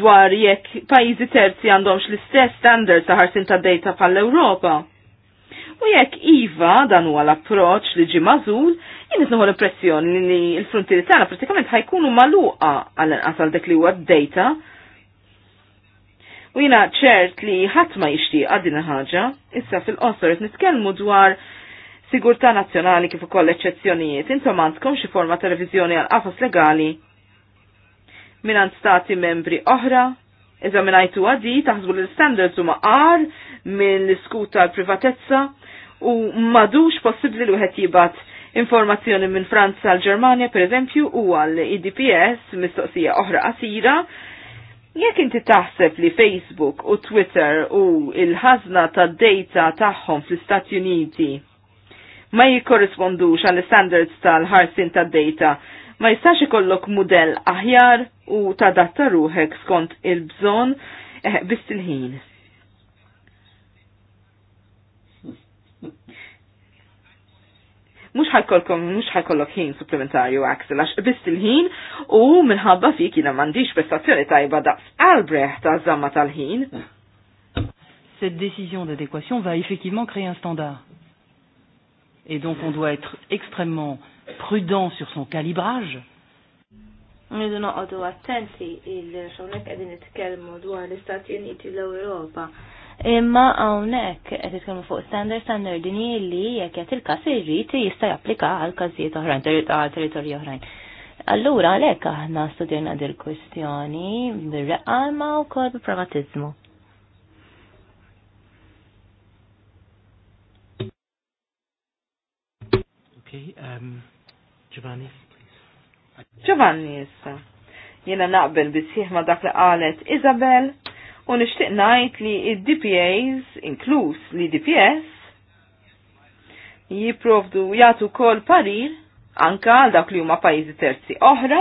dwar jekk pajjiżi terzi għandhomx l-istess standard ta' ħarsin ta' data bħall-Ewropa. U jekk iva dan huwa l-approċċ li ġi mażul, jien qed l-impressjoni li l-frontieri tagħna prattikament ħajkunu magħluqa għal inqas għal dak li huwa d-data U jiena ċert li ħadd ma jixtieq din ħaġa, issa fil-qosor qed nitkellmu dwar sigurtà nazzjonali kif ukoll eċċezzjonijiet, intom għandkom xi forma ta' reviżjoni għal qafas legali minant stati membri oħra, eżaminajtu għaddi, taħsbu l-standards huma qar minn l-iskuta l-privatezza u madux possibli li wieħed jibgħat informazzjoni minn Franza l ġermanja per eżempju, u għal IDPS e mistoqsija oħra qasira. Jekk inti taħseb li Facebook u Twitter u il-ħazna tad data tagħhom fl-Istati Uniti ma jikorrespondux għall standards tal-ħarsin tad-data. Ma jistax ikollok mudell aħjar u datta ruħek skont il-bżon eh, bist il-ħin. Mux ħajkolkom, mux ħajkollok ħin supplementarju Axel, għax bist il-ħin u minħabba fik kina mandiġ prestazzjoni tajba daqs Albrecht ta' zamma tal-ħin. Cette décision d'adéquation va effectivement créer un standard et donc on doit être extrêmement prudent sur son calibrage. Nidu noqodu attenti il-xawnek għedin it-kelmu dwar l-Istati Uniti l-Europa. Imma għawnek għed it-kelmu fuq standard standard dini li jek jgħat il-kas irrit jista japplika għal kazijiet oħrajn, għal territorji oħrajn. Allura għalek aħna studjena dil-kwestjoni bir-reqqa ma u kol bil-pragmatizmu. Okay, um, Giovanni, please. Giovanni, issa. Jena naqbel bisħiħ ma dak li qalet Isabel u nixtieq ngħid li id-DPAs, inkluż li DPS, jiprovdu jagħtu kol parir anka għal dak li huma pajjiżi terzi oħra,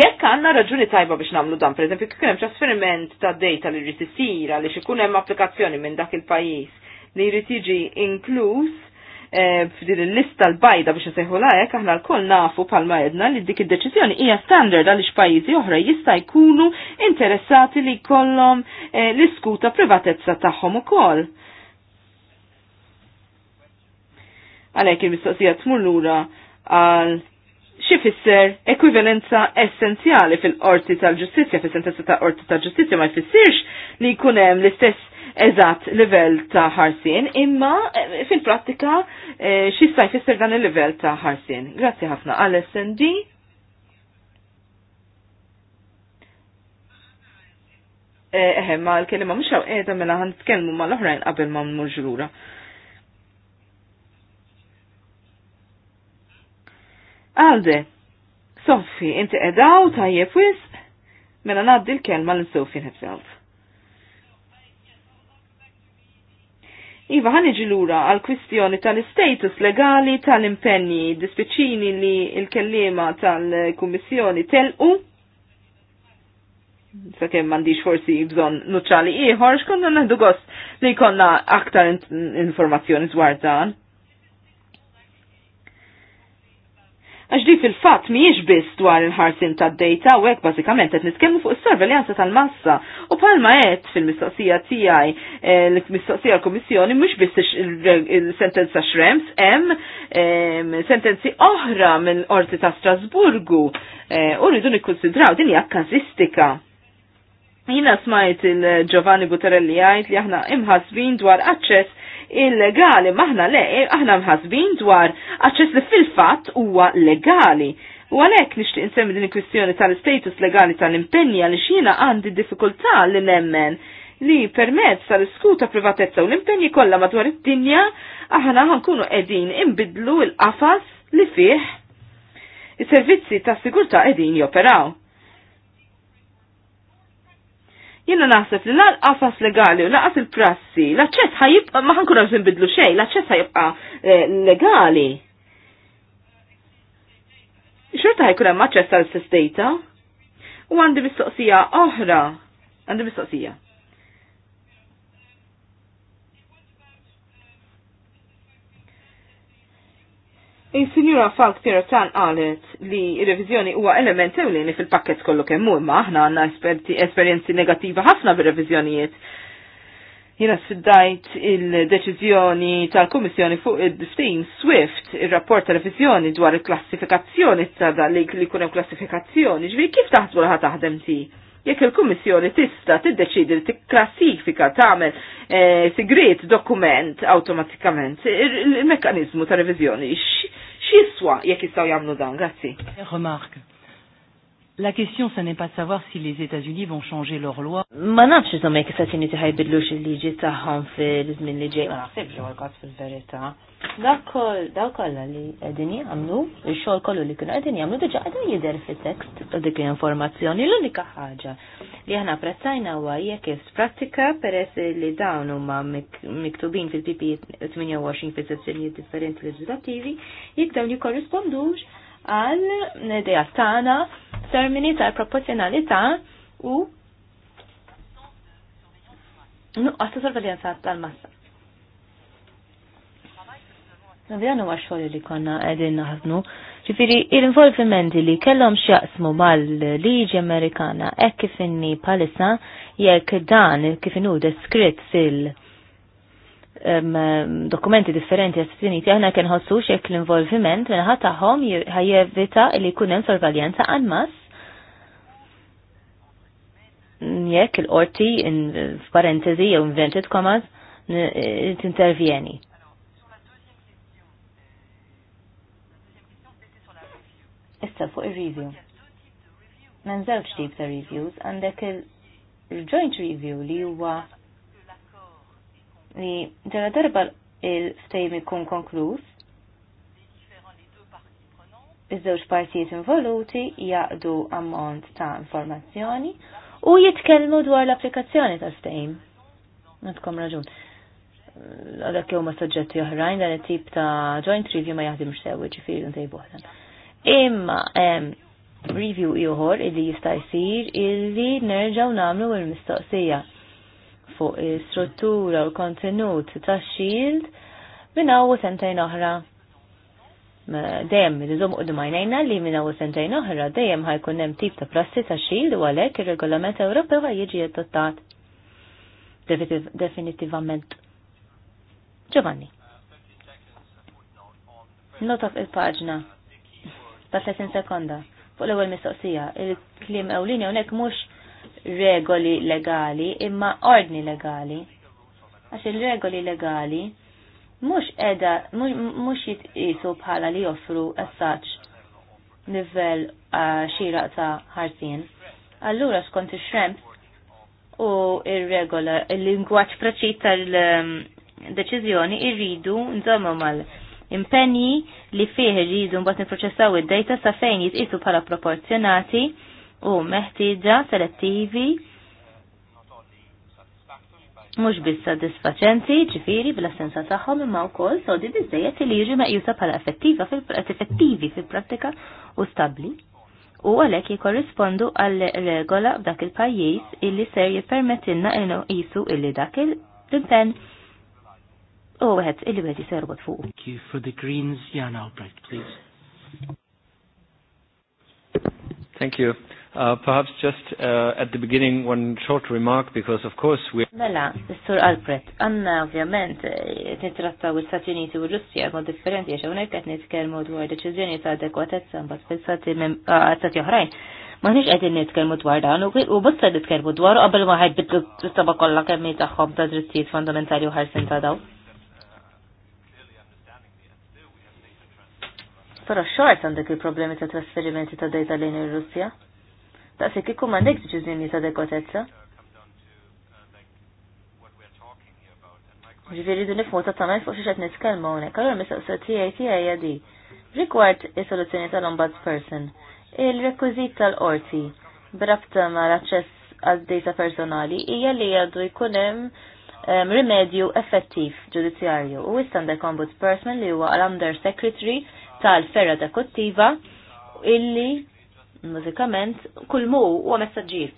jekk għandna raġuni tajba biex nagħmlu dan, per kien hemm trasferiment ta' data li jrid isir għaliex ikun hemm applikazzjoni minn dak il-pajjiż li jrid jiġi inkluż E, f'din il-lista l-bajda biex seħula hekk aħna l-koll nafu palma edna li dik id-deċiżjoni hija standard għaliex pajjiżi oħra jista' jkunu interessati li jkollhom e, l-iskuta privatezza tagħhom ukoll. Għalhekk il-mistoqsija tmur lura għal xi fisser ekwivalenza essenzjali fil-qorti tal-ġustizzja, fis-sentenza ta' qorti tal-ġustizzja ma jfissirx li jkun hemm l-istess eżatt livell ta' ħarsien, imma eh, fil-prattika eh, xi sta jfisser dan il-livell ta' ħarsin? Grazzi ħafna għal SND. Eh, eħe, ma l-kelima mux għaw edha mela ħan t-kelmu ma l-oħrajn qabel ma mnur ġrura. Għalde, Soffi, inti edaw tajjeb wis? Mela naddi l-kelma l-Soffi nħibżalt. Iva ħan lura għal kwistjoni tal-status legali tal-impenni dispeċini li il-kellima tal-Kummissjoni telqu. Sa' kemm mandiġ forsi bżon nuċċali ieħor, xkonna naħdu gost li konna aktar informazzjoni dwar dan. Għax di fil-fat miex biss dwar il-ħarsin ta' data u għek basikament għet niskemmu fuq il-sorveljanza tal-massa u palma għet fil-mistoqsija tijaj eh, l-mistoqsija l-Komissjoni mux biss il-sentenza xrems em sentenzi oħra minn orti ta' Strasburgu eh, u rridu nikkonsidraw din hija kazistika. Jina smajt il-Giovanni Butarelli għajt li aħna imħasbin dwar aċċess illegali, maħna le, eh, aħna mħasbin dwar aċċess li fil-fatt huwa legali. U għalek nishti insemmi din il-kwistjoni tal-status legali tal-impenja li xina għandi diffikultà li nemmen li permezz tal-iskuta privatezza u l-impenji kollha madwar id-dinja aħna ħankunu qegħdin imbidlu l-qafas li fih is-servizzi tas-sigurtà qegħdin joperaw. Jiena naħseb li l-qafas legali u laqas il-prassi, l-aċċess ħajibqa kuna ħankunux bidlu xejn, l-aċċess ħajibqa eh, legali. Xorta taħi hemm aċċess għal data u għandi mistoqsija oħra. Għandi mistoqsija. Il-Sinjura Falk Pirotan għalet li revizjoni huwa element ewlieni fil-pakket kollu kemm imma aħna għandna esperjenzi negattiva ħafna bir-reviżjonijiet. Jiena sfiddajt il deċiżjoni tal kummissjoni fuq id-Steam Swift, ir rapport tal-revizjoni dwar il-klassifikazzjoni t-sada li kunem klassifikazzjoni, ġvi kif taħdmu l-ħat taħdem ti? jekk il-Kummissjoni tista' tiddeċidi li tikklassifika tagħmel eh, segret dokument awtomatikament il-mekkaniżmu tar reviżjoni xiswa jekk jistaw jagħmlu dan, grazzi. Remark. La question, ce n'est pas de savoir si les États-Unis vont changer leur loi. Ma nafx iżom jekk sa tiħaj ħajbidlux il-liġi tagħhom fil-żmien li ġej, ma naħsibx huwa każ fil-verità. Dak kollha li qegħdin jagħmlu, ix-xogħol kollu li kienu qegħdin jagħmlu diġà qegħdin jidher fit-tekst u dik informazzjoni l-unika ħaġa li aħna apprezzajna huwa jekk kif pratika peress li dawn huma miktubin fil-PP 28 fis-sezzjonijiet differenti leġislattivi, jekk dawn jikorrispondux għal idea tagħna termini tal-proporzjonalità u nuqqas ta' sorveljanza tal-massa. Dan huwa xogħol li konna qegħdin naħdnu, Ġifieri l-involvimenti li kellhom x'jaqsmu mal-liġi Amerikana hekk kif inni palissa jekk dan kif inhu deskritt fil- dokumenti differenti għas-Siniti, aħna kien ħossu xek l-involviment minna taħħom ħajjevita li kunem sorvaljenza għanmas l-orti, in parentesi, jew invented commas e, t-intervjeni. Issa fuq il review Menżewġ tip ta' reviews għandek il-joint review li huwa li ġala darba il-ftejm ikun konkluż iż-żewġ partijiet involuti jaqdu ammont ta' informazzjoni u jitkellmu dwar l-applikazzjoni ta' ftejm. Nitkom raġun. Għadak jew ma' soġġetti oħrajn dan it-tip ta' joint review ma jaħdimx sewi ġifieri ntej dan. Imma review ieħor illi jista' jsir illi nerġgħu nagħmlu l-mistoqsija fuq struttura u kontenut ta' shield minn u sentajn oħra. Dejjem nizom u d-majnajna li minn u sentajn oħra dejjem ħajkun hemm tip ta' prassi ta' shield u għalhekk ir-regolament Ewropew jiġi adottat. Definitivament. Giovanni. Nota il-paġna ta' 30 sekonda fuq l-ewwel mistoqsija, il-kliem ewlieni hawnhekk mhux regoli legali imma ordni legali. Għax il-regoli legali mux edha, mux jitqisu bħala li joffru assaċ nivell xira ta' ħarsin. Allura skont ix-xemp u ir-regola, il-lingwaġġ preċit tal-deċiżjoni irridu nżommu mal-impenji li fih irridu mbagħad nipproċessaw id-dejta sa fejn jitqisu bħala proporzjonati u meħtieġa selettivi mhux biss satisfaċenti, ġifieri bla sensa tagħhom imma wkoll sodi biżejjed li jiġu meqjusa bħala effettiva fil effettivi fil-prattika u stabbli u għalhekk jikorrispondu għall regola f'dak il-pajjiż illi ser jippermettilna inhu qisu illi dak il-impenn u wieħed illi wieħed jiserbot fuq. Thank you for the Greens, Jan Albrecht, please. Thank you. Uh, perhaps just uh, at the beginning one short remark because of course we Mela, Sur Alpret, għanna ovvjament eh, nitrattaw l-Stati Uniti u Russja kont differenti għax hawnhekk qed nitkellmu dwar deċiżjoni ta' adekwatezza mbagħad fil-Stati Stati oħrajn. Maħniex qegħdin nitkellmu dwar dan u bosta nitkellmu dwar qabel ma ħajbidlu s-saba kollha kemm tagħhom ta' drittijiet fundamentali u ħarsin ta' daw. Però xort għandek il-problemi ta' trasferimenti ta' data lejn ir-Russja? ta' se kikku mandek deċiżjoni ta' dekotezza. Ġifiri dun nifmu ta' tamel fuq xiexet nitkelmu hawnhekk, allura mistaqsa tiegħi tiegħi di. Rikward il-soluzjoni tal person. il rekwizit tal orti b'rabta ma' l-aċċess għad-data personali Ija li għadu jkunem hemm rimedju effettiv ġudizzjarju u istan istandek ombudsperson li huwa għal under secretary tal-ferra dekottiva illi mużikament kull mu huwa messagġir.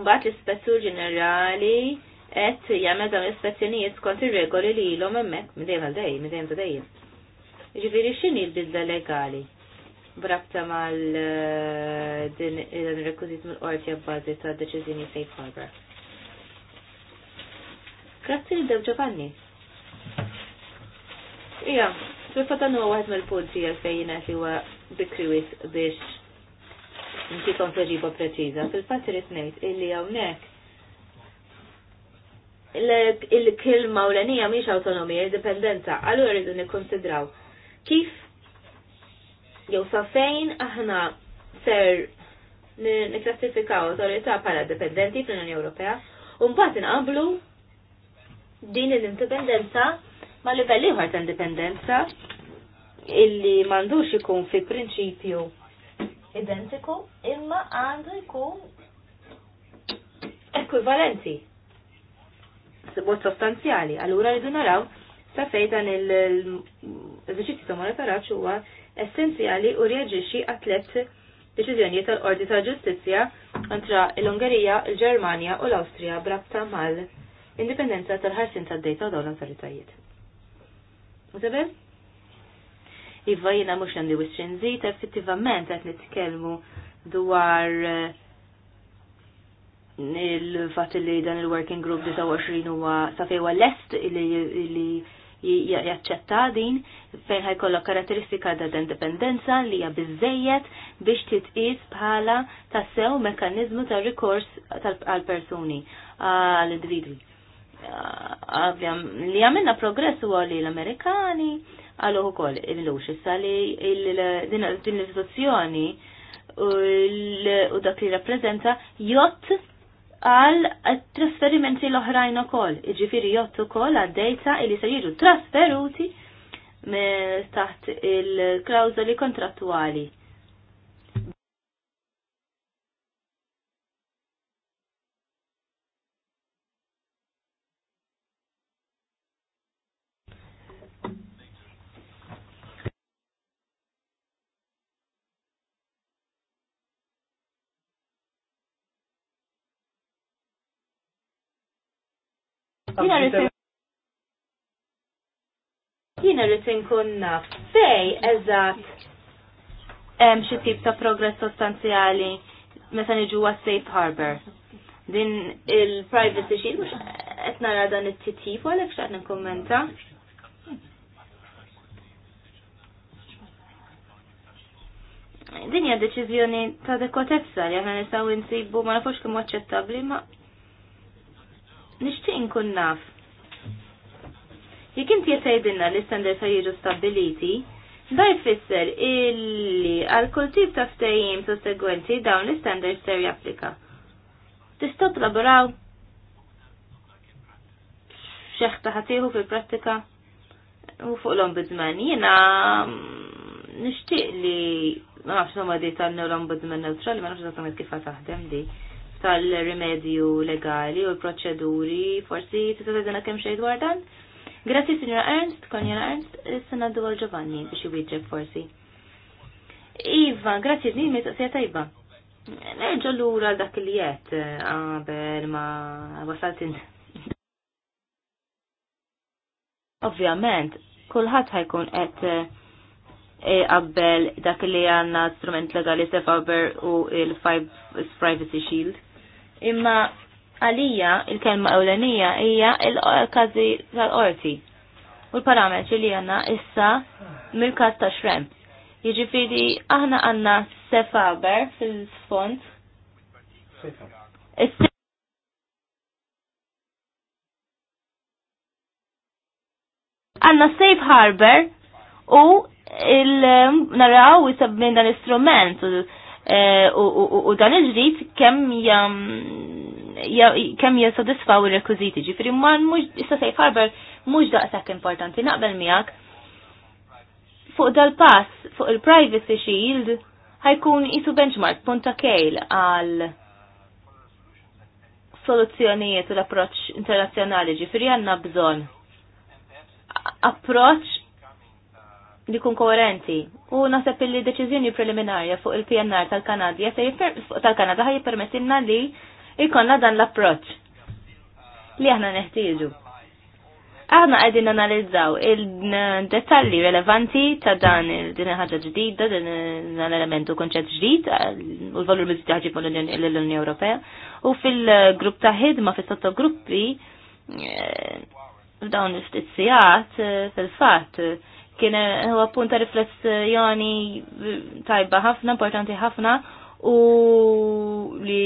Mbagħad l-ispettur ġenerali qed jagħmel dawn l-ispezzjonijiet skont ir-regoli li ilhom hemmhekk midejjem għal dejjem, midejjem għal dejjem. Ġifieri x'inhi l-bidla legali brabta mal eh, din il-rekwizit mill-qorti bbażi ta' deċiżjoni safe harbor. Grazzi li dew Ġapanni. Fil-fa dan huwa wieħed mill-punti għal fejn li huwa bikriwis biex ntikom tweġiba preċiża. Fil-fatt irid ngħid illi hawnhekk il-kilma u l enija miex autonomija, indipendenza, allura rridu nikkonsidraw kif jew sa fejn aħna ser niklassifikaw autorita bħala dipendenti fl-Unjoni Ewropea u mbagħad inqablu din l-indipendenza ma' livell ieħor ta' indipendenza illi m'għandux ikun fi prinċipju identiku imma għandu jkun ekwivalenti b'mod sostanzjali. Allura rridu naraw sa fejn dan il-eżerċizzju ta' monitoraġġ huwa essenzjali u reaġixxi għatlet deċiżjonijiet tal-Qorti ta' Ġustizzja kontra l-Ungerija, il-Ġermanja u l-Awstrija brabta mal-indipendenza tal-ħarsin tad-dejta dawn l-awtoritajiet. U Iva jina mux għandi u zit, effettivament għet nitkelmu dwar eh, il-fat li dan il-working group di 29 huwa safewa lest li jaċċetta din fejn ħajkollok karatteristika ta' indipendenza li hija biżejjed biex titqis bħala tassew mekkaniżmu ta' rikors tal-persuni għall-individwi li għamilna progress huwa l-Amerikani għallu ukoll il-lux issa li din l-istituzzjoni u dak li rappreżenta jott għal trasferimenti l-oħrajn ukoll, iġifiri jott ukoll għad-dejta li se jiġu trasferuti taħt il-klawżoli kontrattuali. Jina rrit jina inkun naf fej eżatt hemm xi tip ta' progress sostanzjali meta niġu safe harbor. Din il-privacy shield mhux qed nara dan it-titjib u għalhekk nikkummenta. Din hija deċiżjoni ta' dekotezza li aħna nistgħu insibu ma nafux kemm aċċettabbli ma' nixtieq inkun naf. Jekk inti jtajdilna li standards jiġu stabiliti, da jfisser illi għal kull tip ta' ftehim sosegwenti dawn l-standards ser japplika. Tista' tlaboraw xeħta ħatiħu fil-prattika u fuq l-ombudsman. Jena mm, nishtiq li ma nafx noma di tal-ombudsman neutrali, ma nafx noma kif taħdem di tal-rimedju legali u l-proċeduri, forsi t-tadina kem xej dwar dan? Grazzi, Signora Ernst, Konjena Ernst, s-sena dwar Giovanni biex jwieġeb forsi. Iva, grazie, d s-sieta Iva. Nerġa l-ura dak li jett, għabel eh, ma wasaltin. Ovvjament, kullħat ħajkun qed eh, eh, qabel dak li għanna strument legali Safe Harbor u il-Privacy Shield imma għalija il-kelma ewlenija hija il-każi tal-qorti. U l-parametri li għanna issa mill-każ ta' xrem. Jiġifieri aħna għandna sefaber fil-sfond. Għanna safe harbor u il-naraw jisab minn dan l-istrument Eh, u dan il-ġdid kemm kemm jissodisfaw ir rekwiziti Ġifieri ma mhux issa safe harbor mhux daqshekk importanti naqbel miegħek. Fuq dal-pass, fuq il-privacy shield, ħajkun jisu benchmark punta kejl għal soluzzjonijiet u l-approċ internazzjonali ġifiri għanna bżon approċ li kun koerenti u nasab li deċiżjoni preliminarja fuq il-PNR tal-Kanadja se tal-Kanada ħaj jippermettilna li jkollna dan l-approċ li aħna neħtieġu. Aħna qegħdin analizzaw il-dettalji relevanti ta' dan din ħaġa ġdida, din l-elementu konċet ġdid u l-valur miżdi l-Unjoni Ewropea u fil-grupp ta' ħidma fis-sottogruppi eh, f'dawn l-istizzijat eh, fil-fatt kien eh, huwa punta riflessjoni tajba ħafna, importanti ħafna u li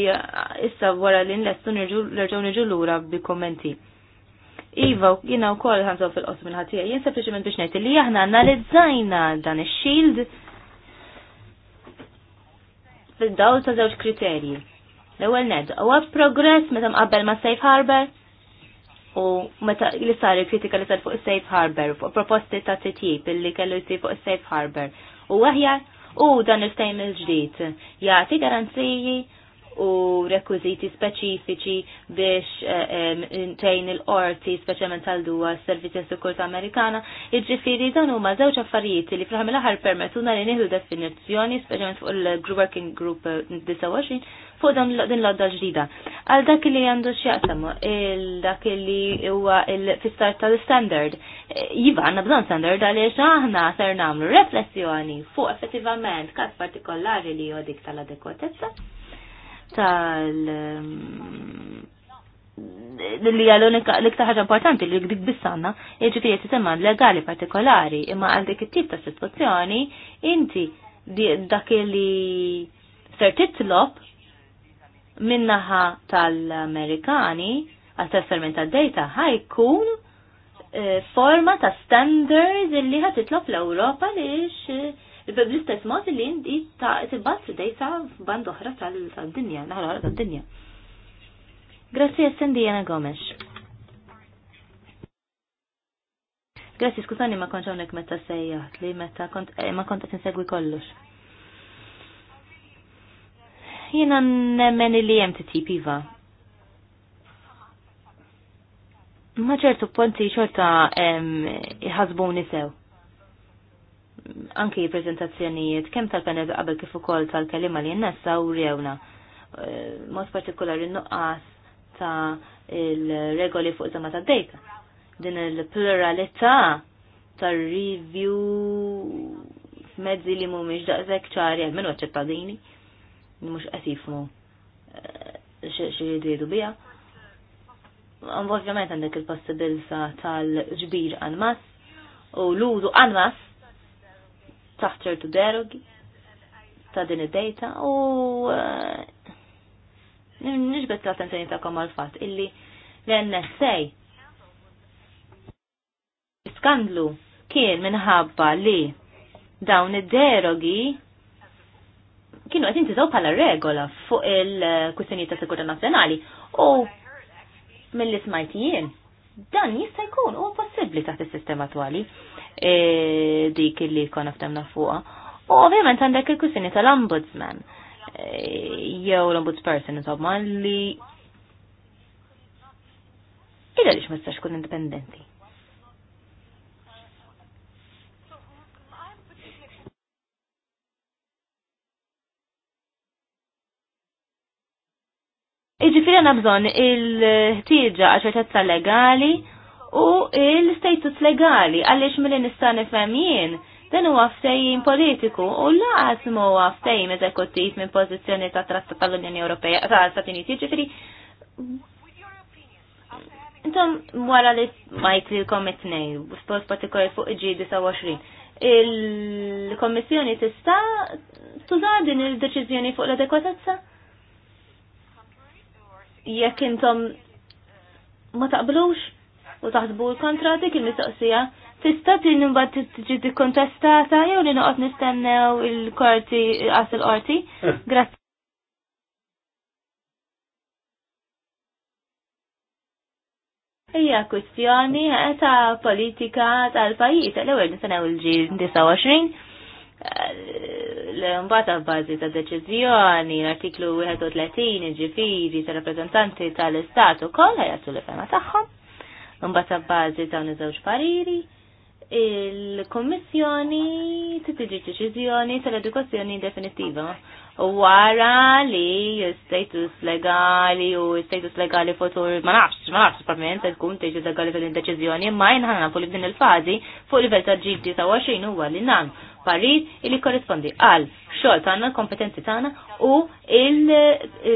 issa wara li nlestu nerġgħu niġu lura bi kommenti. Iva, jiena wkoll ħanżaw fil-qosm il-ħatija, jien sempliċement biex ngħid li aħna analizzajna dan ix-shield fil-dawl ta' żewġ kriterji. L-ewwel ned, huwa progress meta qabel ma' safe harbor? u meta li sar il kritika li sar fuq safe harbor, fuq proposti ta' titjib li kellu jisir fuq safe harbor. U aħjar u dan il-fejm il ġdijt jgħati garanziji u rekwiziti speċifiċi biex eh, ntejn il-qorti speċjalment tal duwa s-Servizzi Sikurta Amerikana. Iġifiri dan huma żewġ affarijiet li fl aħħar permettuna li nieħdu definizzjoni speċjalment fuq il-Working Group 29 eh, fuq din l għadda ġdida. Għal dak li għandu x'jaqsam dak li huwa fis-start tal-standard. Eh, iva għandna bżonn standard għaliex aħna ser nagħmlu riflessjoni fuq effettivament każ partikolari li dik tal-adekwatezza tal ehm, li għal l-iktar ħaġa importanti li dik bissanna jiġifieri tisemma legali partikolari imma għal dik it-tip ta' sitwazzjoni inti dak li ser titlob minnaħa tal-Amerikani għal trasferment tad-data ħajkun eh, forma ta' standard li ħat titlob l-Ewropa li bl-istess mod li inti tibbat dejta band oħra tal-dinja, naħra tal-dinja. Grazzi Sendi Jena Gomes. Grazzi, skusani ma konċ hawnhekk meta sejjaħt li meta eh, ma kont qed insegwi kollox. Jiena nemmen li hemm titjib iva, Ma ċertu ponti ċorta jħasbuni sew anki prezentazzjonijiet kemm tal-panel qabel kif ukoll tal-kelima li jennessa u rewna. Eh, mod il nuqqas ta' il-regoli fuq żama ta' data. Din il-pluralità tar review mezzi li mhumiex daqshekk ċari għal minn ċittadini li mhux qed jifhmu eh, xi jridu biha. Ovvjament għandek il-possibilità tal-ġbir għan mas u l-użu għan mas taħt ċertu derogi ta' din id dejta u eh, nixbet l-attenzjoni ta'kom għal-fat illi l-NSA skandlu kien minħabba li dawn id-derogi kienu għet intizaw pala regola fuq il-kustjoni ta' sekurta nazjonali u mill-ismajtijien dan jista' jkun u possibli taħt is-sistema twali. E, dik li kon ftemna fuqa. U ovvjament għandek il-kwistjoni tal-ombudsman e, jew l-ombudsperson insomma li Ida li xmessa xkun kun indipendenti. Iġifiri għana bżon il-ħtieġa għaxertezza legali u l-status legali għaliex mill nista' nifhem jien dan huwa ftehim politiku u laqas għasmu huwa ftehim minn pożizzjoni ta' Trattat tal-Unjoni Ewropea ta' Stati Uniti, ġifieri Intom wara li smajt li l-kommet nej, spost partikolari fuq ġidi sa' 20 il-Kommissjoni tista' tużad din il-deċiżjoni fuq l-adekwatezza? Jekk intom ma taqblux? u taħdbu kontra dik il-mistoqsija tista' din imbagħad tiġi dikkontestata jew li noqgħod nistennew il-korti qas il-qorti. Grazzi. Ija kwistjoni ta' politika tal-pajjiż l-ewwel nistennew il-ġil 29 l-mbata bazi ta' deċizjoni, l-artiklu 31 ġifiri ta' rappresentanti tal-Istat u koll ħajatu l-fema taħħom. Mbata bażi dawn iż-żewġ pariri, il-Kommissjoni titiġi deċiżjoni tal-edukazzjoni definitiva wara li status legali u status legali futur ma nafx, ma nafx propjament se tkun tiġi legali fil deċiżjoni ma jinħana fuq din il-fażi fuq livell ta' ġibti ta' waxin huwa li nam parir li korrispondi għal xogħol tagħna, kompetenzi tagħna u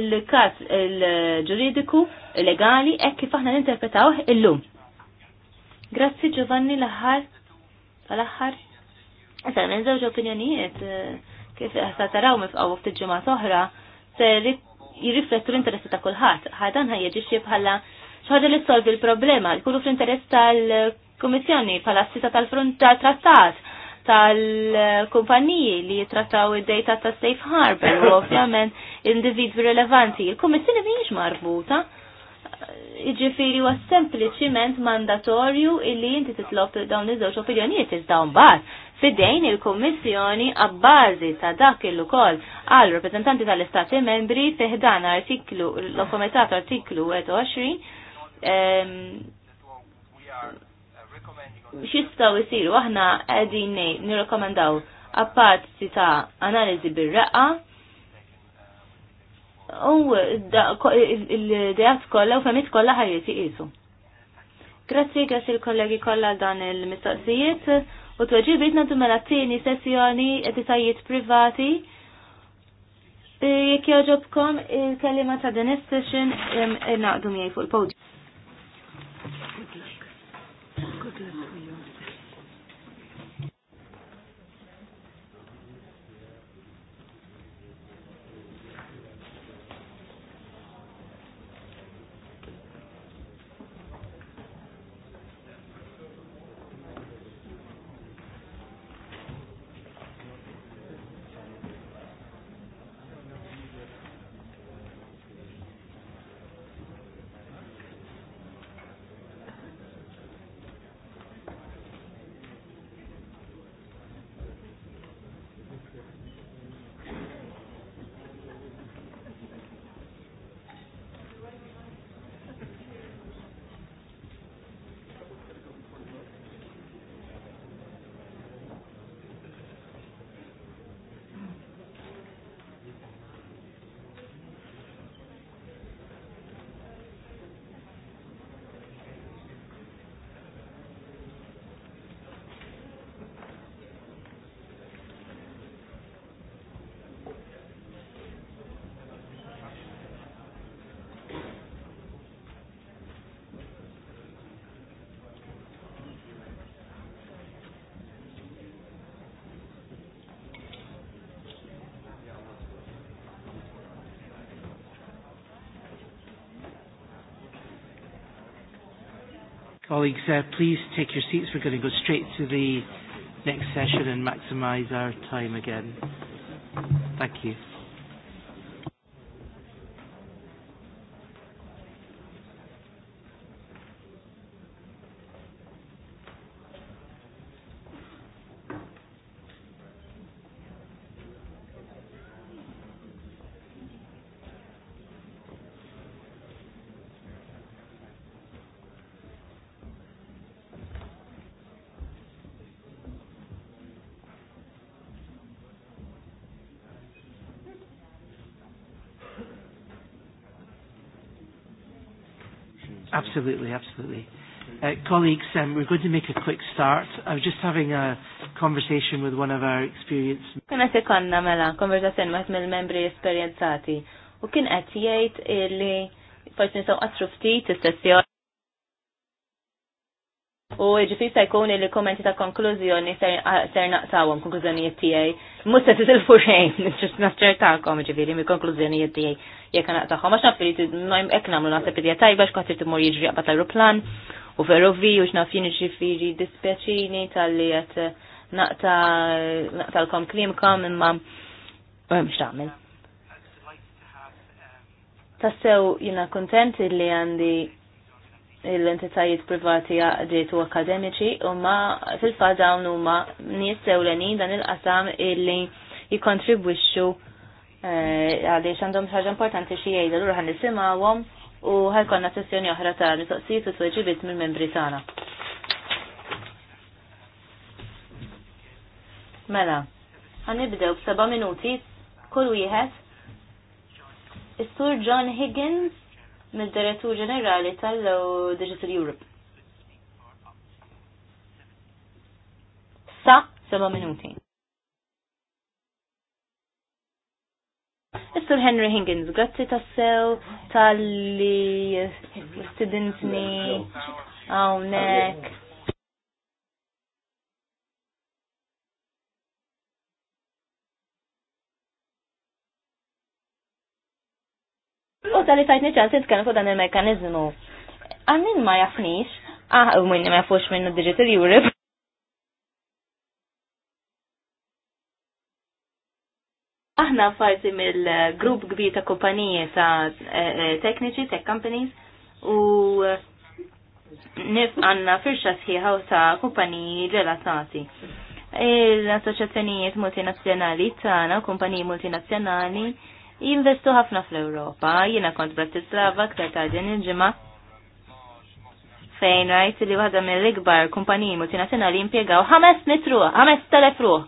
il-każ il-ġuridiku legali hekk kif aħna ninterpretawh illum. Grazzi Giovanni l-aħħar, l-aħħar. Issa minn żewġ opinjonijiet eh, kif sa taraw mifqgħu ftit ġimgħa oħra se jirriflettu l-interessi ta' kulħadd. Ħadan ħajjeġixxi bħala xaħġa li solvi l-problema, jkunu fl-interess tal-Kummissjoni bħala sita tal-trattat tal-kumpaniji li jitrattaw id-data ta' safe harbor u ovvjament individwi rilevanti. Il-Kummissjoni mhijiex marbuta Iġifiri huwa sempliciment mandatorju illi inti titlob dawn iż-żewġ opinjonijiet iżda mbagħad fidejn il-Kommissjoni għabbażi ta' dak il ukoll għal rappresentanti tal-Istati membri teħdan artiklu, l-Komitat artiklu 21 xistaw jisiru aħna għedin nirrekomendaw apparti ta' analizi bil-reqqa u il-dijat kolla u femit kolla ħajjeti jisu. Grazzi, grazzi l-kollegi kolla dan il-mistoqsijiet u t-weġibit nantu mela t-tini sessjoni editajiet privati. E, Jek joġobkom il-kelima ta' din is-session e, naqdu miej fuq il podju Colleagues, uh, please take your seats. We're going to go straight to the next session and maximise our time again. Thank you. absolutely, absolutely. Uh, colleagues, um, we're going to make a quick start. I was just having a conversation with one of our experienced... Kuna se konna mela, konverzazzjoni maħt mill-membri esperienzati. U kien qed jgħid illi forsi nisaw qatru ftit is U ġifir se jkun li kommenti ta' konklużjoni ser naqsawhom konklużjonijiet tiegħi mux se titilfu xejn, ġust naċċertakom ġiviri, mi konklużjoni konklużjonijiet jek jekk naqtaħħom, għax naf li nojm hekk nagħmlu naħseb idea tajba x'kont t imur jġri għabat l aeroplan u ferrovi u x'naf jien ġifieri dispjaċini tal-li qed naqtalkom klimkom imma għem tagħmel. Tassew jiena kuntent li għandi l-entitajiet privati għadiet u akademiċi u ma fil-fa dawn u ma nies sewlenin dan il-qasam illi jikontribwixxu eh, għaliex għandhom ħaġa importanti xi jgħidu l ħan nisimgħuhom u ħajkonna sessjoni oħra ta' mistoqsijiet u tweġibiet mill-membri tagħna. Mela, ħanibdew b'seba' minuti kull wieħed. Is-Sur John Higgins mid-Direttur Ġenerali tal-Low Digital Europe. Sa, seba minuti. Mr. Henry Higgins, grazzi tassew tal-li studentni għawnek. Oh, l-għoda li tajtni ċans kena fuq dan il-mekanizmu. Għannin ma jafnix, ah, u minn ma jafux minnu Digital Europe. Aħna fajti mill-grupp kbir ta' kumpaniji ta' eh, eh, tekniċi, tech companies, u nif għanna firxa sħiħa ta' kumpaniji relatati. L-assoċazzjonijiet multinazzjonali tagħna, kumpaniji multinazzjonali, jinvestu ħafna fl-Europa. Jina kont Bratislava ktar ta' din il-ġimgħa fejn rajt li waħda mill-ikbar kumpaniji multinazjonali impjegaw 5 mitruħ, ħames telef ruħ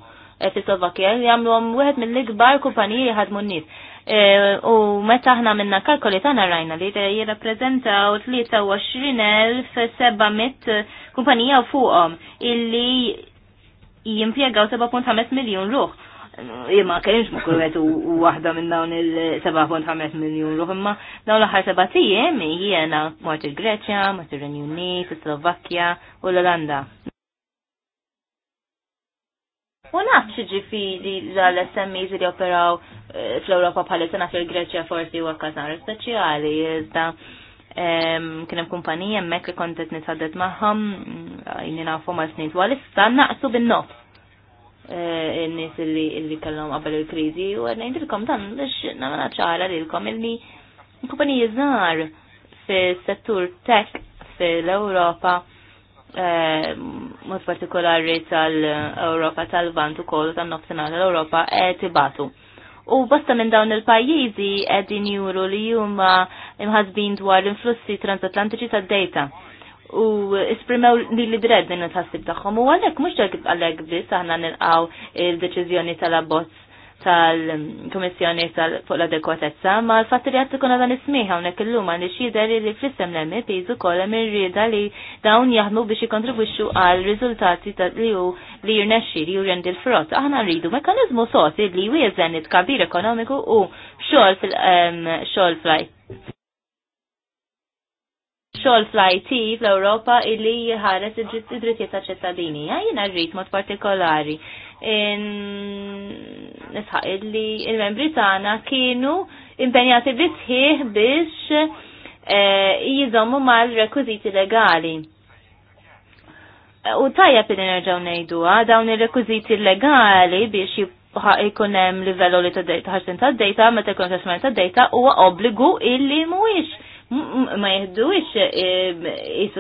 fi Slovakkja li wieħed mill-ikbar kumpaniji li ħadmu n-nies. E, u meta aħna minna kalkoli tagħna rajna li jirrappreżentaw 23,700 kumpanija fuqhom illi jimpjegaw 7.5 miljun ruħ jien ma kienx ma kull u waħda minn dawn il-7.5 miljun ruħ imma dawn l-aħħar seba' tiem jiena mort il-Greċja, mort ir-Renju Unit, is-Slovakkja u l-Olanda. U naf ġifiri l-SMEs li operaw eh, fl-Europa bħalissa naf il-Greċja forsi u għakaznar speċjali, iżda kienem kumpanija emmek li kontet nitħaddet maħħam, mm, jini nafu ma snin twal, issa naqsu bin-nofs. Eh, n-nis illi kellhom qabel il-kriżi u ngħidilkom tan biex nagħmel ċara lilkom illi kumpaniji jizzar fis-settur tech fil-Ewropa eh, mod partikolari tal-Ewropa tal-Vant ukoll tan-nofsinhar tal-Ewropa qed tibatu U bosta minn dawn il-pajjiżi qegħdin juru li huma imħazbin dwar l-influssi transatlantiċi tad-data u isprimew li li dred din il ħassib tagħhom u għalhekk mhux dak għalhekk biss aħna nilqgħu il-deċiżjoni tal-abbozz tal-Komissjoni fuq l-adekwatezza, ma l fatti li għattu kuna dan ismiħa unek illum għalli xider li li fissem l emmi pizu kolla rida li dawn jaħdmu biex jikontribwixxu għal riżultati li ju li jirnexxi li rendi l-frott. Aħna rridu mekanizmu soti li wieżen it-kabir ekonomiku u xogħol fil-xogħol għajt xogħol fl-IT fl-Ewropa illi jħares id-drittijiet ta' ċittadini. Ja jiena rrid mod partikolari. Nisħaq illi il-membri tagħna kienu impenjati bisħieħ biex eh, jizommu mal-rekwiziti legali. U tajja pin nerġaw nejdu, dawn ir-rekwiziti legali biex jkun hemm livello li ta' ħarsin ta' data meta jkun ċaxmar ta' data huwa obbligu illi mhuwiex ma ix jisu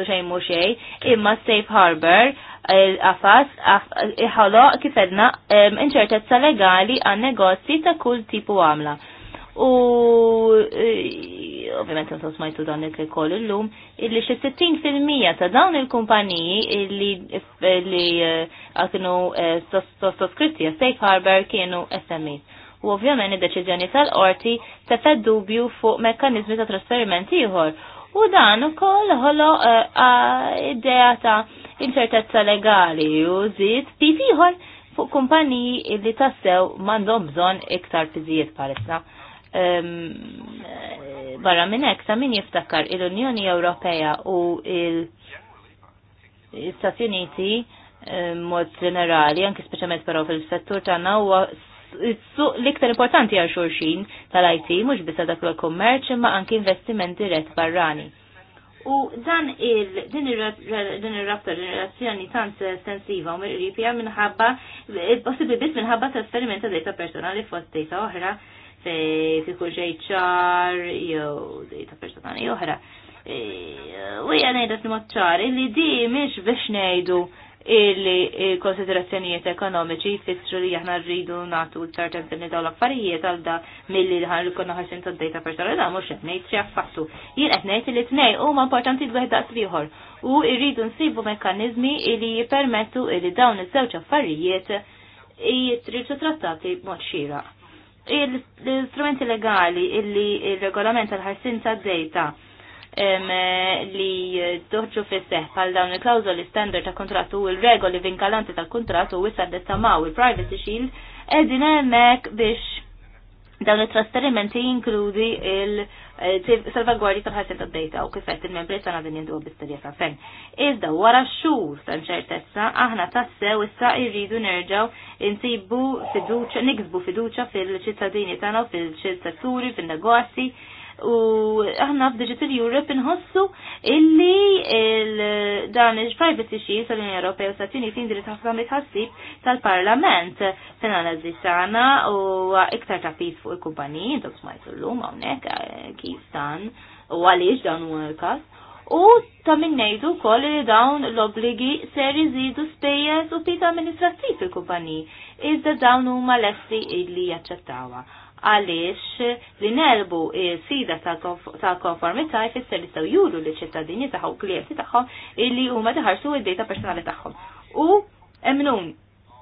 eh, xejn mhux xej, imma safe harbor eh, għafas iħolo kifedna eh, inċertezza legali għan negozji ta' kull tipu għamla. U ovvijament nsos smajtu dan il kol l-lum, illi xe 60% ta' dawn il-kumpaniji li għakinu soskritti għas Safe Harbor kienu SMEs u ovvjament id-deċiżjoni tal-qorti tefed dubju fuq mekkanizmi ta' trasferiment ieħor. U dan ukoll ħolo eh, idea ta' inċertezza legali u żied pis ieħor fuq kumpaniji li tassew m'għandhom bżonn iktar fiżijiet palissa. Ehm, barra minn hekk ta' min jiftakar il-Unjoni Ewropea u il-Stati Uniti eh, mod ġenerali, anki speċjalment però fil-settur tagħna huwa suq l-iktar importanti għal xurxin tal-IT mhux bisa dak l-kummerċ imma anki investiment dirett barrani. U dan il din ir-rabta din relazzjoni tant sensiva u mirqribja minħabba possibbli biss minħabba trasferiment ta' data personali fost data oħra fi kuġej ċar jew data personali oħra. E, u jgħanajda s mod ċar li di mhix biex ngħidu illi konsiderazzjonijiet ekonomiċi jfissru li aħna rridu nagħtu iktar tempenni dawn l-affarijiet għal da milli ħan ikun ħarsin t dejta personali da mhux qed ngħid xi affattu. Jien qed ngħid li u huma importanti d-għedda daqs ieħor u rridu nsibu mekkaniżmi li jippermettu li dawn iż-żewġ affarijiet jitriġu trattati b'mod xieraq. L-istrumenti legali illi il-regolament għal ħarsin tad-dejta Eh, li doħġu fisseħ pal dawn il-klawżoli standard ta' kontratu u l-regoli vinkalanti ta' kontratu u wisa sandet il-privacy shield edin emmek biex dawn it-trasferimenti jinkludi il- eh, salvaguardi tal-ħarsin ta' data u kifet il-membri ta' għadin jindu ta' fejn. Iżda wara xur ta' ċertezza, aħna tassew issa irridu nerġaw insibu fiduċa, niksbu fiduċa fil-ċittadini tagħna, fil-setturi, fil-negozji, u aħna f'Digital Europe nħossu illi dan il-privacy Shield tal-Unjoni Ewropea u Stati Uniti indirizz ħafna mitħassib tal-Parlament f'analiżi tagħna u iktar tapis fuq il-kumpaniji intom smajtu llum hawnhekk eh, kif dan u għaliex dan huwa każ. U ta' minnejdu kol li dawn l-obligi ser iżidu spejjeż u pita amministrattiv fil kumpaniji iżda dawn huma lesti li jaċċettawha għaliex li nerbu sida ta' konformità jfisser li staw juru li ċittadini u klienti tagħhom illi huma taħarsu id-data personali tagħhom. U emnun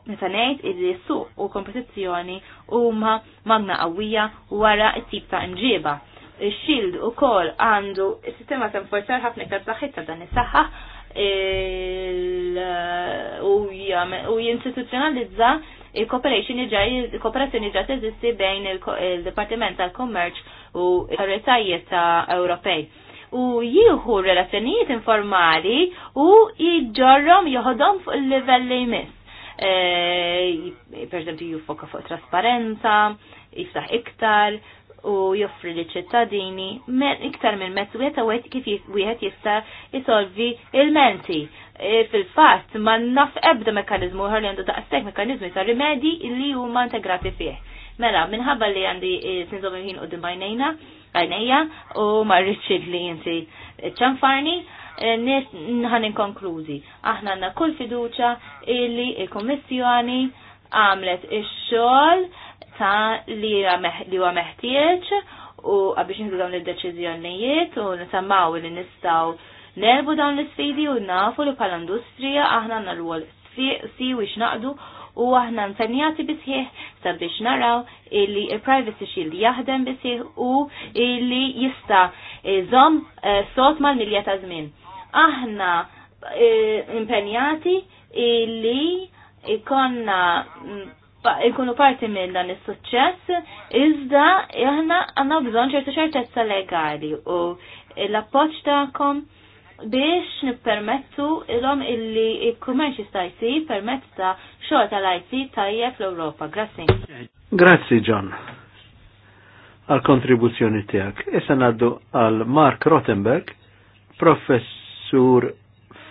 meta ngħid illi suq u kompetizzjoni huma magna qawwija wara t-tip ta' imġieba. Ix-xild ukoll għandu is-sistema ta' forzar ħafna iktar ta' dan is-saħħa u jinstituzzjonalizza il-cooperation iġa, il-cooperazzjoni teżisti bejn il-Departiment tal-Kommerċ u il-Retajiet ta' Ewropej u jieħu relazzjonijiet informali u jġorrom joħodhom fuq il-livell li jmiss. E, per eżempju, juffoka fuq trasparenza, jiftaħ iktar u joffri li ċittadini iktar minn mezz wieħed kif wieħed jista' jisolvi il-menti E, fil-fast ma naf ebda mekanizmu ħar li għandu daqstek mekanizmu ta' rimedi li huma integrati fih. Mela, minħabba li għandi e, sinżom jħin u dimajnejna, għajnejja, u rriċċid li jinti ċanfarni, e, nħan inkonkluzi. Aħna għanna kull fiduċa illi il komissjoni għamlet ix-xogħol ta' li huwa meħtieġ u għabiex nħidu dawn id-deċiżjonijiet u nisammaw li nistgħu nerbu dawn l-sfidi u nafu li bħala industrija aħna nal-wol si wix naqdu u aħna nsenjati bisħieħ sabiex naraw illi il-privacy shield jaħdem bisħieħ u illi jista zom eh, sot mal-milja ta' żmien. Aħna eh, impenjati illi ikonna mm, ikunu parti minn dan is-suċċess, iżda aħna għandna bżonn ċertu ċertezza legali u l-appoġġ tagħkom biex nippermettu ilhom illi il-kummerċ jistajsi jsir permezz ta' xogħol tal-IT tajjeb fl-Ewropa. Grazzi. Grazzi John għal kontribuzzjoni tiegħek. Issa ngħaddu għal Mark Rottenberg, professur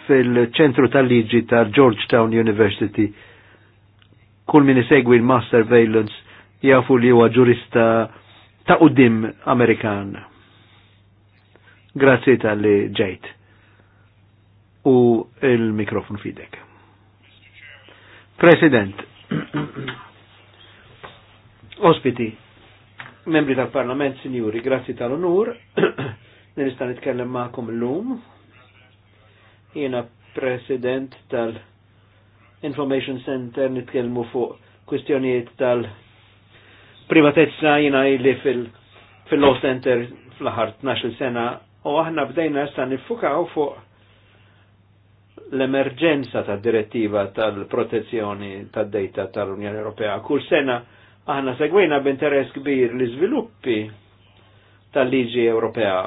fil-ċentru tal-liġi ta' Georgetown University. Kull min isegwi l-Master Valence jafu li huwa ġurista ta' qudim Amerikan. Grazzi tal-li ġejt u il-mikrofon fidek. President, ospiti, membri tal-Parlament, signori, grazzi tal-onur, nista nitkellem ma'kom l-lum, jena president tal-Information Center nitkellmu fuq kwistjonijiet tal-privatezza jena li fil-Law fil Center fl-ħar 12 sena u aħna bdejna sta nifukaw fuq l-emerġenza ta' direttiva tal-protezzjoni tad data tal-Unjoni Ewropea. Kull sena aħna segwejna b'interess kbir li sviluppi tal-liġi Ewropea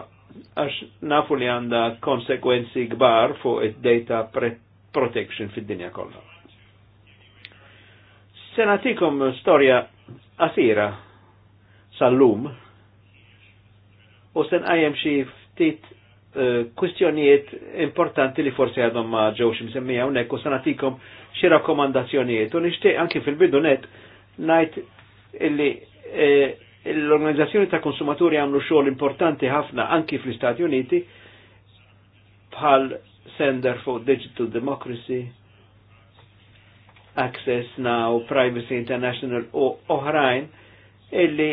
għax nafu li għanda konsekwenzi kbar fuq id-data protection fid-dinja kollha. nagħtikom storja qasira sal-lum u se għajem xi ftit Eh, kwistjonijiet importanti li forsi għadhom ma ġewx msemmija hawnhekk u sanatikom nagħtikom xi rakkomandazzjonijiet u nixtieq anki fil-bidu net illi eh, l-organizzazzjoni ta' konsumaturi għamlu xogħol importanti ħafna anki fl-Istati Uniti bħal Center for Digital Democracy, Access Now, Privacy International u oħrajn illi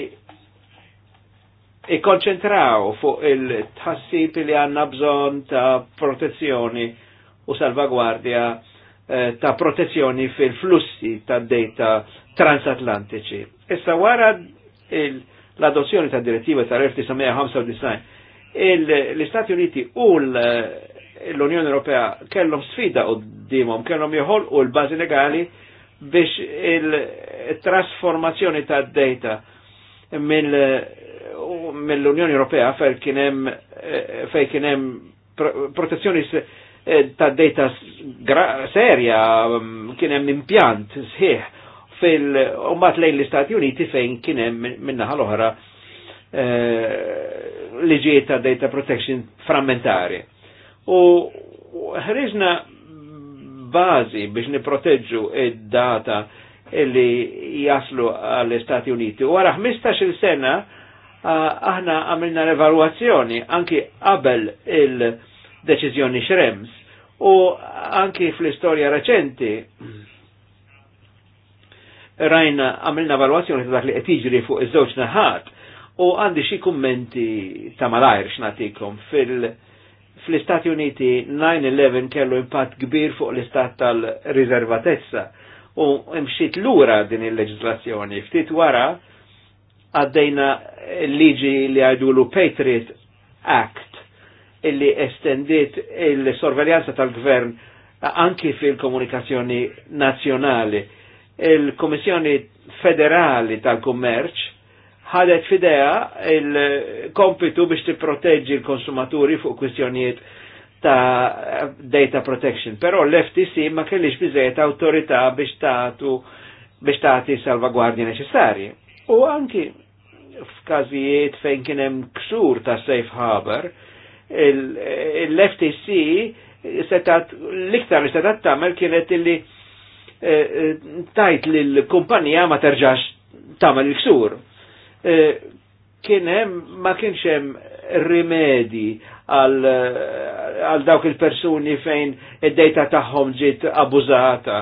ikkonċentraw fuq il-tħassib li għanna bżon ta' protezzjoni u salvaguardja eh, ta' protezzjoni fil-flussi ta' data transatlantiċi. Issa wara l-adozzjoni ta' direttiva tal-1995, l-Istati Uniti u l-Unjoni Ewropea kellhom sfida u dimom, kellhom joħol u l-bazi legali biex il-trasformazzjoni ta' data minn mill-Unjoni Ewropea fejn kien hemm eh, kien hemm protezzjoni eh, ta' data serja mm, kien hemm impjant sħiħ fil-umbat lejn l-Istati Uniti fejn kien hemm minnaħa l-oħra eh, liġijiet ta' data protection frammentari. U ħriġna bażi biex niproteġġu id-data illi jaslu għall-Istati Uniti. Wara 15 il sena aħna għamilna l-evaluazzjoni anki qabel il-deċizjoni x'Rems, u anki fl-istorja reċenti rajna għamilna evaluazzjoni ta' dak li qed fuq iż-żewġ naħat u għandi xi kummenti ta' malajr x'natikom fil- fl-Istati Uniti 9-11 kellu impatt kbir fuq l-istat tal-riservatezza u mxiet lura din il-leġislazzjoni ftit wara għaddejna liġi li għajdulu Patriot Act illi estendiet il-sorveljanza tal-gvern anki fil-komunikazzjoni nazjonali. Il-Komissjoni Federali tal-Kummerċ ħadet fidea il-kompitu biex tipproteġġi l-konsumaturi fuq kwistjonijiet ta' data protection. Però l-FTC ma kellix bizet autorità biex tagħtu biex tagħti salvaguardi neċessarji. U anki f'każijiet fejn kien hemm ksur ta' safe harbor, l-FTC setat l-iktar setat tagħmel kienet illi eh, eh, tajt lill-kumpanija ma terġax tagħmel il-ksur. Eh, kien hemm ma kienx hemm rimedi għal dawk il-persuni fejn id-dejta tagħhom ġiet abbużata.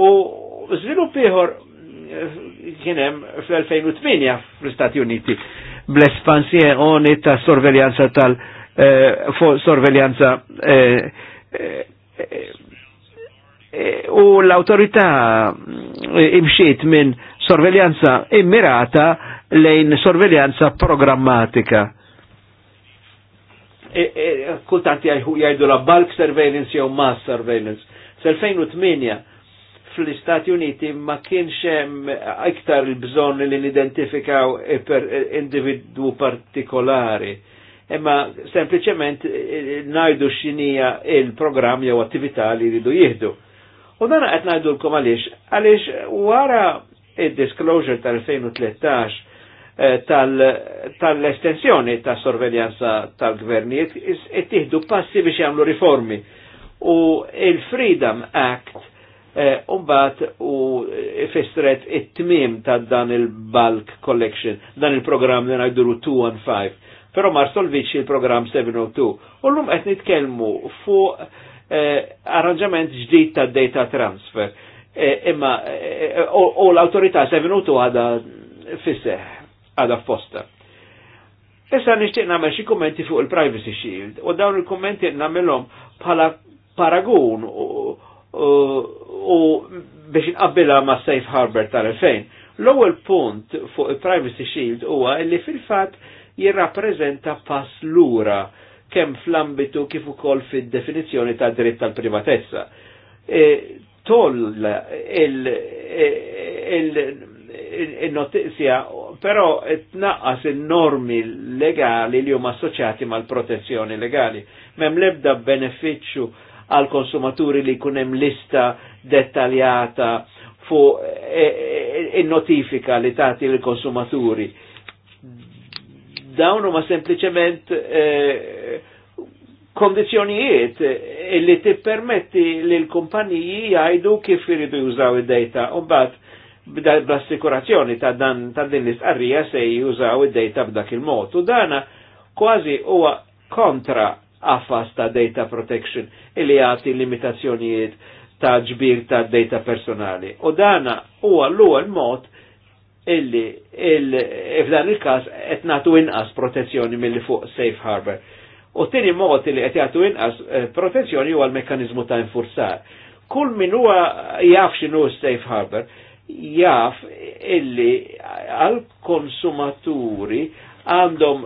U żvilupp ieħor kienem fl-2008 fl-Stati Uniti bl-espansjoni ta' sorveljanza tal- eh, sorveljanza eh, eh, u l-autorità imxiet minn sorveljanza immirata lejn sorveljanza programmatika. E, e, kultanti jajdu la bulk surveillance jew mass surveillance. sel 2008 fl-Istati Uniti ma kienx hemm iktar il-bżonn li nidentifikaw e per individwu partikolari. Imma sempliċement eh, najdu x'inija il-programm jew attività li jridu jieħdu. U dan qed lkom għaliex, għaliex wara il tal-2013 eh, tal-estensjoni tal tas-sorveljanza tal-gvernijiet ittieħdu passi biex jagħmlu riformi. U il-Freedom Act Eh, umbat u fistret it-tmim ta' dan il-bulk collection, dan il-program li najduru 215. Pero mar solviċi il-program 702. Ullum qed nitkellmu fuq eh, arranġament ġdid ta' data transfer. Eh, imma eh, u l-autorità 702 għada fisseħ, għada fosta. Issa nixtieq nagħmel xi kummenti fuq il-Privacy Shield u dawn il-kummenti nagħmelhom bħala paragun u u biex inqabbilha ma' Safe Harbor tal-2000. L-ewwel punt fuq il-Privacy Shield huwa li fil-fatt jirrappreżenta pass lura kemm fl-ambitu kif ukoll fid-definizzjoni ta' dritt tal-privatezza. E, toll e, il-notizja, però tnaqqas il-normi legali li huma assoċjati mal-protezzjoni legali. Mem lebda beneficju għal konsumaturi li kunem lista dettaljata fu il-notifika e, e, e, li tati l-konsumaturi. Dawnu ma sempliciment kondizjonijiet li permetti li l-kumpaniji jajdu kif iridu jużaw id-data. Umbat, l assikurazzjoni ta' dan ta' din l-istqarrija se jużaw id-data b'dak il-mod. U dana kważi huwa kontra għafas ta' data protection illi jagħti limitazzjonijiet ta' ġbir ta' data personali. U dana huwa l-ewwel mod illi e f'dan il-każ qed nagħtu inqas protezzjoni milli fuq safe harbor. U tieni mod li qed jagħtu inqas eh, protezzjoni huwa l-mekkaniżmu ta' infurzar. Kull min huwa jaf x'inhu safe harbor jaf illi għal konsumaturi għandhom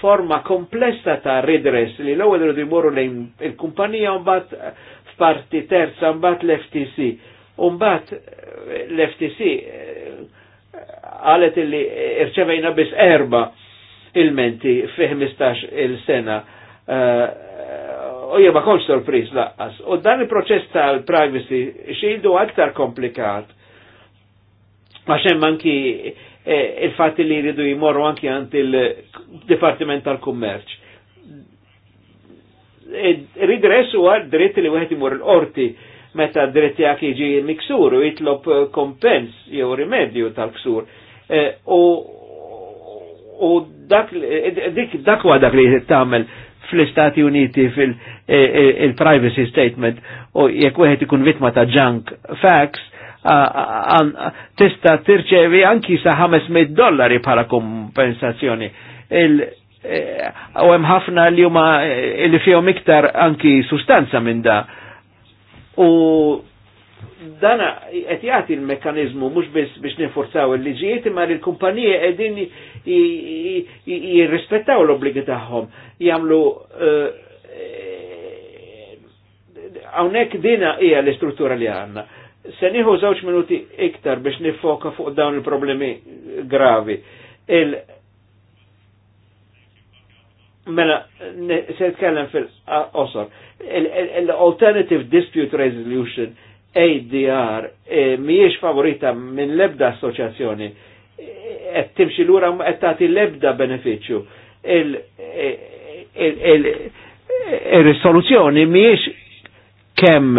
forma komplessa ta' redress li l-ewwel irid jmorru lejn il-kumpanija mbagħad f'parti terza mbagħad l-FTC. U mbagħad eh, l-FTC eh, qalet illi irċevejna biss erba' il-menti fi 15 il-sena. Eh, u jema kol sorpriz laqqas. U dan il-proċess tal-privacy xildu aktar komplikat. Għaxem manki E, il-fatti li jridu jimorru anki għant il-Departiment tal-Kummerċ. u huwa dritt li wieħed imur l-qorti meta dritti għak iġi miksur u jitlob e, kompens jew rimedju tal-ksur. E, u dak dak dak li tagħmel fl-Istati Uniti fil-privacy statement u jekk wieħed ikun vittma ta' junk facts, tista tirċevi anki sa 500 dollari bħala kompensazzjoni. E, u hemm ħafna li huma e, li fihom iktar anki sustanza minn da. U dan qed jagħti l-mekkaniżmu mhux biss biex ninforzaw il-liġijiet imma li l-kumpaniji qegħdin jirrispettaw l-obbligi tagħhom jagħmlu e, hawnhekk dina hija l-istruttura li għandna. Se nieħu żewġ minuti iktar biex nifoka fuq dawn il-problemi gravi. Il mela se tkellem fil-qosor. Il-Alternative Dispute Resolution ADR e, mhijiex favorita minn lebda assoċjazzjoni e, qed timxi lura qed tagħti lebda benefiċċju. Il-risoluzzjoni mhijiex kemm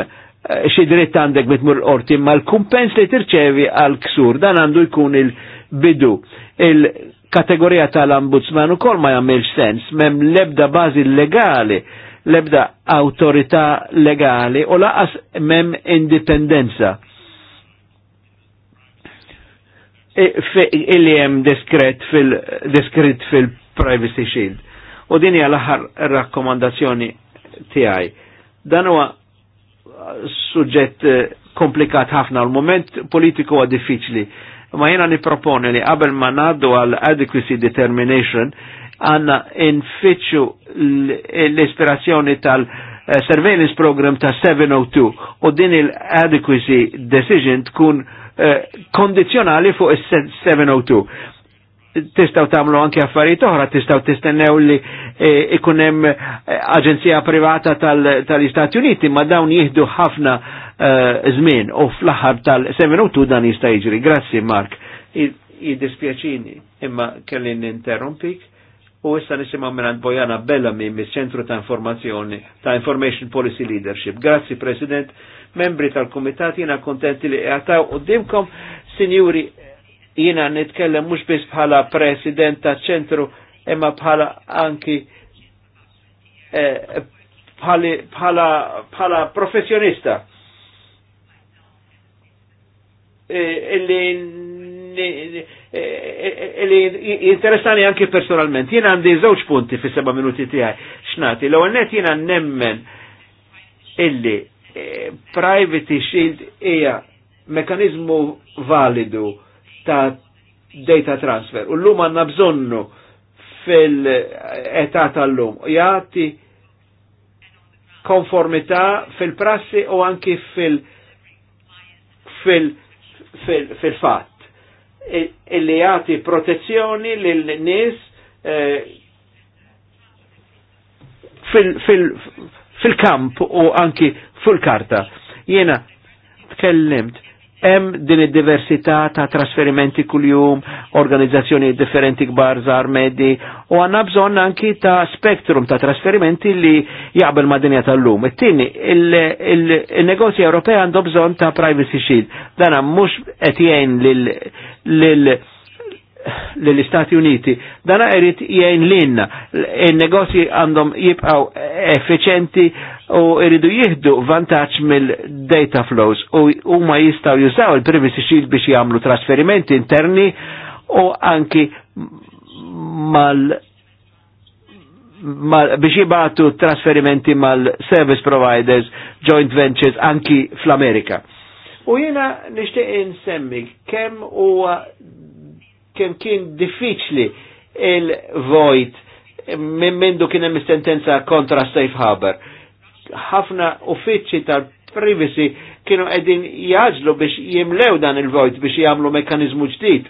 Eh, xi dritt għandek bitmur qorti ma l-kumpens li tirċevi għal ksur dan għandu jkun il-bidu. Il-kategorija tal-ombudsman ukoll ma jagħmilx sens, mem lebda bażi legali, lebda autorita legali u laqas mem indipendenza. E, illi hemm diskret fil-diskret fil-privacy shield. U din hija l-aħħar rakkomandazzjoni tiegħi. Dan huwa suġġett eh, komplikat ħafna, l-moment politiku għad diffiċli. Ma jena niproponi li qabel ma naddu għal adequacy determination għanna infittxu eh, l-ispirazzjoni tal-surveillance eh, program ta' 702 u din il-adequacy decision tkun kondizjonali fuq il-702 tistaw tamlu anki affarijiet oħra, tistaw tistennew li e, ikun hemm e, aġenzija privata tal-Istati Uniti, ma dawn jieħdu ħafna e, żmien u fl-aħħar tal-seminutu dan jista' jiġri. Grazzi Mark, jiddispjaċini imma kelli ninterrompik u issa nisimaw minn Bojana Bella minn ċentru ta' informazzjoni ta' Information Policy Leadership. Grazzi President, membri tal-Kumitat, jiena kontenti li għataw u dimkom, signori Jiena nitkellem mhux biss bħala president ta' ċentru imma bħala anki eh, bħala professjonista. Eh, illi e, eh, interessani anki personalment. Jina għandi żewġ punti fi seba minuti tiegħi. Xnati, l-ewwel net nemmen illi privacy shield hija mekanizmu validu ta' data transfer. U l-lum għanna bżonnu fil-età tal-lum. Jgħati konformità fil-prassi u anki fil- fil- fatt Illi jgħati protezzjoni lil-nis eh, fil-kamp u anki fil-karta. Jena tkellimt Hemm din id-diversità ta' trasferimenti kuljum, organizzazzjoni differenti kbar żgħar medi, u għandna bżonn anki ta' spektrum ta' trasferimenti li jaqbel ma' dinja tal-lum. It-tieni, il-negozji Ewropej għandu bżonn ta' privacy shield. Dan mhux qed jgħin lil istati Uniti. Dana erit jgħin l-inna, il-negozji għandhom jibqaw effiċenti u iridu jihdu vantaġġ mill-data flows u huma jistgħu jużaw il-privacy shield biex jagħmlu trasferimenti interni u anki mal mal, biex jibatu trasferimenti mal-service providers, joint ventures, anki fl-Amerika. U jena nishtiq insemmi kemm huwa kemm kien diffiċli il-vojt minn mindu kien hemm sentenza kontra safe harbor ħafna uffiċċji tal-privacy kienu qegħdin jaġlu biex jimlew dan il-vojt biex jagħmlu mekkaniżmu ġdid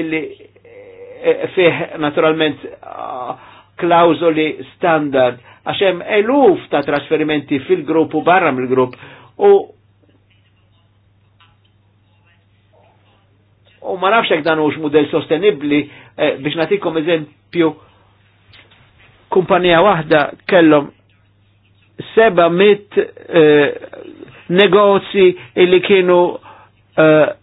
illi eh, fih naturalment ah, klawżoli standard għax hemm eluf ta' trasferimenti fil-grupp u barra mill-grupp u u ma nafx hekk dan hux mudell sostenibbli eh, biex nagħtikom eżempju kumpanija waħda kellhom 700 eh, negozi illi kienu eh,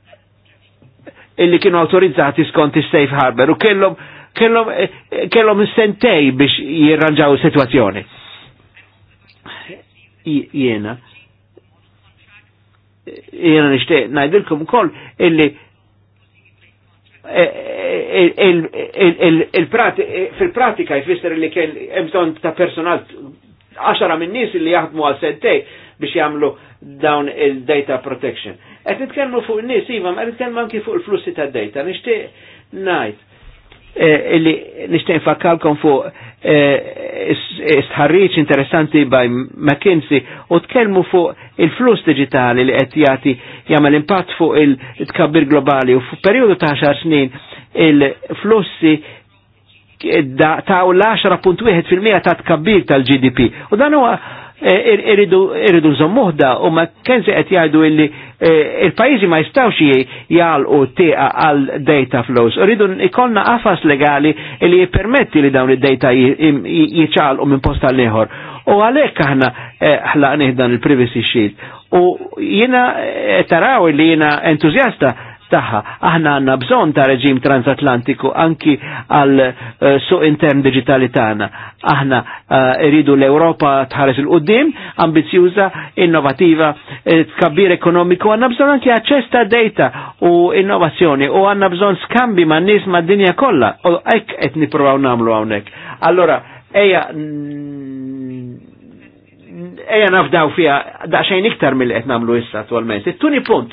illi kienu autorizzati skont safe harbor u kellom kellom kellom sentej biex jirranġaw situazzjoni Jiena jiena nishtiq ngħidilkom ukoll illi il-prat fil-pratika jfisser li kien hemm ta' personal għaxara minn nies li jaħdmu għal sentej biex jagħmlu dawn il-data protection. Għet nitkellmu fuq nies iva, ma qed nitkellmu anki fuq il-flussi ta' data. Nixtieq ngħid eh, illi nixtieq nfakkalkom fuq eh, istħarriċ interessanti by McKinsey u tkellmu fuq il fluss digitali li qed jagħti jagħmel impatt fuq il-tkabbir globali u fuq periodu ta' xar snin il-flussi Da ta' u l-10.1% ta' tkabbir tal-GDP. U dan huwa eh, irridu nżommuħda u ma kenzi qed jgħidu illi eh, il-pajjiżi ma jistgħux jgħalqu tieqa għal data flows. Rridu ikollna qafas legali li jippermetti li dawn id-data jiċċalqu minn post għal ieħor. U għalhekk aħna eh, ħlaqnieh dan il-privacy shield. U jiena taraw li jiena entużjasta taħħa. Aħna għanna bżon ta' reġim transatlantiku anki għal eh, suq intern digitali tagħna. Aħna eh, iridu l-Ewropa tħares il-qudiem, ambizjuża, innovativa, eh, tkabbir ekonomiku, għanna bżon anki aċċess ta' data u innovazzjoni u għanna bżon skambi ma' nies ma' dinja kollha. U hekk qed nippruvaw nagħmlu hawnhekk. Allora, eja eja nafdaw fija daċxajn iktar mill-qed issa attualment. It-tuni punt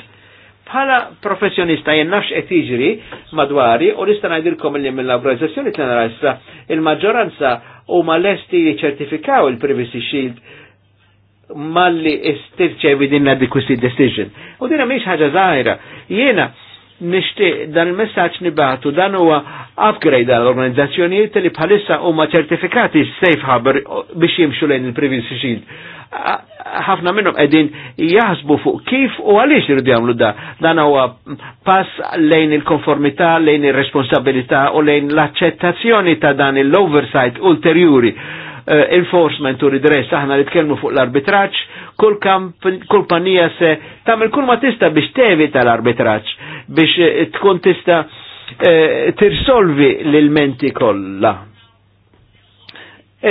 bħala professjonista nafx qed jiġri madwari u nista' ngħidilkom li mill-awtorizzazzjoni li nara il-maġġoranza huma lesti ċertifikaw il-privacy shield malli istirċevi dinna di questi decision. U dinna miex ħaġa zaħira. Jena nishtiq dan il-messaċ nibatu dan huwa upgrade għal organizzazzjonijiet li bħalissa huma ċertifikati safe harbor biex jimxu lejn il-privacy shield. ħafna minnhom qegħdin jaħsbu fuq kif u għaliex irid jagħmlu da. Dan huwa pass lejn il-konformità, lejn ir-responsabilità u lejn l-aċċettazzjoni ta' dan l-oversight ulterjuri Eh, enforcement u redress, aħna li tkellmu fuq l-arbitraċ, kull panija se tagħmel kull ma tista biex tevita l-arbitraċ, biex eh, tkun tista eh, tirsolvi l-ilmenti kollha.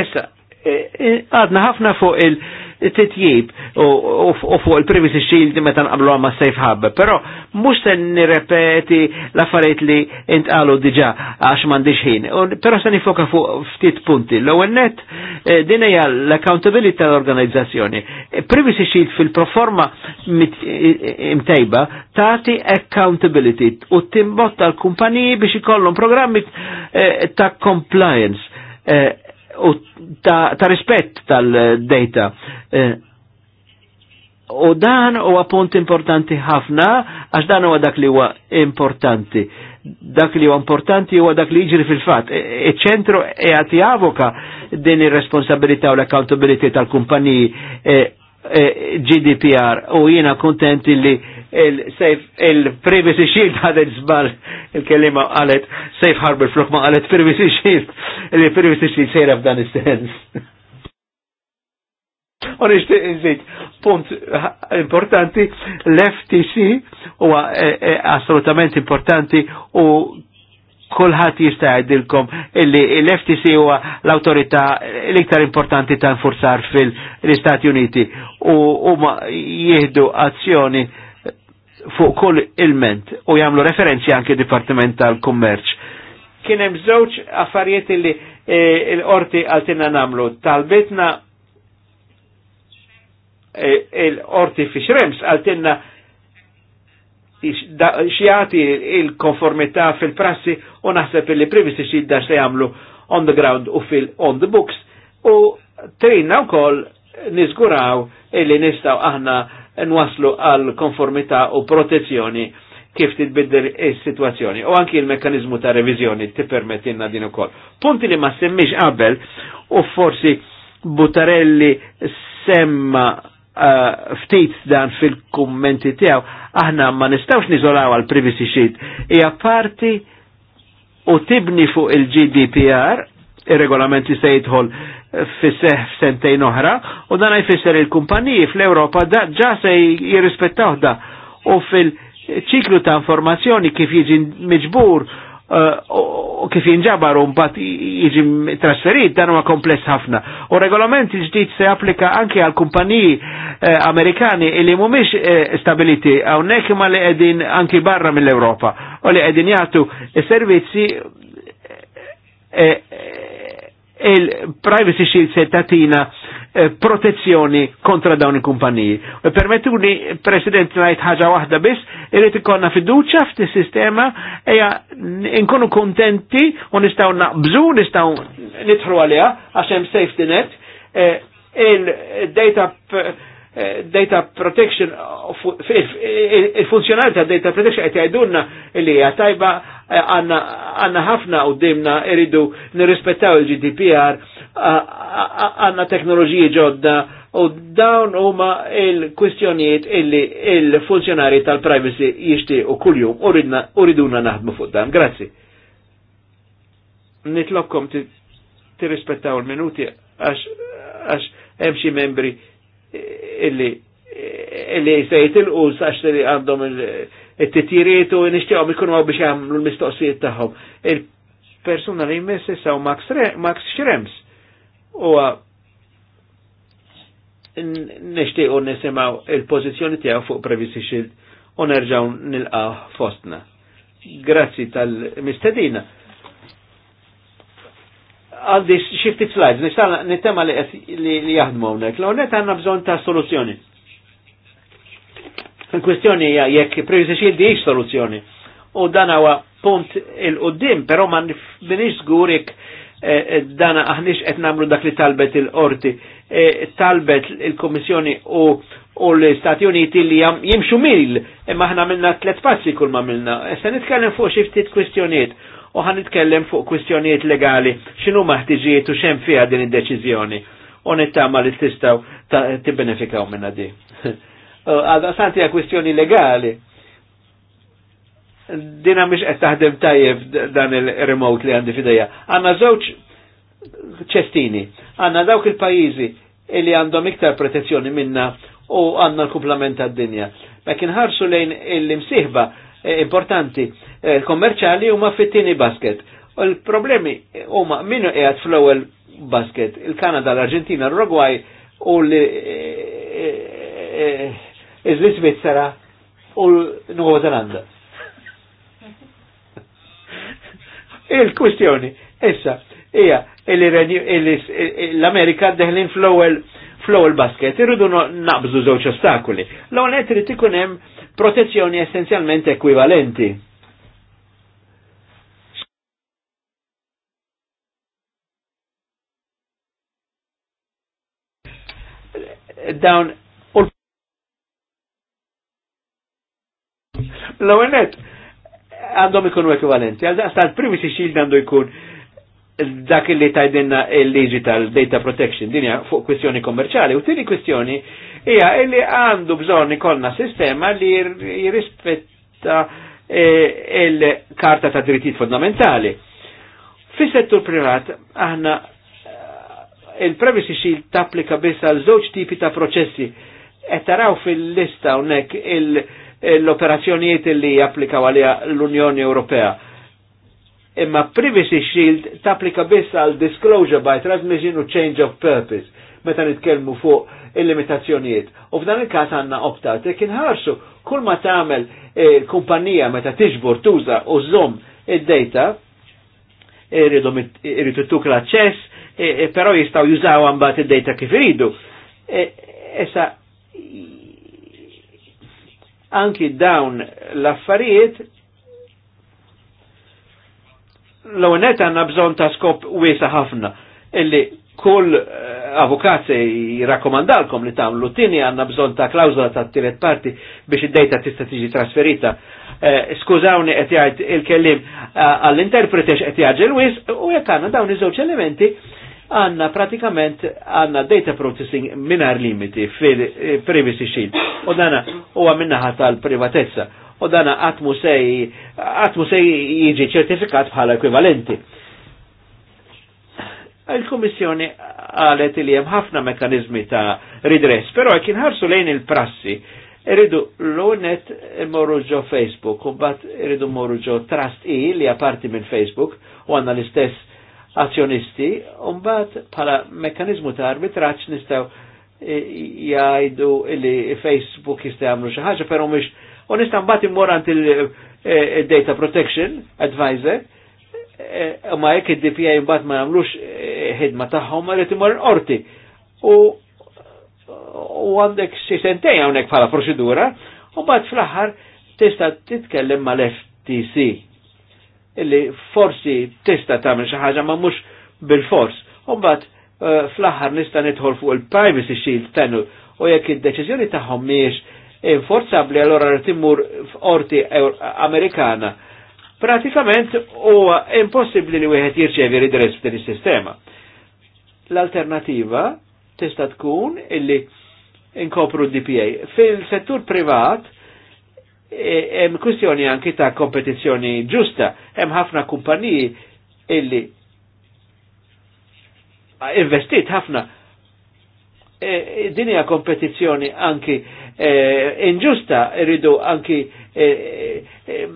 Issa, għadna ħafna fuq il- titjib u fuq il-privacy shield meta nqablu għamma safe hub. Però mhux se nirrepeti l-affarijiet li intqalu diġà għax m'għandix ħin. Però se nifoka fuq ftit punti. L-ewwel net eh, din hija l-accountability tal-organizzazzjoni. Eh, privacy shield fil-proforma eh, imtejba tagħti accountability u timbotta l-kumpaniji biex ikollhom programmi ta' compliance u ta', ta rispett tal-data. Eh, u dan huwa punt importanti ħafna, għax dan huwa dak li huwa importanti. Dak li huwa importanti huwa dak li jiġri fil-fatt. Iċ-ċentru e qed javoka e din ir-responsabilità u l-accountability tal-kumpaniji e, eh, e, eh, GDPR u jiena kontenti li il-privacy shield għadet zbal il-kelima għalet safe harbor flok ma għalet privacy shield il-privacy shield sejra f'dan il-sens. U nishtiq nżid, punt importanti, l-FTC huwa eh, eh, assolutament importanti u kolħat jista' jgħidilkom illi l-FTC huwa l-awtorità l-iktar importanti ta' nfurzar fil-Istati Uniti u huma jieħdu azzjoni fuq kull ilment u jagħmlu referenzi anke Dipartiment tal-Kummerċ. Kien hemm żewġ affarijiet li e, l-qorti għaltina namlu talbitna e, l-qorti fi xrems għaltinna xjati il-konformità fil-prassi u naħseb li privacy xidda se jagħmlu on the ground u fil-on the books u trinna wkoll niżguraw illi nistgħu aħna nwaslu għal konformità u protezzjoni kif titbiddel is-sitwazzjoni u anki il-mekkanizmu ta' reviżjoni tippermettilna din ukoll. Punti li ma semmix qabel u forsi Butarelli semma uh, ftit dan fil-kummenti tiegħu aħna ma nistawx niżolaw għal privacy sheet hija parti u tibni fuq il-GDPR ir regolamenti se jidħol fisseħ sentejn oħra u dan jfisser il-kumpaniji fl-Europa ġa se jirrispettaw da u fil-ċiklu ta' informazzjoni kif jiġi miġbur uh, u kif jinġabar un bat jiġi trasferit dan huwa kompless ħafna. U regolament ġdid se applika anke għal kumpaniji uh, Amerikani li mhumiex uh, stabiliti hawnhekk ma li qegħdin anki barra mill-Ewropa u li qegħdin jagħtu servizzi il-Privacy Shield se tatina eh, protezzjoni kontra dawn il-kumpaniji. E permettuni, President, najt ħaġa wahda biss, irrit ikonna fiduċa f'ti sistema eja nkunu kontenti u nistaw naqbżu, nistaw nitħru għalija, għaxem safety net, eh, il-data Eh, data protection, il-funzjonari ta' data protection għet jgħidunna li għatajba eh, għanna ħafna u dimna iridu nirrispettaw il-GDPR, għanna teknoloġiji ġodda u dawn huma il-kwistjonijiet illi il-funzjonari tal-privacy jishti u kuljum u riduna naħdmu fuq dan. Grazzi. Nitlobkom rispettaw il-minuti għax hemm xi membri illi illi se jitilqu sax li għandhom il-titjiriet u nishtiqom ikunu għaw biex jgħamlu l-mistoqsijiet tagħhom. Il-persuna li jmiss issa u Max Schrems u nishtiqu nisimaw il-pozizjoni tiegħu fuq Privacy Shield u nerġaw nilqaw fostna. Grazzi tal-mistedina għaldi xifti slides, nistana nittema li, jahdmu għonek, l-għonet għanna bżon ta' soluzzjoni. Il-kwestjoni jekk privacy shield diġ soluzzjoni. U dan huwa punt il-qoddim, pero ma nifbini xgurik eh, eh, dan għahnix qed namlu dak li talbet il-qorti, eh, talbet il-Komissjoni u u l-Stati Uniti li jimxu mil, imma aħna minna tlet passi kull ma minna. Se nitkellem fuq xi ftit kwistjonijiet u ħan nitkellem fuq kwistjonijiet legali xinu maħtiġijiet u xem fiha din id-deċiżjoni u nittama li tistaw tibbenefikaw minna di. Oh, għadha santi hija kwistjoni legali. Dina mhix qed taħdem tajjeb dan il-remote li għandi fidejja. Għanna żewġ ċestini, għandna dawk il-pajjiżi li għandhom iktar protezzjoni minna u għandna l-kumplament għad dinja Ma kien ħarsu lejn il-imsieħba Eh, importanti eh, kommerċali huma fit-tieni basket. Il-problemi huma minu qiegħed fl-ewwel basket, il-Kanada, l-Arġentina, l-Uruguay u l-Iżvizzera eh, u l-Nuova Zelanda. Il-kwistjoni, issa, hija l-Amerika deħlin fl-ewwel basket irridu naqbżu żewġ ostakoli. l għonet irrid ikun hemm protezzjoni essenzjalment ekwivalenti. Dawn l-għonet għandhom ikunu ekwivalenti, għal-daqstan si xil għandu ikun dak li tajdinna il-liġi tal-data protection dinja fuq kwestjoni kommerċali. U tini kwestjoni hija li għandu bżonn ikollna sistema li jirrispetta eh, il-karta ta' drittijiet fondamentali. Fi settur privat aħna eh, il-privacy shield tapplika biss għal żewġ tipi ta' proċessi. E taraw fil-lista unnek l-operazzjonijiet li japplikaw għalija l-Unjoni Ewropea imma privacy shield tapplika biss għal disclosure by transmission u change of purpose meta nitkellmu fuq il-limitazzjonijiet. U f'dan il-każ għandna optat, out jekk inħarsu kull ma tagħmel eh, kumpanija meta tiġbor tuża u żomm id-data irridu tuk l-aċċess, eh, eh, però jistgħu jużaw mbagħad id-data kif iridu. Issa anki dawn l-affarijiet l għonet għanna bżon ta' skop wiesa ħafna, illi kull eh, avukat se jirakomandalkom li l-lutini għanna bżon ta' klawzola ta' t-tiret parti biex id-dejta tista' tiġi trasferita. Eh, skużawni qed jgħid il-kellim eh, għall-interpretex qed jgħid wis u jekk għandna dawn iż-żewġ elementi għanna pratikament għanna data processing minar limiti fil-privacy shield u dana huwa minnaħa tal-privatezza u dana għatmu sej, għatmu sej jiġi ċertifikat bħala ekvivalenti. Il-Komissjoni għalet li hemm ħafna mekanizmi ta' ridress, però jekk ħarsu lejn il-prassi, irridu l-unet morru ġo Facebook, u bat irridu morru ġo Trust E li għaparti minn Facebook, u għanna l-istess azzjonisti, u bat bħala mekanizmu ta' arbitraċ nistaw eh, jgħajdu li Facebook jista' jagħmlu xi ħaġa, però u nista' mbagħad immorant il-Data eh, Protection Advisor eh, u ma jekk id dpa mbagħad ma jagħmlux eh, ħidma tagħhom ma qed imur orti. U għandek xie sentej hawnhekk bħala proċedura u bat fl-aħħar tista' titkellem mal-FTC illi forsi tista' tagħmel xi ħaġa ma mhux bil-fors. U bat fl-aħħar nista' nidħol fuq il-privacy shield tenu u jekk id-deċiżjoni tagħhom miex forzabli allora timur f'orti Amerikana. Pratikament u impossibli li wieħed jirċevi ridress f'din is-sistema. L-alternativa tista' tkun illi inkopru DPA. Fil-settur privat e, hemm kwistjoni anki ta' kompetizzjoni ġusta, hemm ħafna kumpaniji illi investit ħafna e, e, din hija kompetizzjoni anki Eh, inġusta rridu anki eh, eh,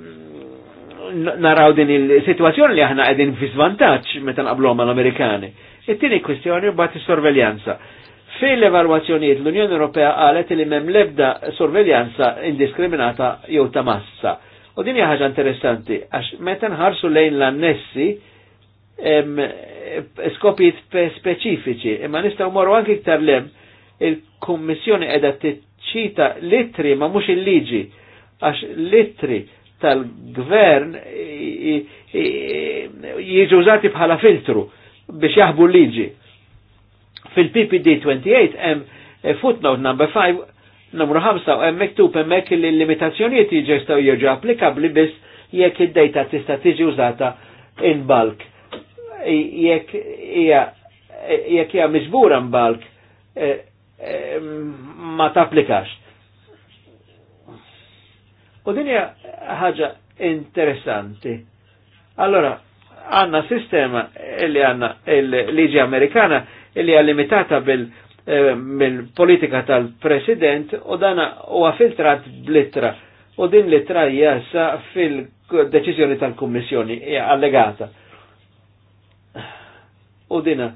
naraw din il-situazzjoni li aħna qegħdin fi svantaġġ meta naqblu l amerikani It-tieni kwistjoni mbagħad is-sorveljanza. l evalwazzjonijiet l-Unjoni Ewropea qalet li m'hemm lebda sorveljanza indiskriminata jew ta' massa. U din hija ħaġa interessanti għax meta nħarsu lejn l-annessi skopijiet speċifiċi, imma nistgħu morru anki iktar lem il-Kummissjoni qiegħda ċita litri ma mhux il-liġi għax litri tal-gvern jiġu użati bħala filtru biex jaħbu liġi. Fil-PPD 28 hemm eh, footnote number 5 numru 5 u hemm miktub hemmhekk li l-limitazzjonijiet jistgħu jiġu applikabbli biss jekk id-data tista' tiġi użata in bulk. Jekk hija jekk hija miġbura in bulk eh, ma tapplikax. U din hija ħaġa interessanti. Allora, għanna sistema illi għanna il-liġi amerikana illi għal limitata bil eh, mill-politika tal-president u dana u filtrat blittra u din littra jessa fil-deċizjoni tal-kummissjoni allegata. U dina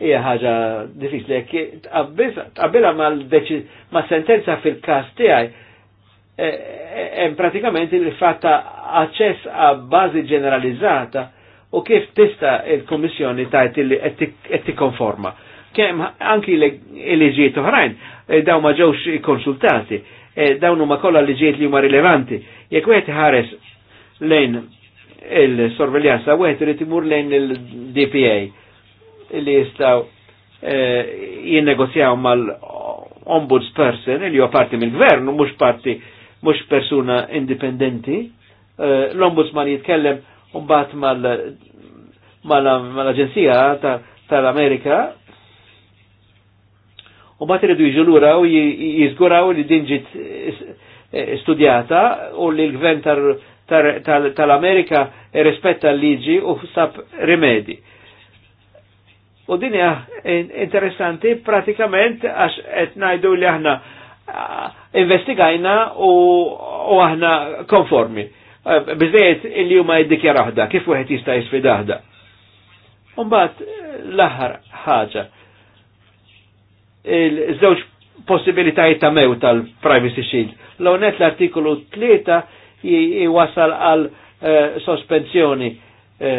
hija ħaġa diffiċli jekk tqabbilha mal-sentenza fil-każ tiegħi e, e, hemm pratikament il-fatta aċċess a bażi ġeneralizzata u kif tista il-Kommissjoni tajt li qed tikkonforma. Kemm anki l-liġijiet oħrajn e, dawn ma ġewx konsultati, dawn huma kollha liġijiet li huma rilevanti. Jekk wieħed ħares lejn il-sorveljanza, wieħed irid imur lejn il-DPA li jistaw eh, jinnegozjaw mal-ombudsperson li huwa parti mill-gvern, mhux parti mhux persuna indipendenti. Eh, l-ombudsman jitkellem mbagħad mal-Aġenzija tal-Amerika u mbagħad iridu jiġu lura u jiżguraw li dinġit eh, studjata u li l-gvern tal-Amerika rispetta l-liġi u sab rimedi U din interessanti pratikament għax qed ngħidu li aħna investigajna u aħna konformi. E, Biżejjed illi huma jiddikjara ħda, kif wieħed jista' jisfida ħda. Umbagħad l-aħħar ħaġa. Iż-żewġ possibilitajiet ta' mew tal-Privacy Shield. L-onet l-artikolu 3 jwasal għal e, sospensjoni e,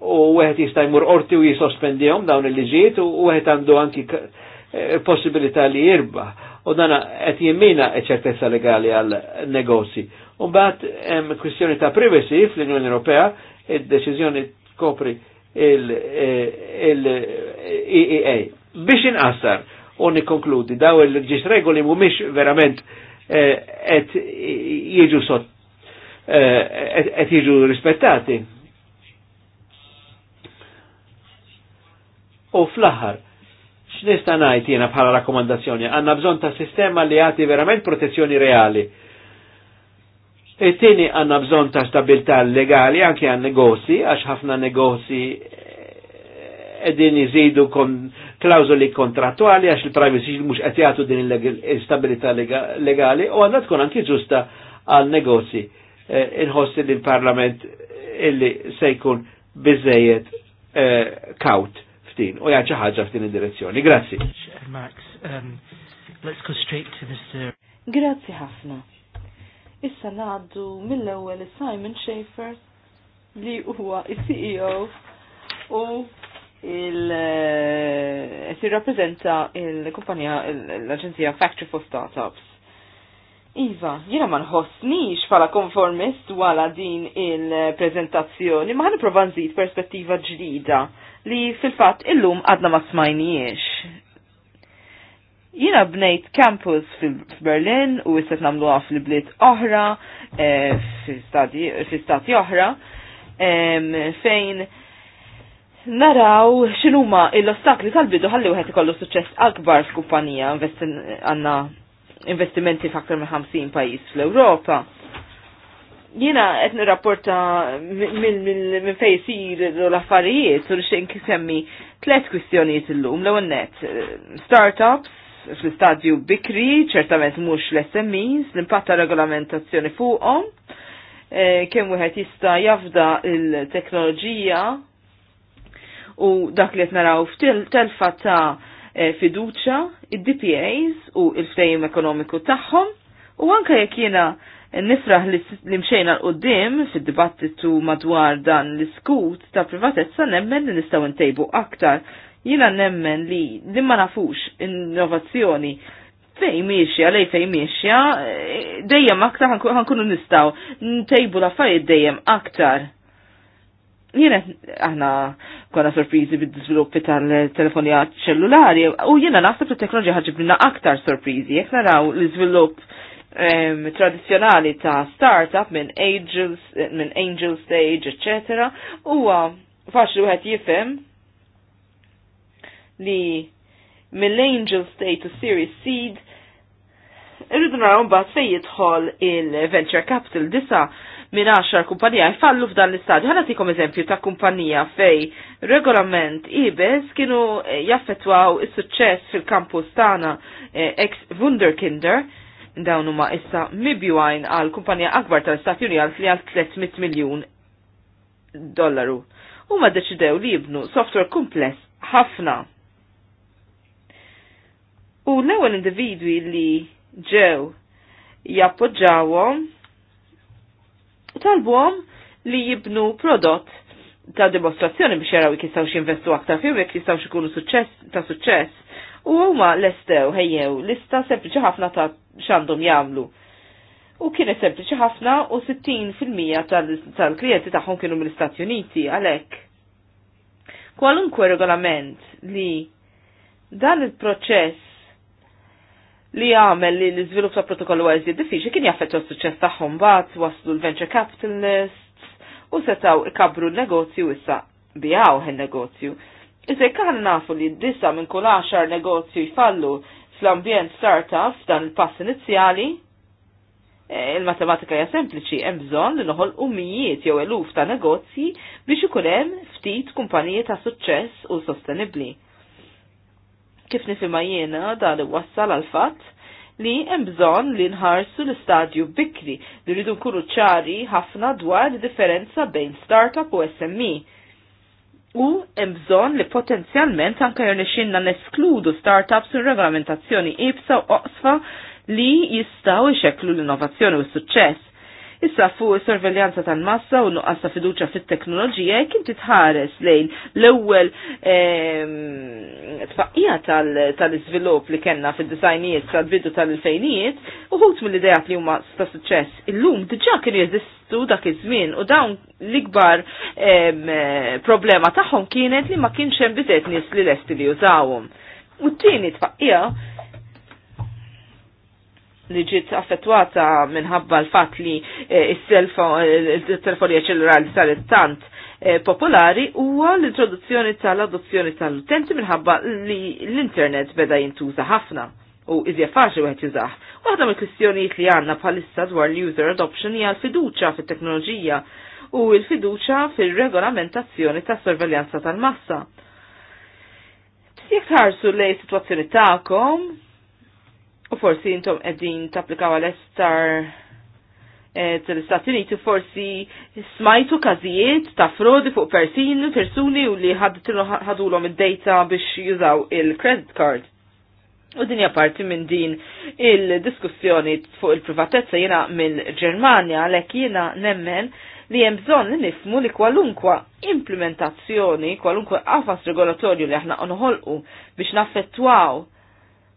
u wieħed jista' jmur qorti u jisospendijom dawn il liġiet u wieħed għandu anki eh, possibilità li jirba. U dana qed jimmina ċertezza legali għal negozi. U bat hemm kwestjoni ta' privacy fl-Unjoni Ewropea, il-deċizjoni kopri il-EEA. Eh, eh, e e Biex inqassar u nikonkludi, daw il-ġis regoli mu miex verament qed jieġu sot, qed jieġu rispettati U fl-aħħar, x'nista' ngħid jiena bħala rakkomandazzjoni, għandna bżonn ta' sistema li jagħti verament protezzjoni reali. It-tieni għandna bżonn ta' stabilità legali anke għan negozji, għax ħafna negozji qegħdin eh, iżidu kon klawzoli kontrattuali għax il-privacy mux jagħtu din il-stabilità legali u għanna tkun anki ġusta għal negozji eh, inħossi li l-parlament illi se jkun eh, kaut. eh, 60 u jaċa ħagġa f'din id-direzzjoni. Grazzi. Max, um, let's go straight to Grazzi ħafna. Issa naħdu mill-ewwel Simon Schaefer li huwa il-CEO u il eh, rappresenta il-kumpanija l-Aġenzija Factory for Startups. Iva, jiena ma nħossnix pala konformist wala din il-prezentazzjoni, ma ħaniprofa nżid perspettiva ġdida li fil-fat illum għadna ma smajnijiex. Jina bnejt campus fil-Berlin u jistet namlu għaf li blit oħra, eh, fil-stati oħra, fejn naraw xinuma il-ostakli tal-bidu u għetik għallu suċess akbar f'kumpanija għanna investimenti f'aktar minn 50 pajis fl-Europa Jena qed nirrapporta minn fejn isir l-affarijiet u nixtieq nkisemmi tliet kwistjonijiet illum l-ewwel net. Eh, startups fl-istadju bikri, ċertament mhux l-SMEs, l impatta regolamentazzjoni fuqhom, eh, kemm wieħed jista' jafda il-teknoloġija u dak li qed naraw telfa ta' eh, fiduċa, id-DPAs u il fejm ekonomiku tagħhom u anke jekk jiena Nisraħ li mxejna l-qoddim fid-dibattitu madwar dan l-iskut ta' privatezza nemmen li nistaw ntejbu aktar. Jina nemmen li dimma ma nafux innovazzjoni fej miexja, lej fej miexja, eh, dejjem aktar ħankunu nistaw ntejbu l-affarijiet dejjem aktar. Jina aħna konna sorprizi bid-dizviluppi tal-telefonija ċellulari, u jina nafta fil teknoloġija ħagġiblina aktar sorprizi, jek naraw l-izvilupp um, tradizjonali ta' startup minn angels, eh, min angel stage, etc. Huwa faċli wieħed jifhem li mill-angel stage to series seed irridu narawn mbagħad fej jidħol il-venture capital disa minn 10 kumpanija jfallu f'dan l-istadju. Ħana tikom eżempju ta' kumpanija fej regolament ibes kienu eh, jaffetwaw is-suċċess fil-kampus tagħna eh, ex Wunderkinder Dawn huma issa mibjuajn għal kumpanija akbar tal-Stati Uniti li għal 300 miljun dollaru. Huma deċidew li jibnu software kumpless ħafna. U l-ewwel individwi li ġew jappoġġawhom talbuhom li jibnu prodott ta' dimostrazzjoni biex jaraw jek jistaw xinvestu aktar fihom jekk jistaw xikunu ta' suċċess u huma lestew ħejjew lista sempliċi ħafna ta' x'għandhom jagħmlu. U kienet sempliċi ħafna u 60% tal-klijenti tagħhom kienu mill-Istati Uniti għalhekk. Kwalunkwe regolament li dan il-proċess li għamel li l-izvilup ta' protokollu għazdi diffiċi kien jaffetta s-suċess taħħom bat, waslu l-venture capitalists u setaw ikabru l-negozju issa bijaw il-negozju. Iżek aħna nafu li d-disa minn kull għaxar negozju jfallu fl-ambjent startup f'dan il-pass inizjali, e, il-matematika hija sempliċi hemm bżonn li noħol umijiet jew eluf ta' negozji biex ikun hemm ftit kumpaniji ta' suċċess u sostenibbli. Kif nifhimha jiena dan iwassal għal fatt li hemm bżonn li nħarsu l-istadju bikri li rridu nkunu ċari ħafna dwar differenza bejn startup u SME U emżon li potenzjalment anka jirnexinna neskludu startups u regolamentazzjoni ibsa u oqsfa li jistaw ixeklu l-innovazzjoni u s-suċċess. Issa fuq sorveljanza tal-massa u nuqqas ta' fiduċa fit-teknoloġija kien titħares lejn l-ewwel ehm, tfaqqija tal-iżvilupp li kellna fid-disajnijiet tal-bidu tal-ilfejnijiet uħud mill-idejat li huma ta' suċċess illum diġà kienu jeżistu dak iż-żmien u dawn l-ikbar ehm, problema tagħhom kienet li ma kienx hemm bidet nies li lesti li jużawhom. U t-tieni tfaqqija li ġiet affettwata minħabba l-fat li eh, il-telefonija ċellulari saret tant eh, popolari huwa l-introduzzjoni tal-adozzjoni tal-utenti minħabba li l-internet beda jintuża ħafna u iżja faċli wieħed jużah. Waħda mill-kwistjonijiet li għandna bħalissa dwar l-user adoption hija l-fiduċja fit-teknoloġija u l-fiduċja fir-regolamentazzjoni tas-sorveljanza tal-massa. Jekk tħarsu lej situazzjoni tagħkom, U forsi intom qegħdin tapplikaw għal estar eh, tal-Istati Uniti forsi smajtu każijiet ta' frodi fuq persini, persuni u li ħadulhom id-data biex jużaw il-credit card. U dinja parti minn din il-diskussjoni fuq il-privatezza jena mill-Ġermanja, lek jena nemmen li hemm bżonn nifmu li kwalunkwa implementazzjoni, kwalunkwa qafas regolatorju li aħna nħolqu biex naffettwaw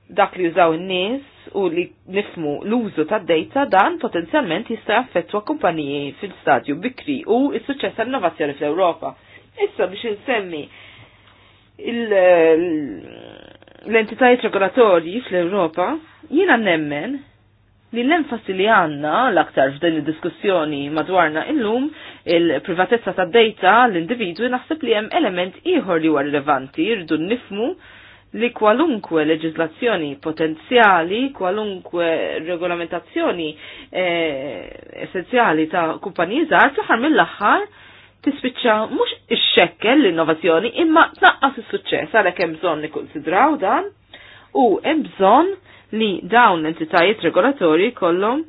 dak li jużaw n-nies u li nifmu l-użu ta' data dan potenzjalment jista' jaffettwa kumpaniji fil-stadju bikri u s-suċċess tal-innovazzjoni fl-Ewropa. Issa biex insemmi l-entitajiet regolatorji fl-Ewropa, jiena nemmen li l-enfasi li għanna l-aktar f'din id-diskussjoni madwarna illum il-privatezza ta' data l-individwi naħseb li hemm element ieħor li huwa rilevanti jridu nifmu li kwalunkwe leġizlazzjoni potenzjali, kwalunkwe regolamentazzjoni eh, essenzjali ta' kumpaniji żgħar fl-aħħar mill-aħħar tispiċċa mhux ixxekkel l-innovazzjoni imma tnaqqas is-suċċess għalhekk hemm bżonn nikkunsidraw dan u hemm bżonn li dawn l-entitajiet regolatorji kollhom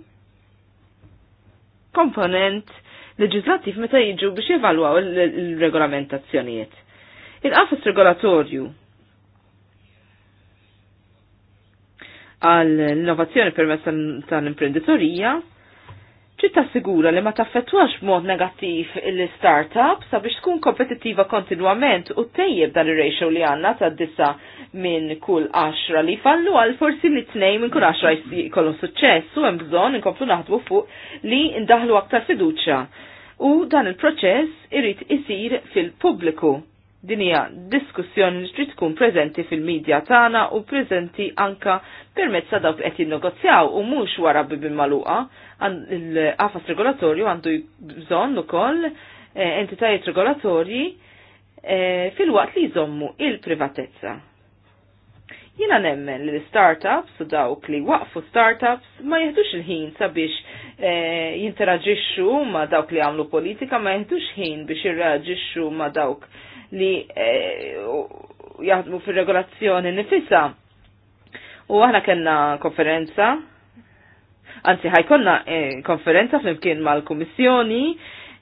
komponent leġislattiv meta jiġu biex jevalwaw il-regolamentazzjonijiet. Il-qafas regolatorju għall-innovazzjoni permezz tal-imprenditorija, ċi tassigura li ma taffettwax mod negattiv il-startup sabiex tkun kompetittiva kontinuament u tejjeb dan il-ratio li għanna ta' dissa minn kull 10 li fallu għal forsi li tnej minn kull 10 jkollu suċċess u hemm bżonn inkomplu naħdmu fuq li ndaħlu aktar fiduċa. U dan il-proċess irrid isir fil-pubbliku dinija diskussjoni li trid tkun preżenti fil-medja tagħna u preżenti anka permezz ta' dawk li qed jinnegozjaw u mhux wara bibin maluqa il-qafas regolatorju għandu bżonn ukoll eh, entitajiet regolatorji eh, fil-waqt li jżommu il-privatezza. Jina nemmen li l-startups u dawk li waqfu startups ma jihdux il-ħin sabiex e, jinteraġixxu ma dawk li għamlu politika, ma jihdux ħin biex jirraġixxu ma dawk li eh, jaħdmu fil-regolazzjoni nifisa. U aħna kena konferenza, anzi ħajkonna eh, konferenza flimkien mal-Kummissjoni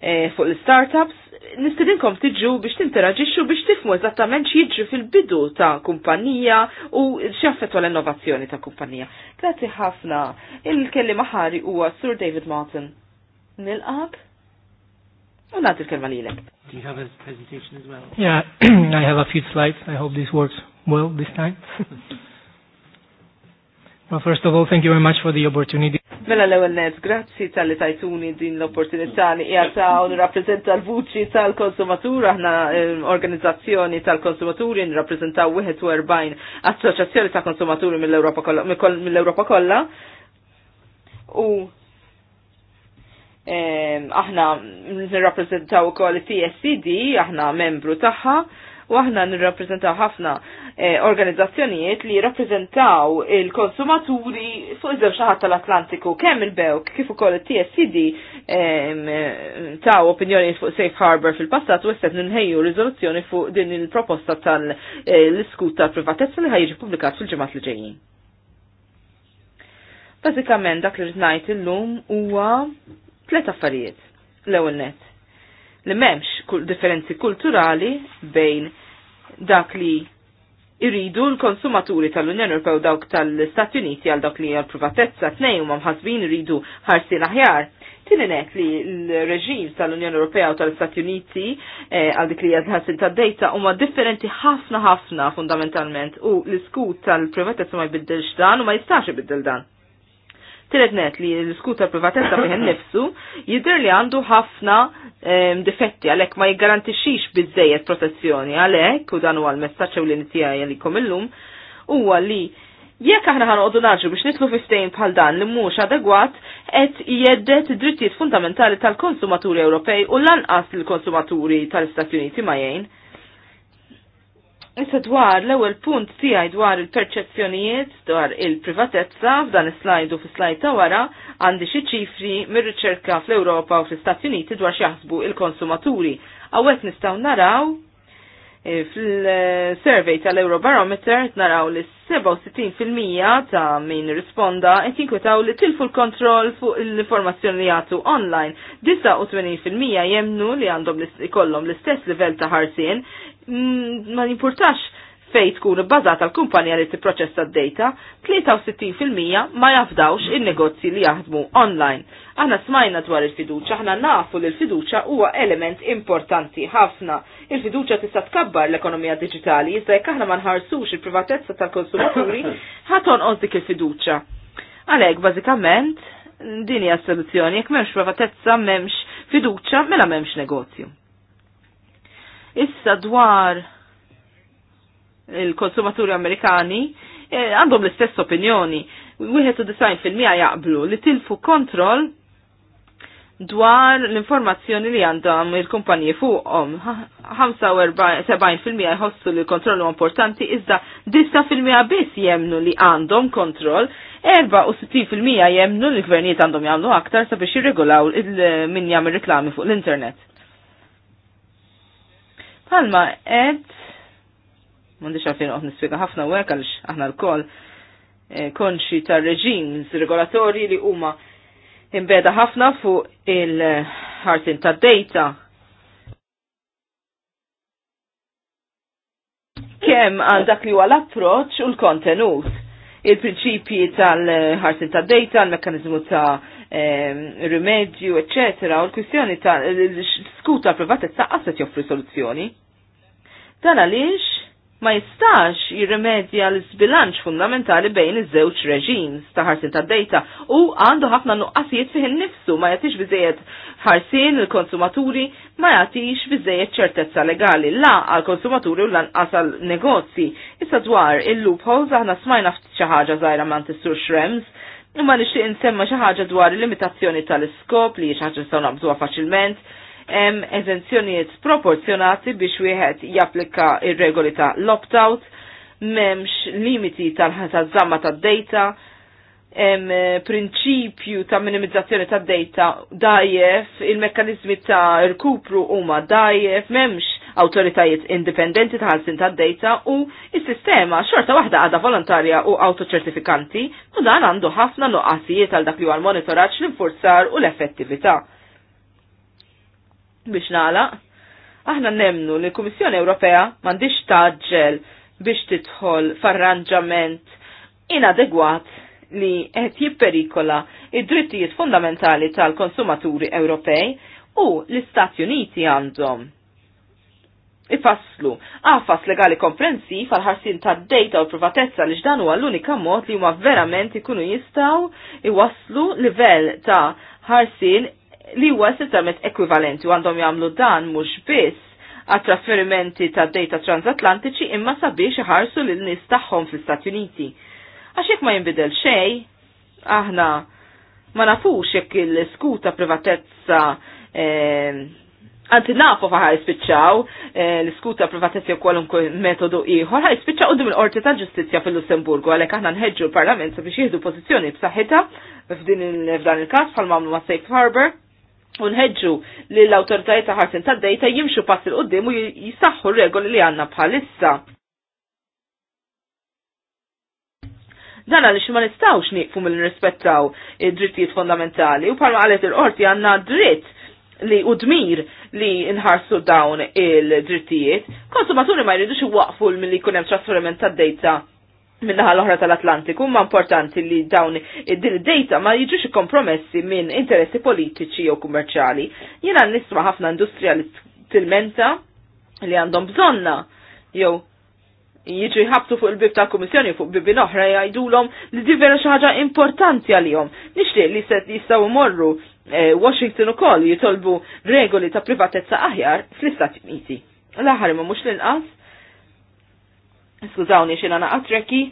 eh, fuq l-startups, nistedinkom tiġu biex tinteraġixxu biex tifmu eżattament xieġu fil-bidu ta' kumpanija u x'affettwa l-innovazzjoni ta' kumpanija. Grazzi ħafna. Il-kelli maħari huwa Sur David Martin. Nilqak? Well, nagħti Do you have a presentation as well? Yeah, I have a few slides. I hope this works well this time. Well, first of all, thank you very much for the opportunity. Mela l-ewel net, grazzi tal-li tajtuni din l-opportunità li jgħata u nirrapprezenta l-vuċi tal-konsumatur, aħna ehm, organizzazzjoni tal-konsumaturi, nirrapprezentaw 41 assoċazzjoni tal-konsumaturi mill-Europa kollha. U aħna nirrappreżentaw ukoll TSCD, aħna membru tagħha, u aħna nirrappreżentaw ħafna e, organizzazzjonijiet li jirrappreżentaw il-konsumaturi fuq iż-żewġ tal-Atlantiku kemm il-bewk kif ukoll it-TSCD taw opinjoni fuq Safe Harbor fil-passat u qed ninħejju riżoluzzjoni fuq din il-proposta tal-iskut e, tal-privatezza li ħajġi pubblikat fil-ġimgħat li ġejjin. Bażikament dak li rrid ngħid illum huwa Tlet affarijiet. L-ewwel net. Li m'hemmx differenzi kulturali bejn dak li jridu l-konsumaturi tal-Unjoni Ewropew dawk tal istati Uniti għal dak li għal privatezza tnej u mamħazbin iridu ħarsin aħjar. net li l-reġim tal-Unjoni Ewropea u tal istati Uniti eh, għal dik li għazħasil ta' dejta huma differenti ħafna ħafna fundamentalment u l-iskut tal-privatezza ma jbiddilx dan u ma jistax ibiddel dan. Tiret li l-iskuta privatezza fiħen nifsu jidher li għandu ħafna ehm, difetti għalhekk ma jiggarantixxix bizzejet protezzjoni għalhekk u dan huwa l-messaġġ ewlieni tiegħi għalikom illum huwa li jekk aħna ħanqodu naġu biex nitlu fi stejn bħal dan li mhux adegwat qed jeddet id-drittijiet fundamentali tal-konsumaturi Ewropej u lanqas l konsumaturi tal-Istati Uniti ma jgħin. Issa dwar l-ewwel punt tiegħi dwar il-perċezzjonijiet dwar il-privatezza f'dan is-slajdu fi slajd ta' wara għandi xi ċifri mir-riċerka fl-Ewropa u fl-Istati Uniti dwar x'jaħsbu il-konsumaturi. Għawet nistgħu naraw eh, fil-survey tal-Eurobarometer naraw li 67% ta' min risponda qed jinkwetaw li tilfu l-kontroll fuq l-informazzjoni li jagħtu online. 89% jemnu li għandhom ikollhom l-istess livell ta' ħarsien Mm, ma nimportax fej tkun bbażata l-kumpanija li tipproċessa d-data, 63% ma jafdawx in-negozji li jaħdmu online. Aħna smajna dwar il-fiduċa, aħna nafu li l-fiduċa huwa element importanti ħafna. Il-fiduċa tista' tkabbar l-ekonomija digitali, iżda jekk aħna ma nħarsux il-privatezza tal-konsumaturi, ħaton dik il-fiduċa. Għalhekk bażikament din hija soluzzjoni jekk m'hemmx privatezza m'hemmx fiduċa mela m'hemmx negozju. Issa dwar il-konsumaturi Amerikani eh, għandhom l-istess opinjoni. Wieħed u design fil-mija jaqblu li tilfu kontroll dwar l-informazzjoni li għandhom il-kumpanji fuqhom. 75% jħossu li kontrollu importanti iżda 10% biss jemnu li għandhom kontroll, 64% jemnu li gvernijiet għandhom jagħmlu aktar sabiex jirregolaw il-min jagħmel riklami fuq l-internet. Għalma ed, mundi xafin uħ nispiega ħafna u għalx aħna l kol eh, konxi ta' reġims regolatorji li huma imbeda ħafna fuq il ħartin ta' data kem għal dak li huwa l-approċ u l-kontenut. Il-prinċipji tal-ħarsin ta' data, l-mekkanizmu ta' eh, rimedju, eccetera, u l-kwistjoni ta' l-skuta privatezza għasset joffri soluzzjoni. Dan għaliex ma jistax jirremedja l-sbilanċ fundamentali bejn iż-żewġ reġims ta' ħarsin ta' dejta u għandu ħafna nuqqasijiet fih innifsu ma jagħtix biżejjed ħarsin il-konsumaturi ma jagħtix biżejjed ċertezza legali la għal konsumaturi u lanqas għal negozji. Issa dwar il-loopholes aħna smajna ftit xi ħaġa żgħira ma ntisur xrems imma nixtieq insemma xi ħaġa dwar il-limitazzjoni tal-iskop li xi ħaġa nistgħu nabżuha faċilment hemm eżenzjonijiet proporzjonati biex wieħed japplika ir-regoli ta' l-opt-out, m'hemmx limiti tal ħazzamma tad-data, hemm eh, prinċipju ta' minimizzazzjoni ta' data dajjef, il-mekkanizmi ta' rkupru huma dajjef, memx autoritajiet indipendenti ta' ħalsin ta' data u is sistema xorta waħda għada volontarja u autoċertifikanti u dan għandu ħafna nuqqasijiet għal dak li għal monitoraċ l-infurzar u l-effettività biex nala, aħna nemnu li l-Kummissjoni Ewropea m'għandix taġġel biex tidħol f'arranġament inadegwat li qed jipperikola id-drittijiet fundamentali tal-konsumaturi Ewropej u l-Istati Uniti għandhom ifasslu għafas legali komprensi għal ħarsin ta' data u privatezza li ġdanu għall-unika mod li huma verament ikunu jistaw iwasslu livell ta' ħarsin li huwa eżattament ekwivalenti u għandhom jagħmlu dan mhux biss għat trasferimenti ta' data transatlantiċi imma sabiex iħarsu lil nies tagħhom fl-Istati Uniti. Għax jekk ma jinbidel xejn, aħna ma nafux jekk il-skuta privatezza Għanti eh, nafu fa ħaj spiċċaw eh, l-iskuta privatezzi u kwalunkwe metodu iħor, ħaj spiċċaw għoddim l-orti ta' ġustizja fil-Lussemburgu, għalek aħna nħedġu l-parlament sabiex jihdu pozizjoni b'saħħita f'din il-kas fal mamlu ma' Safe Harbor unħedġu li l-autoritajiet ta' ħarsin ta' dejta jimxu pass il qoddim u jisaxħu regoli li għanna bħalissa. Dan għalix ma nistawx niqfu mill nirrispettaw id-drittijiet fondamentali u parma għalet il-qorti għanna dritt li u dmir li nħarsu dawn il-drittijiet, konsumaturi ma jridux waqfu mill-li kunem trasferiment ta' dejta minnaħal l-oħra tal-Atlantiku, ma importanti li dawn din id-data ma jiġux kompromessi minn interessi politiċi jew kummerċali. Jena nisma ħafna industrija li tilmenta li għandhom bżonna jew jiġu jħabtu fuq il-bib ta' kummissjoni fuq bibin oħra jgħidulhom li di vera xi ħaġa importanti għalihom. Nixtieq li se jistgħu morru eh, Washington ukoll jitolbu regoli ta' privatezza aħjar fl-Istati Uniti. L-aħħar ma mhux l-inqas skużawni xina naqatrekki,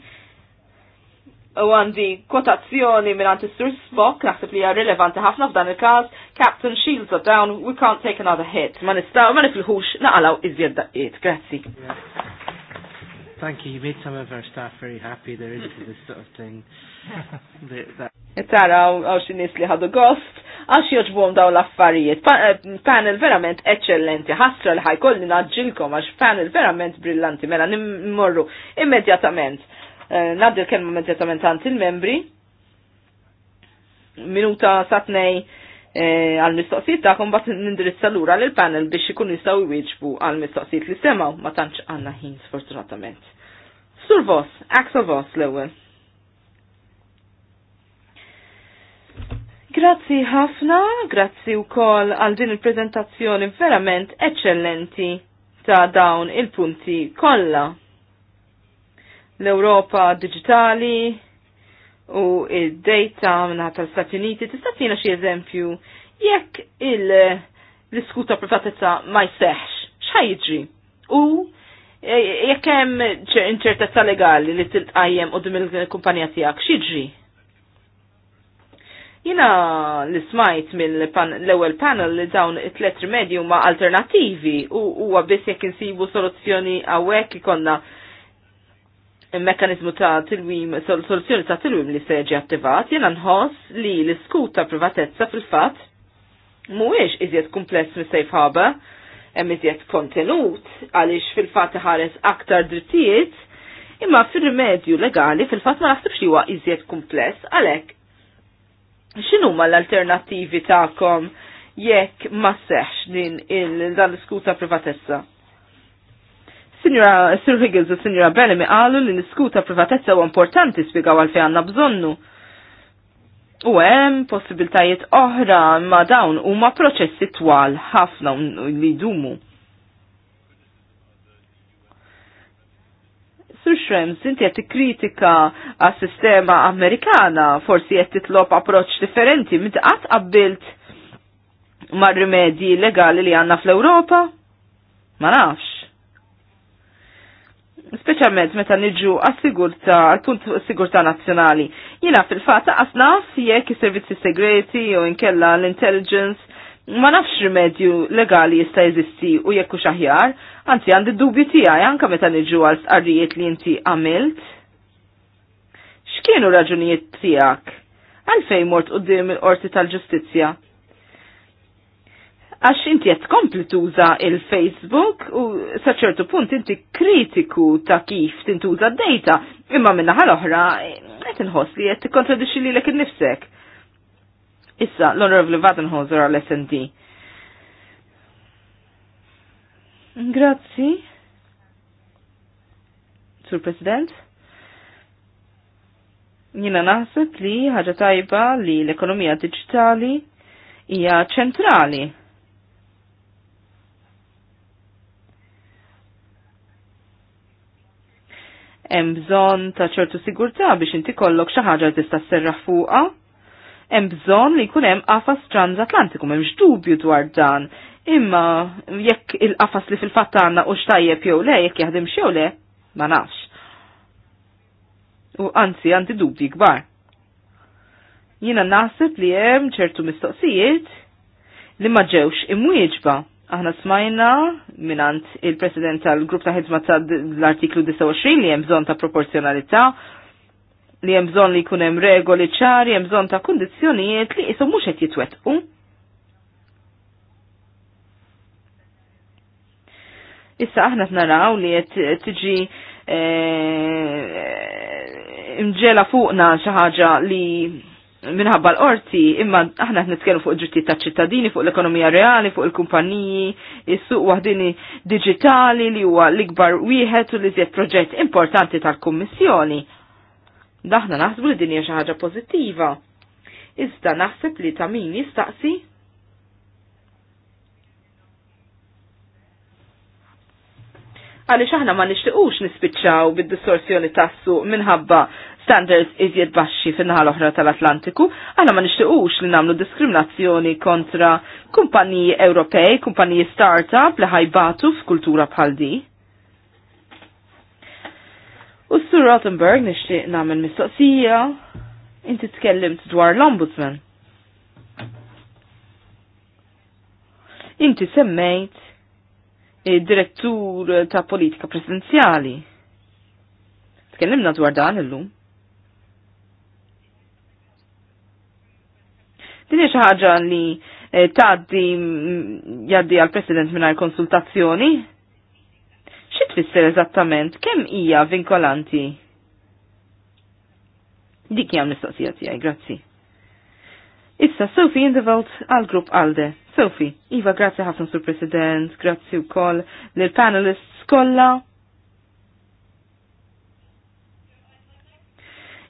u għandi kotazzjoni minn għanti Sir Spock, naħseb li hija rilevanti ħafna f'dan il-każ, Captain Shields are down, we can't take another hit. Ma nistaw, ma nifilħux naqalaw izjed daqqiet. Grazzi. Thank you. You made some of our staff very happy. They're into this sort of thing. Tara, għaw xinis li ħadu gost, għax joġbom daw l-affarijiet. Eh, panel verament eccellenti, ħasra li ħajkolli naġġilkom, għax panel verament brillanti, mela nimmorru immedjatament. Eh, naddi l-kelma immedjatament għant il-membri. Minuta satnej E, għal-mistoqsijiet ta' kumbat nindirizza lura l panel biex ikun jistgħu jwieġbu għal-mistoqsijiet li semaw ma tantx għandna ħin sfortunatament. Sur vos, aksa vos l-ewwel. Grazzi ħafna, grazzi u kol għal din il-prezentazzjoni verament eccellenti ta' dawn il-punti kollha. L-Europa digitali, u id-data minna tal-Stati Uniti. Tista' tina xi eżempju jekk il-diskuta privatezza ma jseħx, x'ħajġri? U e, jekk hemm inċertezza legali li t-tajjem u dim il-kumpanija tiegħek x'jiġri? jina li smajt mill-ewel panel li dawn it letri rimedji huma alternativi u huwa biss jekk insibu soluzzjoni hawnhekk ikonna il mekkanizmu ta' tilwim, soluzzjoni ta' tilwim li seġi attivat, jena nħoss li l-iskut ta' privatezza fil-fat muwiex iżjed kumpless mis safe harbor, hemm iżjed kontenut għaliex fil-fat ħares aktar drittijiet, imma fil-rimedju legali fil-fat ma naħsibx li huwa iżjed kumpless għalhekk. X'inhuma l-alternattivi tagħkom jekk ma seħx din il-dan l-iskut ta' privatezza? Signora Sir Higgins u Signora Bellamy qalu li niskuta privatezza u importanti spiegaw għalfej għanna bżonnu. U hemm possibiltajiet oħra ma dawn huma proċessi twal ħafna li jdumu. Sur Shrems, inti qed tikkritika għas-sistema Amerikana, forsi qed titlob approċċ differenti, mid qatt qabbilt mar-rimedji legali li għandna fl-Ewropa? Ma nafx. Speċjalment meta niġu għas-sigurta, għal-punt sigurta nazzjonali. Jina fil-fat naf jekk is-servizzi segreti u inkella l-intelligence ma nafx rimedju legali jista' jeżisti u jekk hux aħjar, anzi għandi dubju tiegħi anke meta niġu għal sqarrijiet li inti għamilt. X'kienu raġunijiet tiegħek? Għalfejn mort qudiem il-qorti tal-ġustizzja? għax inti qed tkompli tuża il-Facebook u saċertu punt inti kritiku ta' kif tintuża d-data, imma minna ħal oħra qed inħoss li qed tikkontradixxi lilek innifsek. Issa l-Onorevoli Vadenhozer għal SND. Grazzi. Sur President jina naħseb li ħaġa tajba li l-ekonomija digitali hija ċentrali hemm bżonn ta' ċertu sigurtà biex inti kollok xi ħaġa tista' sserraħ fuqha. Hemm bżonn li jkun hemm qafas transatlantiku m'hemmx dubju dwar dan. Imma jekk il-qafas li fil-fatt għandna u xtajjeb jew le, jekk jaħdem jew le, ma nafx. U anzi għandi dubji kbar. Jiena naħseb li hemm ċertu mistoqsijiet li ma ġewx imwieġba Aħna smajna minant il-president tal-grupp ta' ħidma ta' l-artiklu 29 li hemm bżonn ta' proporzjonalità li hemm bżonn li jkun hemm regoli ċari, hemm bżonn ta' kundizzjonijiet li qishom mhux qed jitwettqu. Issa aħna naraw li qed tiġi eh, imġela fuqna xi ħaġa li minħabba l-orti, imma aħna nitkellmu fuq ġittijiet ta' ċittadini, fuq l-ekonomija reali, fuq il-kumpaniji, is-suq waħdini digitali li huwa l-ikbar wieħed u li zjed proġett importanti tal-Kummissjoni. Daħna naħsbu li din hija xi ħaġa pożittiva. Iżda naħseb li ta' min jistaqsi għaliex aħna ma nixtiqux nispiċċaw bid-distorsjoni tas-suq minħabba standards iżjed baxxi fin-naħa l-oħra tal-Atlantiku, għala ma nixtiequx li nagħmlu diskriminazzjoni kontra kumpaniji Ewropej, kumpaniji startup li ħajbatu f'kultura bħal di. U Sir Rottenberg nixtieq nagħmel mistoqsija, inti tkellimt dwar l-Ombudsman. Inti semmejt direttur ta' politika presidenzjali. Tkellimna dwar dan illum. Din xi ħaġa li eh, tgħaddi mm, jgħaddi għal President mingħajr konsultazzjoni? Xi tfisser eżattament kemm hija vinkolanti? Dik hija mistoqsija tiegħi, grazzi. Issa, Sophie Indevalt għal grupp Alde. Sophie, Iva, grazzi ħafna sur President, grazzi u koll l-panelists kolla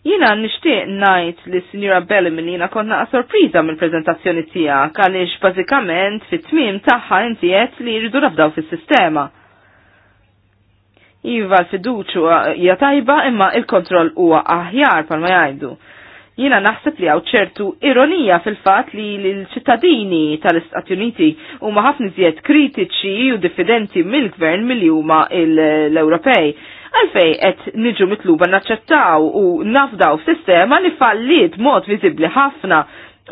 Jina nishtiq najt li Signora Bellimin jina konna sorpriza mill prezentazzjoni tija, għalix bazikament fit tmim taħħa inti li jridu nafdaw fis-sistema. Iva l-fiduċu hija tajba imma il-kontroll huwa aħjar ma jgħidu. Jina naħseb li hawn ċertu ironija fil-fatt li l-ċittadini tal-Istati Uniti huma ħafna iżjed kritiċi u diffidenti mill-gvern milli huma l-Ewropej għalfej qed niġu mitluba naċċettaw u nafdaw f'sistema li fallit mod viżibbli ħafna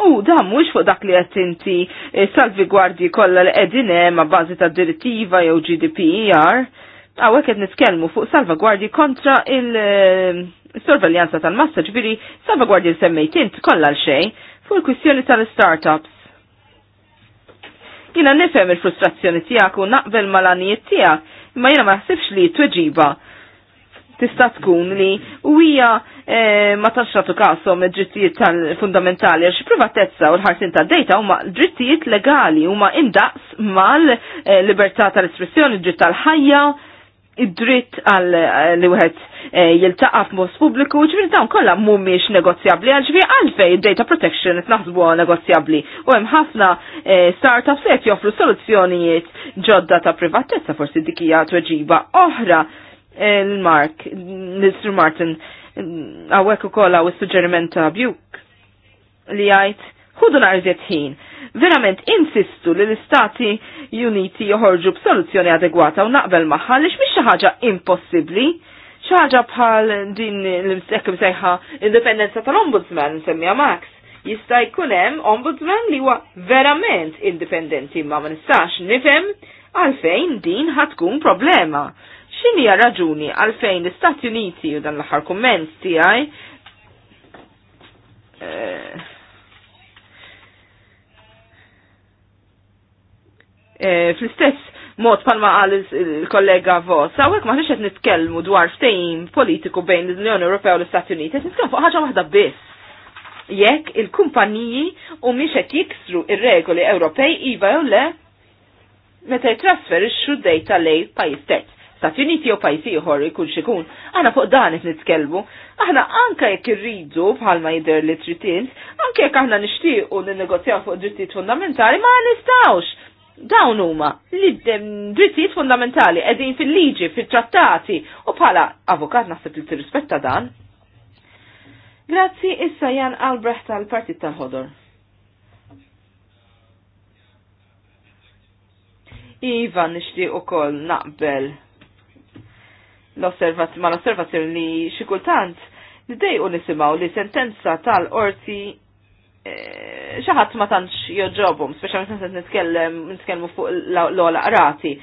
U da mux fuq dak li qed inti eh, salvigwardji kollha li qegħdin hemm ma' bażi ta' direttiva jew GDPR. E Għawek qed nitkellmu fuq salvagwardji kontra il-sorveljanza eh, tal-massa ġbiri salvagwardji li semmejt int kollha l xej fuq il-kwistjoni tal-startups jina nifem il-frustrazzjoni tijak u naqbel mal-anijiet tijak, imma jina ma naħsibx li tweġiba tista' tkun li u hija eh, ma tax ratu kasom id-drittijiet tal-fundamentali għax privatezza u l-ħarsin tad-dejta huma drittijiet legali huma indaqs mal-libertà tal-espressjoni, id dritt tal-ħajja, id-dritt għal eh, li wieħed eh, jiltaqa' f'mod pubbliku, ġifieri dawn kollha mhumiex negozjabbli għal ġifieri għalfej id-data protection qed naħsbu negozjabbli. U hemm ħafna startups qed joffru soluzzjonijiet ġodda ta' privatezza forsi dik hija tweġiba oħra il-Mark, Mr. Martin, għawek u kolla u suġġeriment ta' Bjuk li għajt, ħudu narżiet ħin. Verament insistu li l-Istati Uniti joħorġu b'soluzzjoni adegwata u naqbel maħħa li xmix ħaġa impossibli ċaġa bħal din l-imsekk bsejħa indipendenza tal-ombudsman semmija Max. Jista' jkun hemm ombudsman li huwa verament indipendenti ma ma nistax nifhem għalfejn din ħatkun problema. X'inhi raġuni għalfejn l-Istati Uniti u dan l-aħħar kumment tiegħi eh, eh, fl-istess mod palma għal il-kollega Vos, għawek ma qed nitkellmu dwar fejn politiku bejn l-Unjoni Ewropea u l-Istati Uniti, nitkelmu fuq ħaġa waħda biss. Jekk il-kumpaniji u miex qed jiksru il regoli Ewropej iva jew le meta jtrasferixxu dejta lej pajjiż Stati Uniti jew pajjiż ieħor ikun xikun. Aħna fuq dan qed nitkellmu. Aħna anke jekk irridu bħalma jidher li tritint, anke jekk aħna nixtiequ ninnegozjaw fuq drittijiet fundamentali ma nistgħux. Dawn huma li drittijiet fundamentali qegħdin fil-liġi, fit-trattati u bħala avukat naħseb li tirrispetta dan. Grazzi issa Jan Albrecht tal-Partit tal-Ħodor. Iva nishtiq u naqbel l-osservazzjoni li xikultant u nisimaw li sentenza tal-orti eh, xaħat ma tantx joġobum, speċjalment nitkellem nitkellmu fuq l-ola qrati,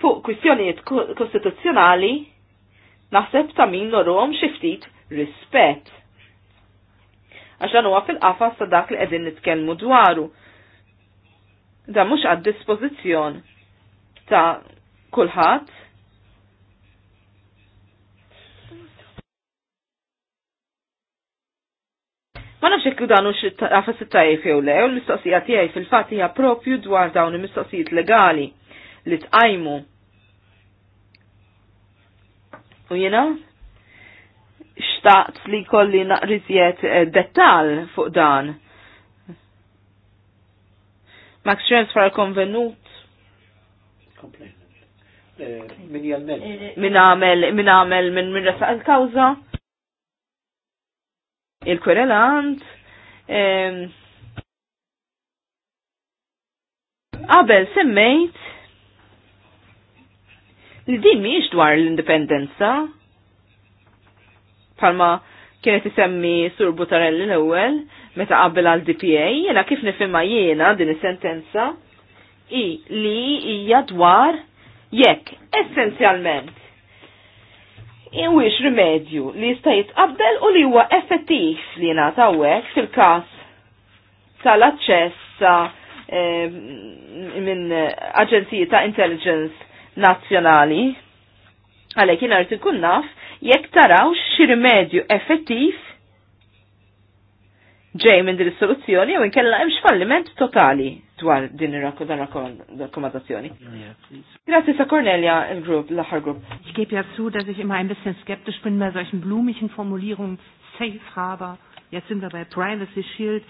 fuq kwistjonijiet kostituzzjonali naħseb ta' min norhom xi ftit rispett. Għax dan huwa fil-qafas ta' dak li qegħdin nitkellmu dwaru. Dan mhux għad dispożizzjon ta' kulħadd Ma nafx jekk dan hux it-tajjeb jew le, u l-mistoqsija tiegħi fil-fatt hija propju dwar dawn il-mistoqsijiet legali li tqajmu. U jiena xtaqt li kolli naqriżiet eh, dettal fuq dan. Max Schrems fara konvenut. Eh, min jgħamel. Min għamel, min għamel, min min resa' il-kawza il-kwerelant qabel semmejt li din miex dwar l-indipendenza palma kienet isemmi Sur Butarelli l-ewwel meta qabel għal DPA, jena kif nifimma jiena din is-sentenza i li hija dwar jekk essenzjalment Iwix rimedju li jista' jitqabbel u li huwa effettiv li jingħata hekk fil-każ tal-aċċess ehm, minn aġenziji ta' intelligence nazzjonali. Għalhekk jien ikun naf jekk taraw xi rimedju effettiv ġej minn din is-soluzzjoni jew inkella hemmx falliment totali dwar din ir-rakkomandazzjoni. Grazzi sa Cornelia il-grupp l-aħħar grupp. Ich gebe ja zu, dass ich immer ein bisschen skeptisch bin bei solchen blumigen Formulierungen Safe Harbor. Jetzt sind wir bei Privacy Shield.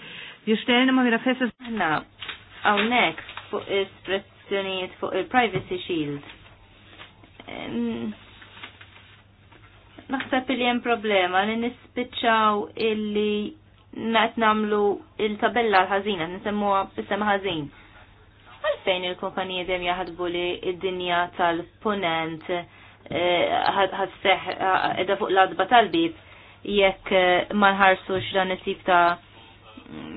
Wir stellen immer wieder fest, dass Na, nek fuq espressjonijiet fuq il-Privacy Shield. Naħseb li hemm problema li nispiċċaw illi naqt namlu il-tabella l-ħazina, nisemmuha b'isem ħażin. Għalfejn il-kumpanija dem jaħadbu li id-dinja tal-punent eh, ħadseħ eh, edha fuq l-adba tal-bib jekk eh, ma nħarsux dan it-tip ta'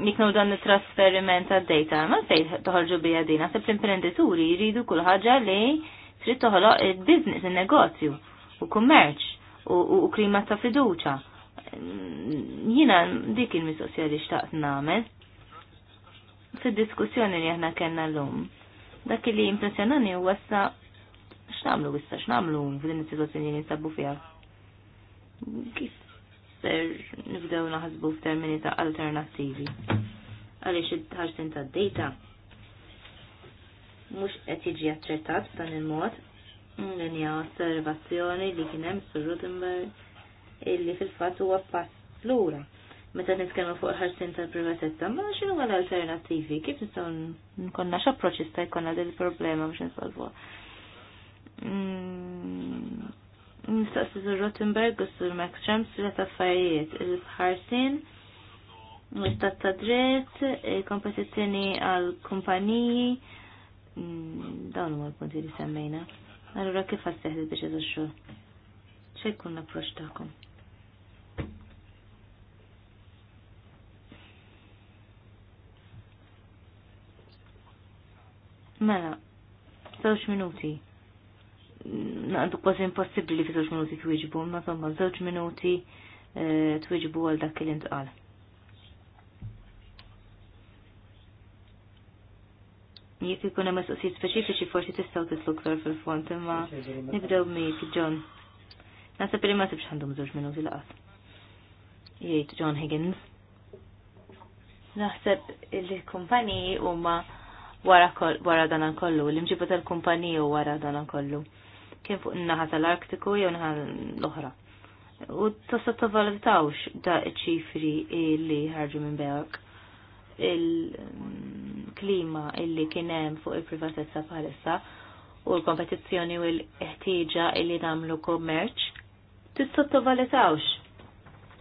jiknu dan il-trasferiment ta' data. Ma fej toħorġu bija dina, sepp l-imprenditori jridu kull ħaġa li trid toħloq il-biznis, il-negozju u kummerċ u klima ta' fiduċa jina dik il-mistoqsija li xtaqt namel fil-diskussjoni li aħna kellna l-lum. Dak li impressionani u wassa x'namlu wissa x'namlu f'din is-sitwazzjoni li nsabbu fija. Kif ser nibdew naħsbu f'termini ta' alternattivi. Għaliex id-ħarsin ta' data mhux qed jiġi attrattat b'dan il-mod l-inja osservazzjoni li kien hemm sur Rutenberg illi fil fat huwa pass lura. Meta nitkellmu fuq ħarsin tal-privatezza, ma x'inhu l-alternattivi, kif nistgħu nkonna x'approċċ jista' jkollna din problema biex insolvuha. Mm, nistaqsi sur Rottenberg u sur Max Trump sur affarijiet il-ħarsin l-istat ta' dritt, kompetizzjoni għal kumpaniji, mm, dawn huma l-punti li semmejna. Allura kif biex l tagħkom. Mela, żewġ minuti. Naqdu kważi impossibli li fi żewġ minuti twieġbu, ma somma żewġ minuti eh, twieġbu għal dak li ntqal. jek ikun hemm mistoqsijiet speċifiċi forsi tistgħu titlu ktar fil-font, imma nibdew mejt John. Naħseb li ma sibx għandhom żewġ minuti laqas. Jgħid John Higgins. Naħseb il kumpani huma wara dan kollu, l imġibu tal-kumpaniju wara dan kollu. Kien fuq naħa tal-Arktiku jew naħa l-oħra. U t-tavalitawx da ċifri li ħarġu minn Bejork. Il-klima illi kien hemm fuq il-privatezza bħalissa u l-kompetizzjoni u l-ħtieġa illi nagħmlu kommerċ tissottovalutawx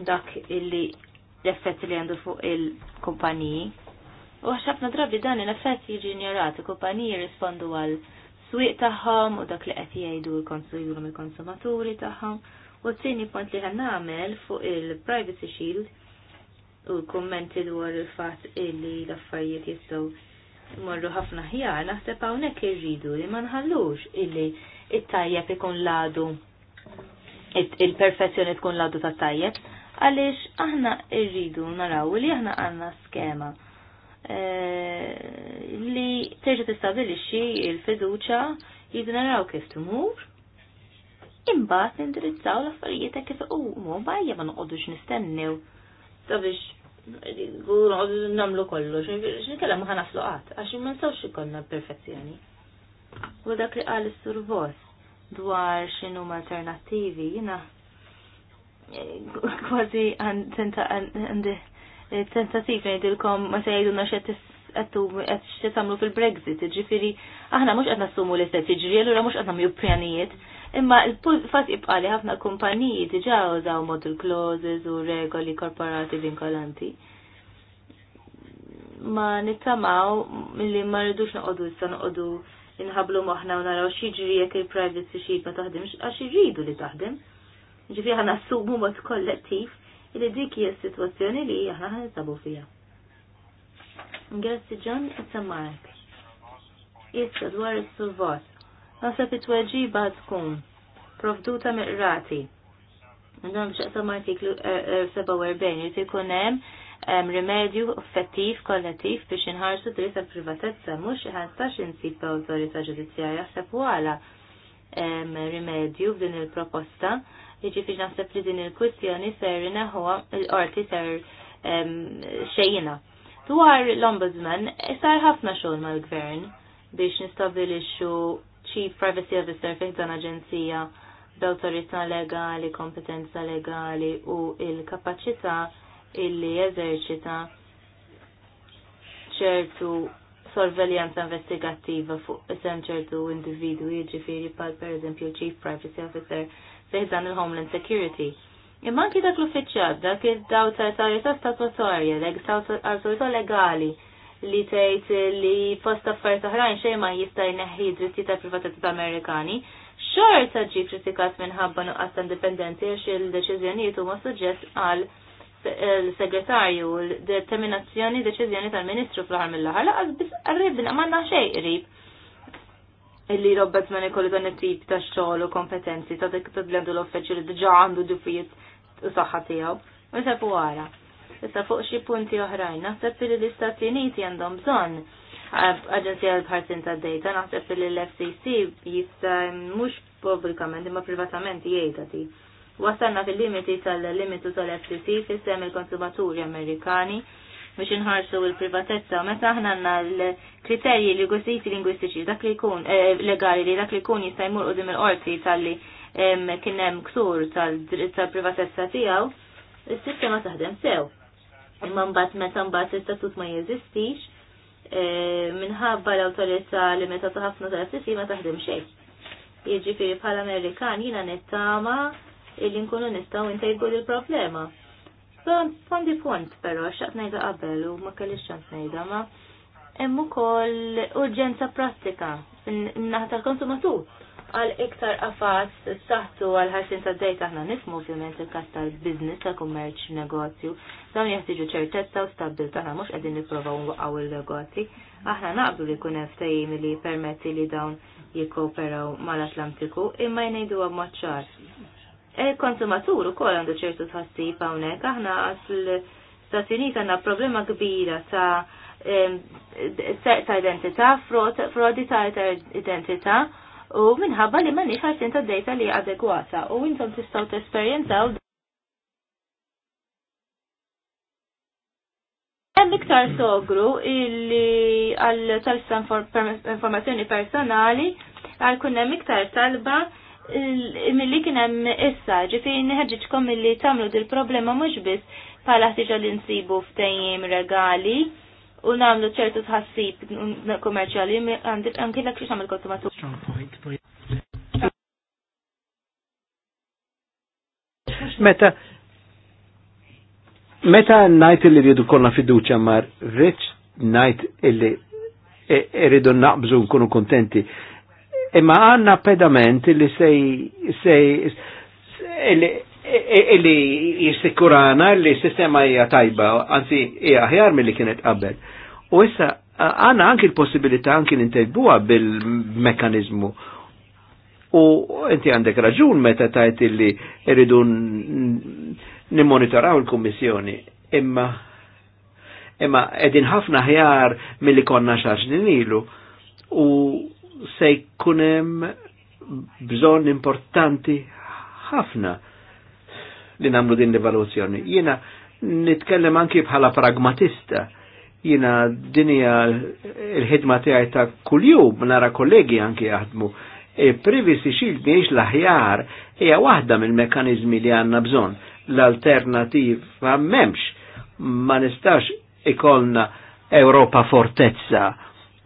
dak illi l-effett li għandu fuq il-kumpaniji U ħafna drabi dan l-effett jiġi ignorat, kumpaniji jirrispondu għal swieq tagħhom u dak li qed jgħidu l-konsumjulhom il-konsumaturi tagħhom. U t-tieni punt li ħan nagħmel fuq il-Privacy Shield u l-kummenti dwar il-fatt illi l-affarijiet jistgħu morru ħafna ħjar, naħseb hawnhekk irridu li ma nħallux illi it-tajjeb ikun ladu il-perfezzjoni tkun ladu ta' tajjeb għaliex aħna irridu naraw li aħna għandna skema Eh, li terġa tistabilixxi il-fiduċa jidnaraw kif timur. Imbagħad indirizzaw l-affarijiet kif huma bajja ma x nistennew sabiex noqogħdu nagħmlu kollox, x'inkellem ma ħanaflu qatt għax ma nsawx ikollna perfezzjoni. U dak li għal s sur dwar x'inhu alternattivi jiena eh, kważi għandi tentativ ngħidilkom ma se jgħidulna x'qed qed fil-Brexit, ġifieri aħna mhux qed nassumu li se tiġri, allura mhux qed nagħmlu pjanijiet. Imma l-fatt jibqa' li ħafna kumpaniji diġà użaw model clauses u regoli korporati vinkolanti. Ma nittamaw li ma rridux noqogħdu issa noqogħdu inħablu maħna u naraw xieġri jekk il-privacy shield ma taħdimx, għax irridu li taħdim. Ġifi jiġifieri għan assumu mod kollettiv li dik hija s-sitwazzjoni li aħna ħansabu fiha. Grazzi John Mark. Issa dwar is-survot. Naħseb it-tweġiba tkun provduta miqrati. Għandhom xaqsam artiklu 47 eh, li eh, ikun hemm rimedju effettiv kollettiv biex inħarsu dritt għal privatezza mhux ħantax insib ta' awtorità ġudizzjarja ħseb għala rimedju f'din il-proposta Jiġifieri naħseb li din il-kwistjoni ser neħuha l-qorti ser xejjina. Dwar l-Ombudsman, sar ħafna xogħol mal-Gvern biex nistabilixxu Chief Privacy Officer fih dan aġenzija b'awtorità legali, kompetenza legali u il-kapaċità illi jeżerċita ċertu sorveljanza investigattiva fuq isem ċertu individwi, ġifiri pal per eżempju Chief Privacy Officer dan il-Homeland Security. Imma anki dak l-uffiċjal, dak id-daw ta' autorità statutorja, dak autorità legali li tgħid li fost affarijiet oħrajn xejn ma jista' jneħħi dritti ta' privatità Amerikani, xorta ġi kritikat minħabba nuqqas ta' indipendenzi għax il-deċiżjonijiet huma suġġess għal l-segretarju determinazzjoni deċiżjoni tal-Ministru fl-ħar mill-ħar laqas biss qarrib binqamanna xejn qrib illi robbet ma ikollu dan it-tip ta' xogħol u kompetenzi ta' dik tiblendu l-offeċ li diġà għandu dufijiet u saħħa tiegħu. U sabu wara. Issa fuq xi punti oħrajn, naħseb li l-Istati Uniti għandhom bżonn Aġenzija l-Parsin ta' Data, naħseb li l-FCC jista' mhux pubblikament imma privatament jgħidati. ti. Wasalna fil-limiti tal-limitu tal-FCC fis-sem il-konsumaturi Amerikani biex inħarsu il-privatezza. Meta aħna għandna l-kriterji li għositi lingwistiċi dak li jkun eh, legali li dak li kun jista' u dim il-qorti tal-li kien hemm ksur tal-privatezza tiegħu, is-sistema taħdem sew. Imma mbagħad meta mbagħad l-istatut ma jeżistix, eh, minħabba l autorizza li meta ħafna tal sisi ma taħdem xejn. Jiġifieri bħala Amerikan jiena nittama illi nkunu nistgħu intajgur il problema Fondi punt però, xaqt ngħidha qabel u ma kelli ċans ngħidha ma hemm ukoll urġenza prattika naħa tal-konsumatur għal iktar qafas saħtu għal ħarsin ta' dejta aħna nifmu ovvjament il-kas tal-biznis tal-kummerċ negozju dawn jeħtieġu ċertezza u stabilta aħna mhux qegħdin nippruvaw nwaqgħu il-negozji. Aħna naqblu li jkun eftajim li permetti li dawn jikkooperaw mal-Atlantiku imma jnejdu għab maċċar Il-konsumatur ukoll għandu ċertu tħassib hawnhekk aħna għas stati għanna problema kbira ta' ta' identità, frodi ta' identità u minħabba li manni xaxin ta' data li adegwata u intom tistgħu tesperjenzaw Hemm iktar sogru illi għal talsa informazzjoni personali għal kun hemm iktar talba mill-li kien hemm issa, ġifieri neħeġġitkom milli tagħmlu dil problema mhux biss bħala ħtiġa li nsibu f'dejjem regali u nagħmlu ċertu tħassib kummerċjali anke l xiex għamil konsumatur. Meta Meta najt illi rridu konna fiduċa mar reċ najt illi e- e- rridu naqbżu nkunu kontenti imma għanna pedament li sej, sej, e, e, li, jissikurana li s-sistema hija tajba, anzi hija aħjar mill-li kienet qabel. U issa għanna anki l-possibilità anki nintejbuha bil-mekanizmu. U inti għandek raġun meta tajt li rridu nimmonitoraw il-Kummissjoni, imma imma edin ħafna ħjar mill-li konna xaġnin ilu. U se jkunem bżon importanti ħafna li namlu din l evaluzzjoni Jiena nitkellem anki bħala pragmatista. Jiena dinja il-ħidma tiegħi ta' kuljum nara kollegi anki jaħdmu. E privacy shield miex l-aħjar hija waħda mill-mekkaniżmi li għandna bżonn. L-alternativa m'hemmx ma nistax ikolna Europa fortezza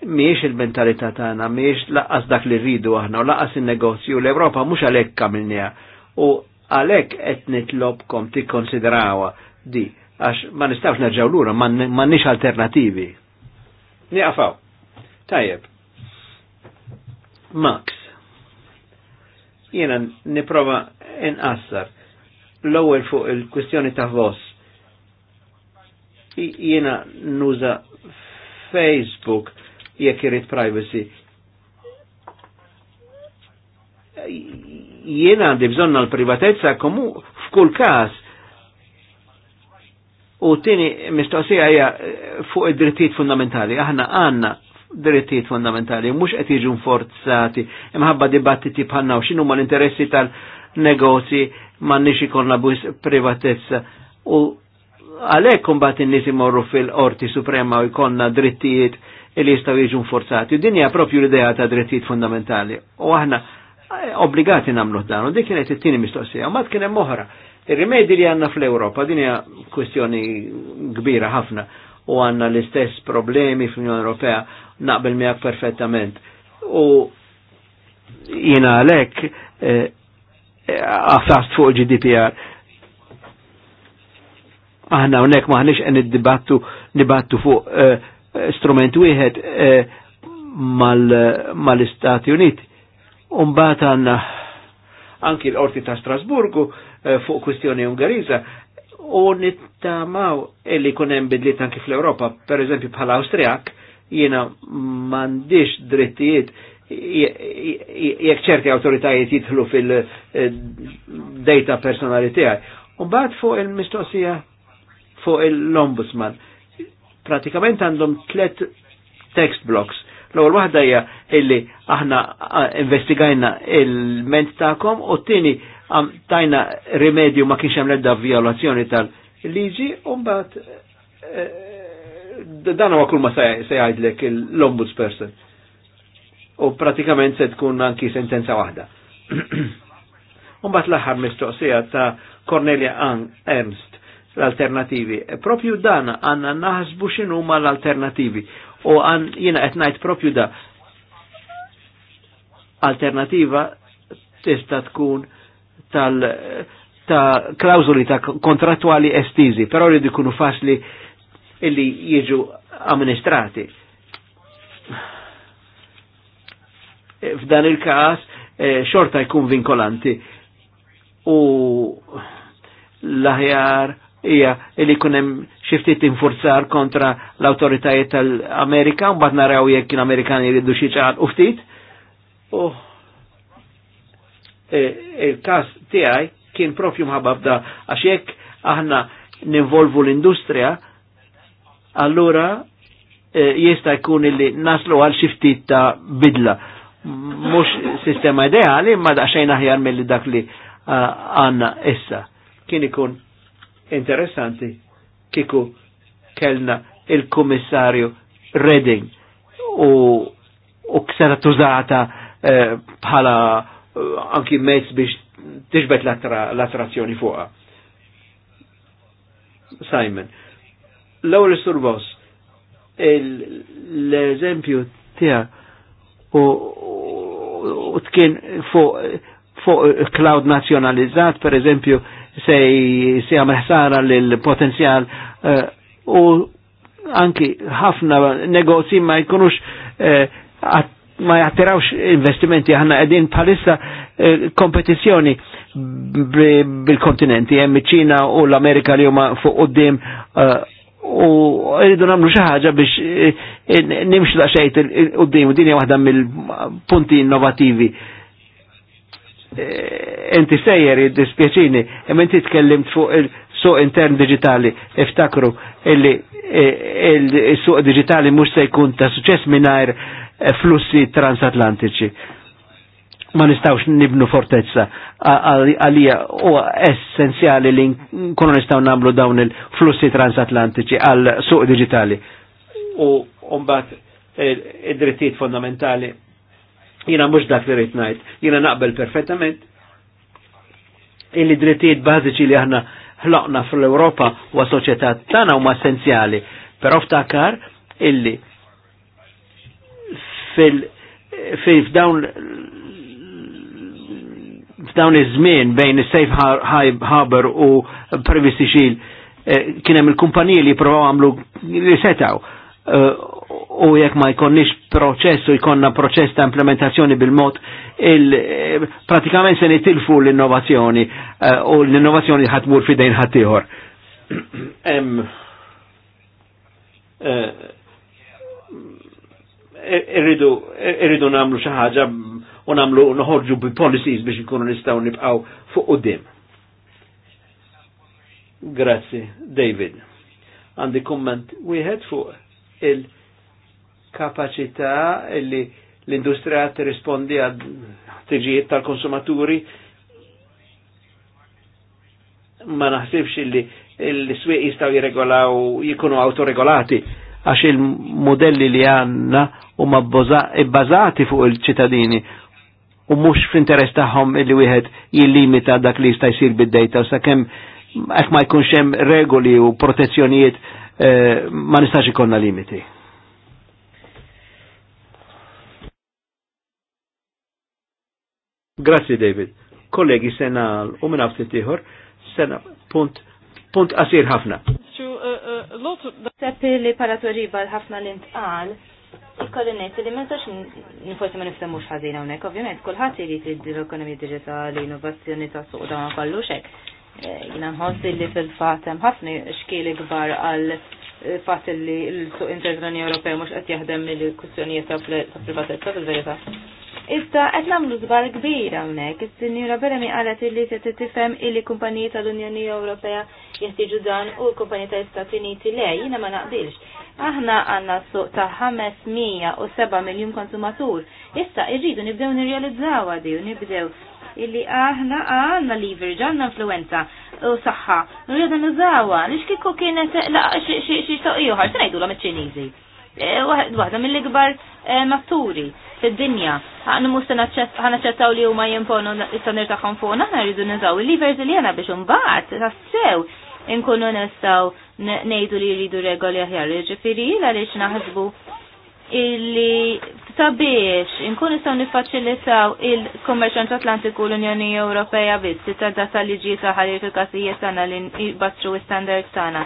miex il-mentalità tagħna, miex laqqas dak li rridu aħna u laqqas in-negozju l-Ewropa mhux għalhekk kamilniha u għalhekk qed nitlobkom tikkonsidrawha di għax ma nistax nerġaw lura, ma nix alternativi. Niqafaw. Tajjeb. Max. Jiena niprova inqassar. L-ewwel fuq il-kwistjoni ta' vos. Jiena nuża Facebook jekk irid privacy. Jiena għandi bżonn għal privatezza komu f'kull każ. U tieni mistoqsija hija eh, fuq id-drittijiet fundamentali. Aħna għandna drittijiet fundamentali, mhux qed jiġu forzati, imħabba dibattiti bħalna u x'inhuma l-interessi tal-negozji m'għandniex ikollna bwis privatezza. U għalhekk imbagħad in-nies imorru fil-Qorti Suprema u jkollna drittijiet li jistaw jiġu forzati. Din hija propju l-idea ta' drittijiet fundamentali. U aħna eh, obbligati nagħmlu dan, u dik kienet it-tieni mistoqsija, ma kien hemm oħra. Ir-rimedi li għandna fl-Ewropa din hija kwestjoni kbira ħafna u għandna l-istess problemi fl-Unjoni Ewropea naqbel miegħek perfettament. U jiena għalhekk eh, eh, għafast fuq GDPR. Aħna hawnhekk maħniex qed niddibattu dibattu fuq uh, strument wieħed eh, mal-Istati Uniti. Umbat għanna anki l-orti ta' Strasburgu eh, fuq kwistjoni Ungariża u nittamaw illi kunem bidliet anki fl-Europa, per eżempju bħala Austriak, jiena mandiġ drittijiet jekk ċerti autoritajiet jidħlu fil-data eh, personali tiegħi. Umbagħad fuq il-mistoqsija fuq il ombudsman pratikament għandhom tlet text blocks. L-ewwel waħda hija illi aħna investigajna il-ment tagħkom u t-tieni tajna rimedju ma kienx hemm l-ebda violazzjoni tal-liġi u mbagħad eh, eh, dan huwa kull ma se jgħidlek l-ombudsperson. U pratikament se tkun anki sentenza waħda. Umbagħad l-aħħar mistoqsija ta' Cornelia Ann Ernst l-alternativi. Propju dan għanna naħsbu xinu ma l-alternativi. U għan jina etnajt propju da alternativa tista tkun tal ta' klawzuli ta' kontrattuali estizi, però li dikunu fasli illi jiġu amministrati. F'dan il-kas, eh, xorta jkun vinkolanti. U l hija li jkun hemm xi ftit infurzar kontra l-awtoritajiet tal-Amerika mbagħad naraw jekk kien amerikani jridu xi ċaqalqu ftit. il-każ e, e, tiegħi kien propju mħabba f'da għax jekk aħna ninvolvu l-industrija, allura e, jista' jkun illi naslu għal xi ftit ta' bidla. Mhux sistema ideali, ma daqsxejn aħjar mill-dak li għandna issa. Kien ikun interessanti kiku kellna il kommissarju Redding u, u ksera tużata eh, bħala uh, anki mezz biex tiġbet l-attrazzjoni fuqa. Simon, l il surbos, l-eżempju tija u tkien fuq fuq cloud nazjonalizzat, per eżempju, se jagħmel ħsara l potenzjal eh, u anki ħafna negozji ma jkunux eh, ma jattirawx investimenti aħna qegħdin bħalissa eh, kompetizzjoni bil-kontinenti hemm ċina u l-Amerika li huma fuq quddiem u rridu nagħmlu xi ħaġa biex nimxu daqsxejn quddiem u din hija waħda mill-punti innovativi Enti sejjer dispjaċini, hemm inti tkellimt fuq il-suq intern digitali, iftakru illi eh, il-suq digitali mhux se jkun ta' suċċess mingħajr eh, flussi transatlantiċi ma nistawx nibnu fortezza għalija u essenzjali li nkunu nistaw namlu dawn il-flussi transatlantiċi għal suq digitali. U mbagħad id-drittijiet fondamentali Jina mux dak li rrit najt, jina naqbel perfettament. Illi drittijiet bażiċi li aħna ħloqna fl-Europa wa soċjetà tagħna huma essenzjali, però ftakar illi fil f'dawn f'dawn iż-żmien bejn is-safe harbor u privacy shield eh, kien hemm il-kumpaniji li jipprovaw għamlu li setaw Eh, u jekk ma jkonniex proċess u jkonna proċess ta' implementazzjoni bil-mod il eh, pratikament se nitilfu l-innovazzjoni eh, u l-innovazzjoni ħatmur fidejn ħaddieħor. Irridu irridu nagħmlu xi ħaġa u nagħmlu noħorġu bi policies biex nkunu nistgħu nibqgħu fuq quddiem. Grazzi, David. Għandi komment wieħed fuq il-kapacità li l-industrija tirrispondi għad tiġijiet tal-konsumaturi ma naħsibx li l-swieq jistaw jiregolaw jikunu autoregolati għax il-modelli li għanna u ma bbażati fuq il-ċittadini u mux f'interess tagħhom illi wieħed jillimita dak li jista' jsir bid-dejta sakemm hekk ma jkunx hemm regoli u protezzjonijiet Eh, ma nistax ikonna limiti. Grazzi David. Kollegi sena u minn ftit ieħor sena punt punt qasir ħafna. Uh, uh, Seppi li paratori bal ħafna l-intqal, il ngħid li ma nistax niforsi ma nifhemux ħażin hawnhekk, ovvjament kulħadd irid l-ekonomija diġitali, innovazzjoni ta' suqda ma kollu hekk jina nħossi li fil-fatem ħafna xkili gbar għal eh, fat li l-suq intergrani Ewropew mux qed jaħdem mill-kussjonijiet ta' privatezza fil-verità. Issa qed nagħmlu żbar kbir hawnhekk, is-Sinjura Berami qalet illi se tifhem illi kumpaniji tal-Unjoni Ewropea jeħtieġu dan u l-kumpaniji tal-Istati Uniti le, jiena ma naqbilx. Aħna għandna suq ta' 507 miljun konsumatur. Issa irridu nibdew nirrealizzaw għadi u nibdew illi aħna għanna leverage, għanna influenza u saħħa. Nridu nizawa, nix kikku kienet xie toqijuħar, t-najdu l ċinizi. E, Waħda mill-ikbar e, matturi fil dinja Għannu musta ċettaw li huma jimponu l-istandir tagħhom fuqna, aħna rridu niżaw il verzi li għana biex unbaħt, tassew inkunu nistaw ngħidu li jridu regoli aħjar. Ġifieri għaliex naħsbu illi sabiex inkun nistgħu niffaċilitaw il-kummerċ Atlantiku l-Unjoni Ewropea biss titada tal-liġi saħar fil kasijiet tagħna li jbassru standards tagħna.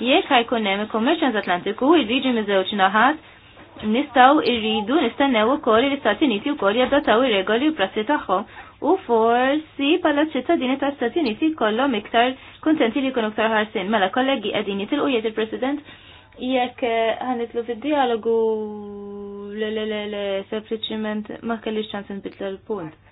Jekk ħajkun hemm il-kummerċ Atlantiku jriġi miżewġ naħat nistgħu irridu nistennew ukoll l-Istati Uniti wkoll jaddottaw ir-regoli u prassi tagħhom u forsi pala ċittadini ta' Stati Uniti kollhom iktar kuntenti li jkunu ktar ħarsin. Mela kollegi qegħdin jitilqu jgħid il-President jekk eh, ħanitlu fid-dialogu le le le le sempliciment ma kellix ċans nbidla l-punt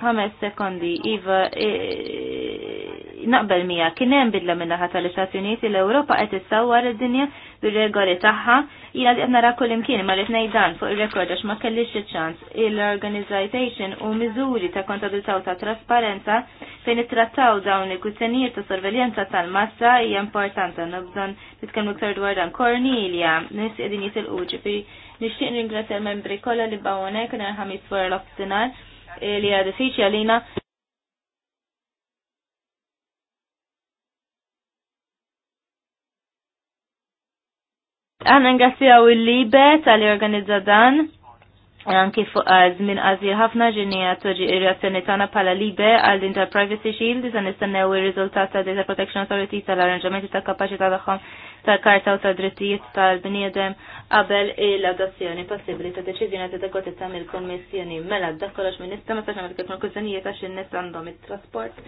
ħames sekondi, Iva, e, naqbel mija, kienem bidla minna ħata li Stati Uniti l-Europa qed issawwar id-dinja bir-regoli tagħha, jina li nara rakul imkien ma rid dan fuq ir-rekord għax ma kellix iċ-ċans. Il-organization u miżuri ta' kontabilità u ta' trasparenza fejn it-trattaw dawn il-kwistjonijiet ta' sorveljenza tal-massa hija importanta għandna bżonn ktar dwar dan. Cornelia, id-dinjiet il jitilqu ġifieri nixtieq ringrazzja l-membri kollha li bawonek, nhar fuq l-ofsinhar Eh, li għad diffiċli għalina. Għanna ngassi għaw il-libet għalli organizza dan anki fuq eh, minn għazir ħafna ġinija toġi ir-reazzjoni tagħna bħala libe għal din privacy Shield se nistennew ir rizultat ta' Data Protection Authority tal-arranġamenti ta' kapaċità tagħhom tal-karta u tad-drittijiet tal-bniedem qabel il adozzjoni possibbli ta' deċiżjoni ta' dekot ta' mill-Kommissjoni. Mela dak kollox minn nista' ma sax kif konklużjonijiet għax in-nies għandhom it-trasport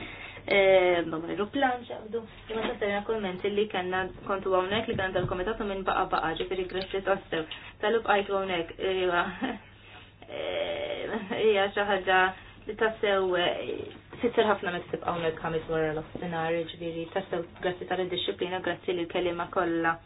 eh, għandhom l-aeroplan ġabdu. Imma sasserina kumment li kellna kontu għawnek li kanna tal-komitatu minn baqa' baqa' ġifieri grifri tassew. tal-lub għajtu hawnhekk iva. Eh, hija xi ħaġa li tassew eh, fisser ħafna meta tibqa' hawnhekk kamis wara l-offsinar, ġifieri tassew grazzi tal-disciplina, grazzi li kellima kollha.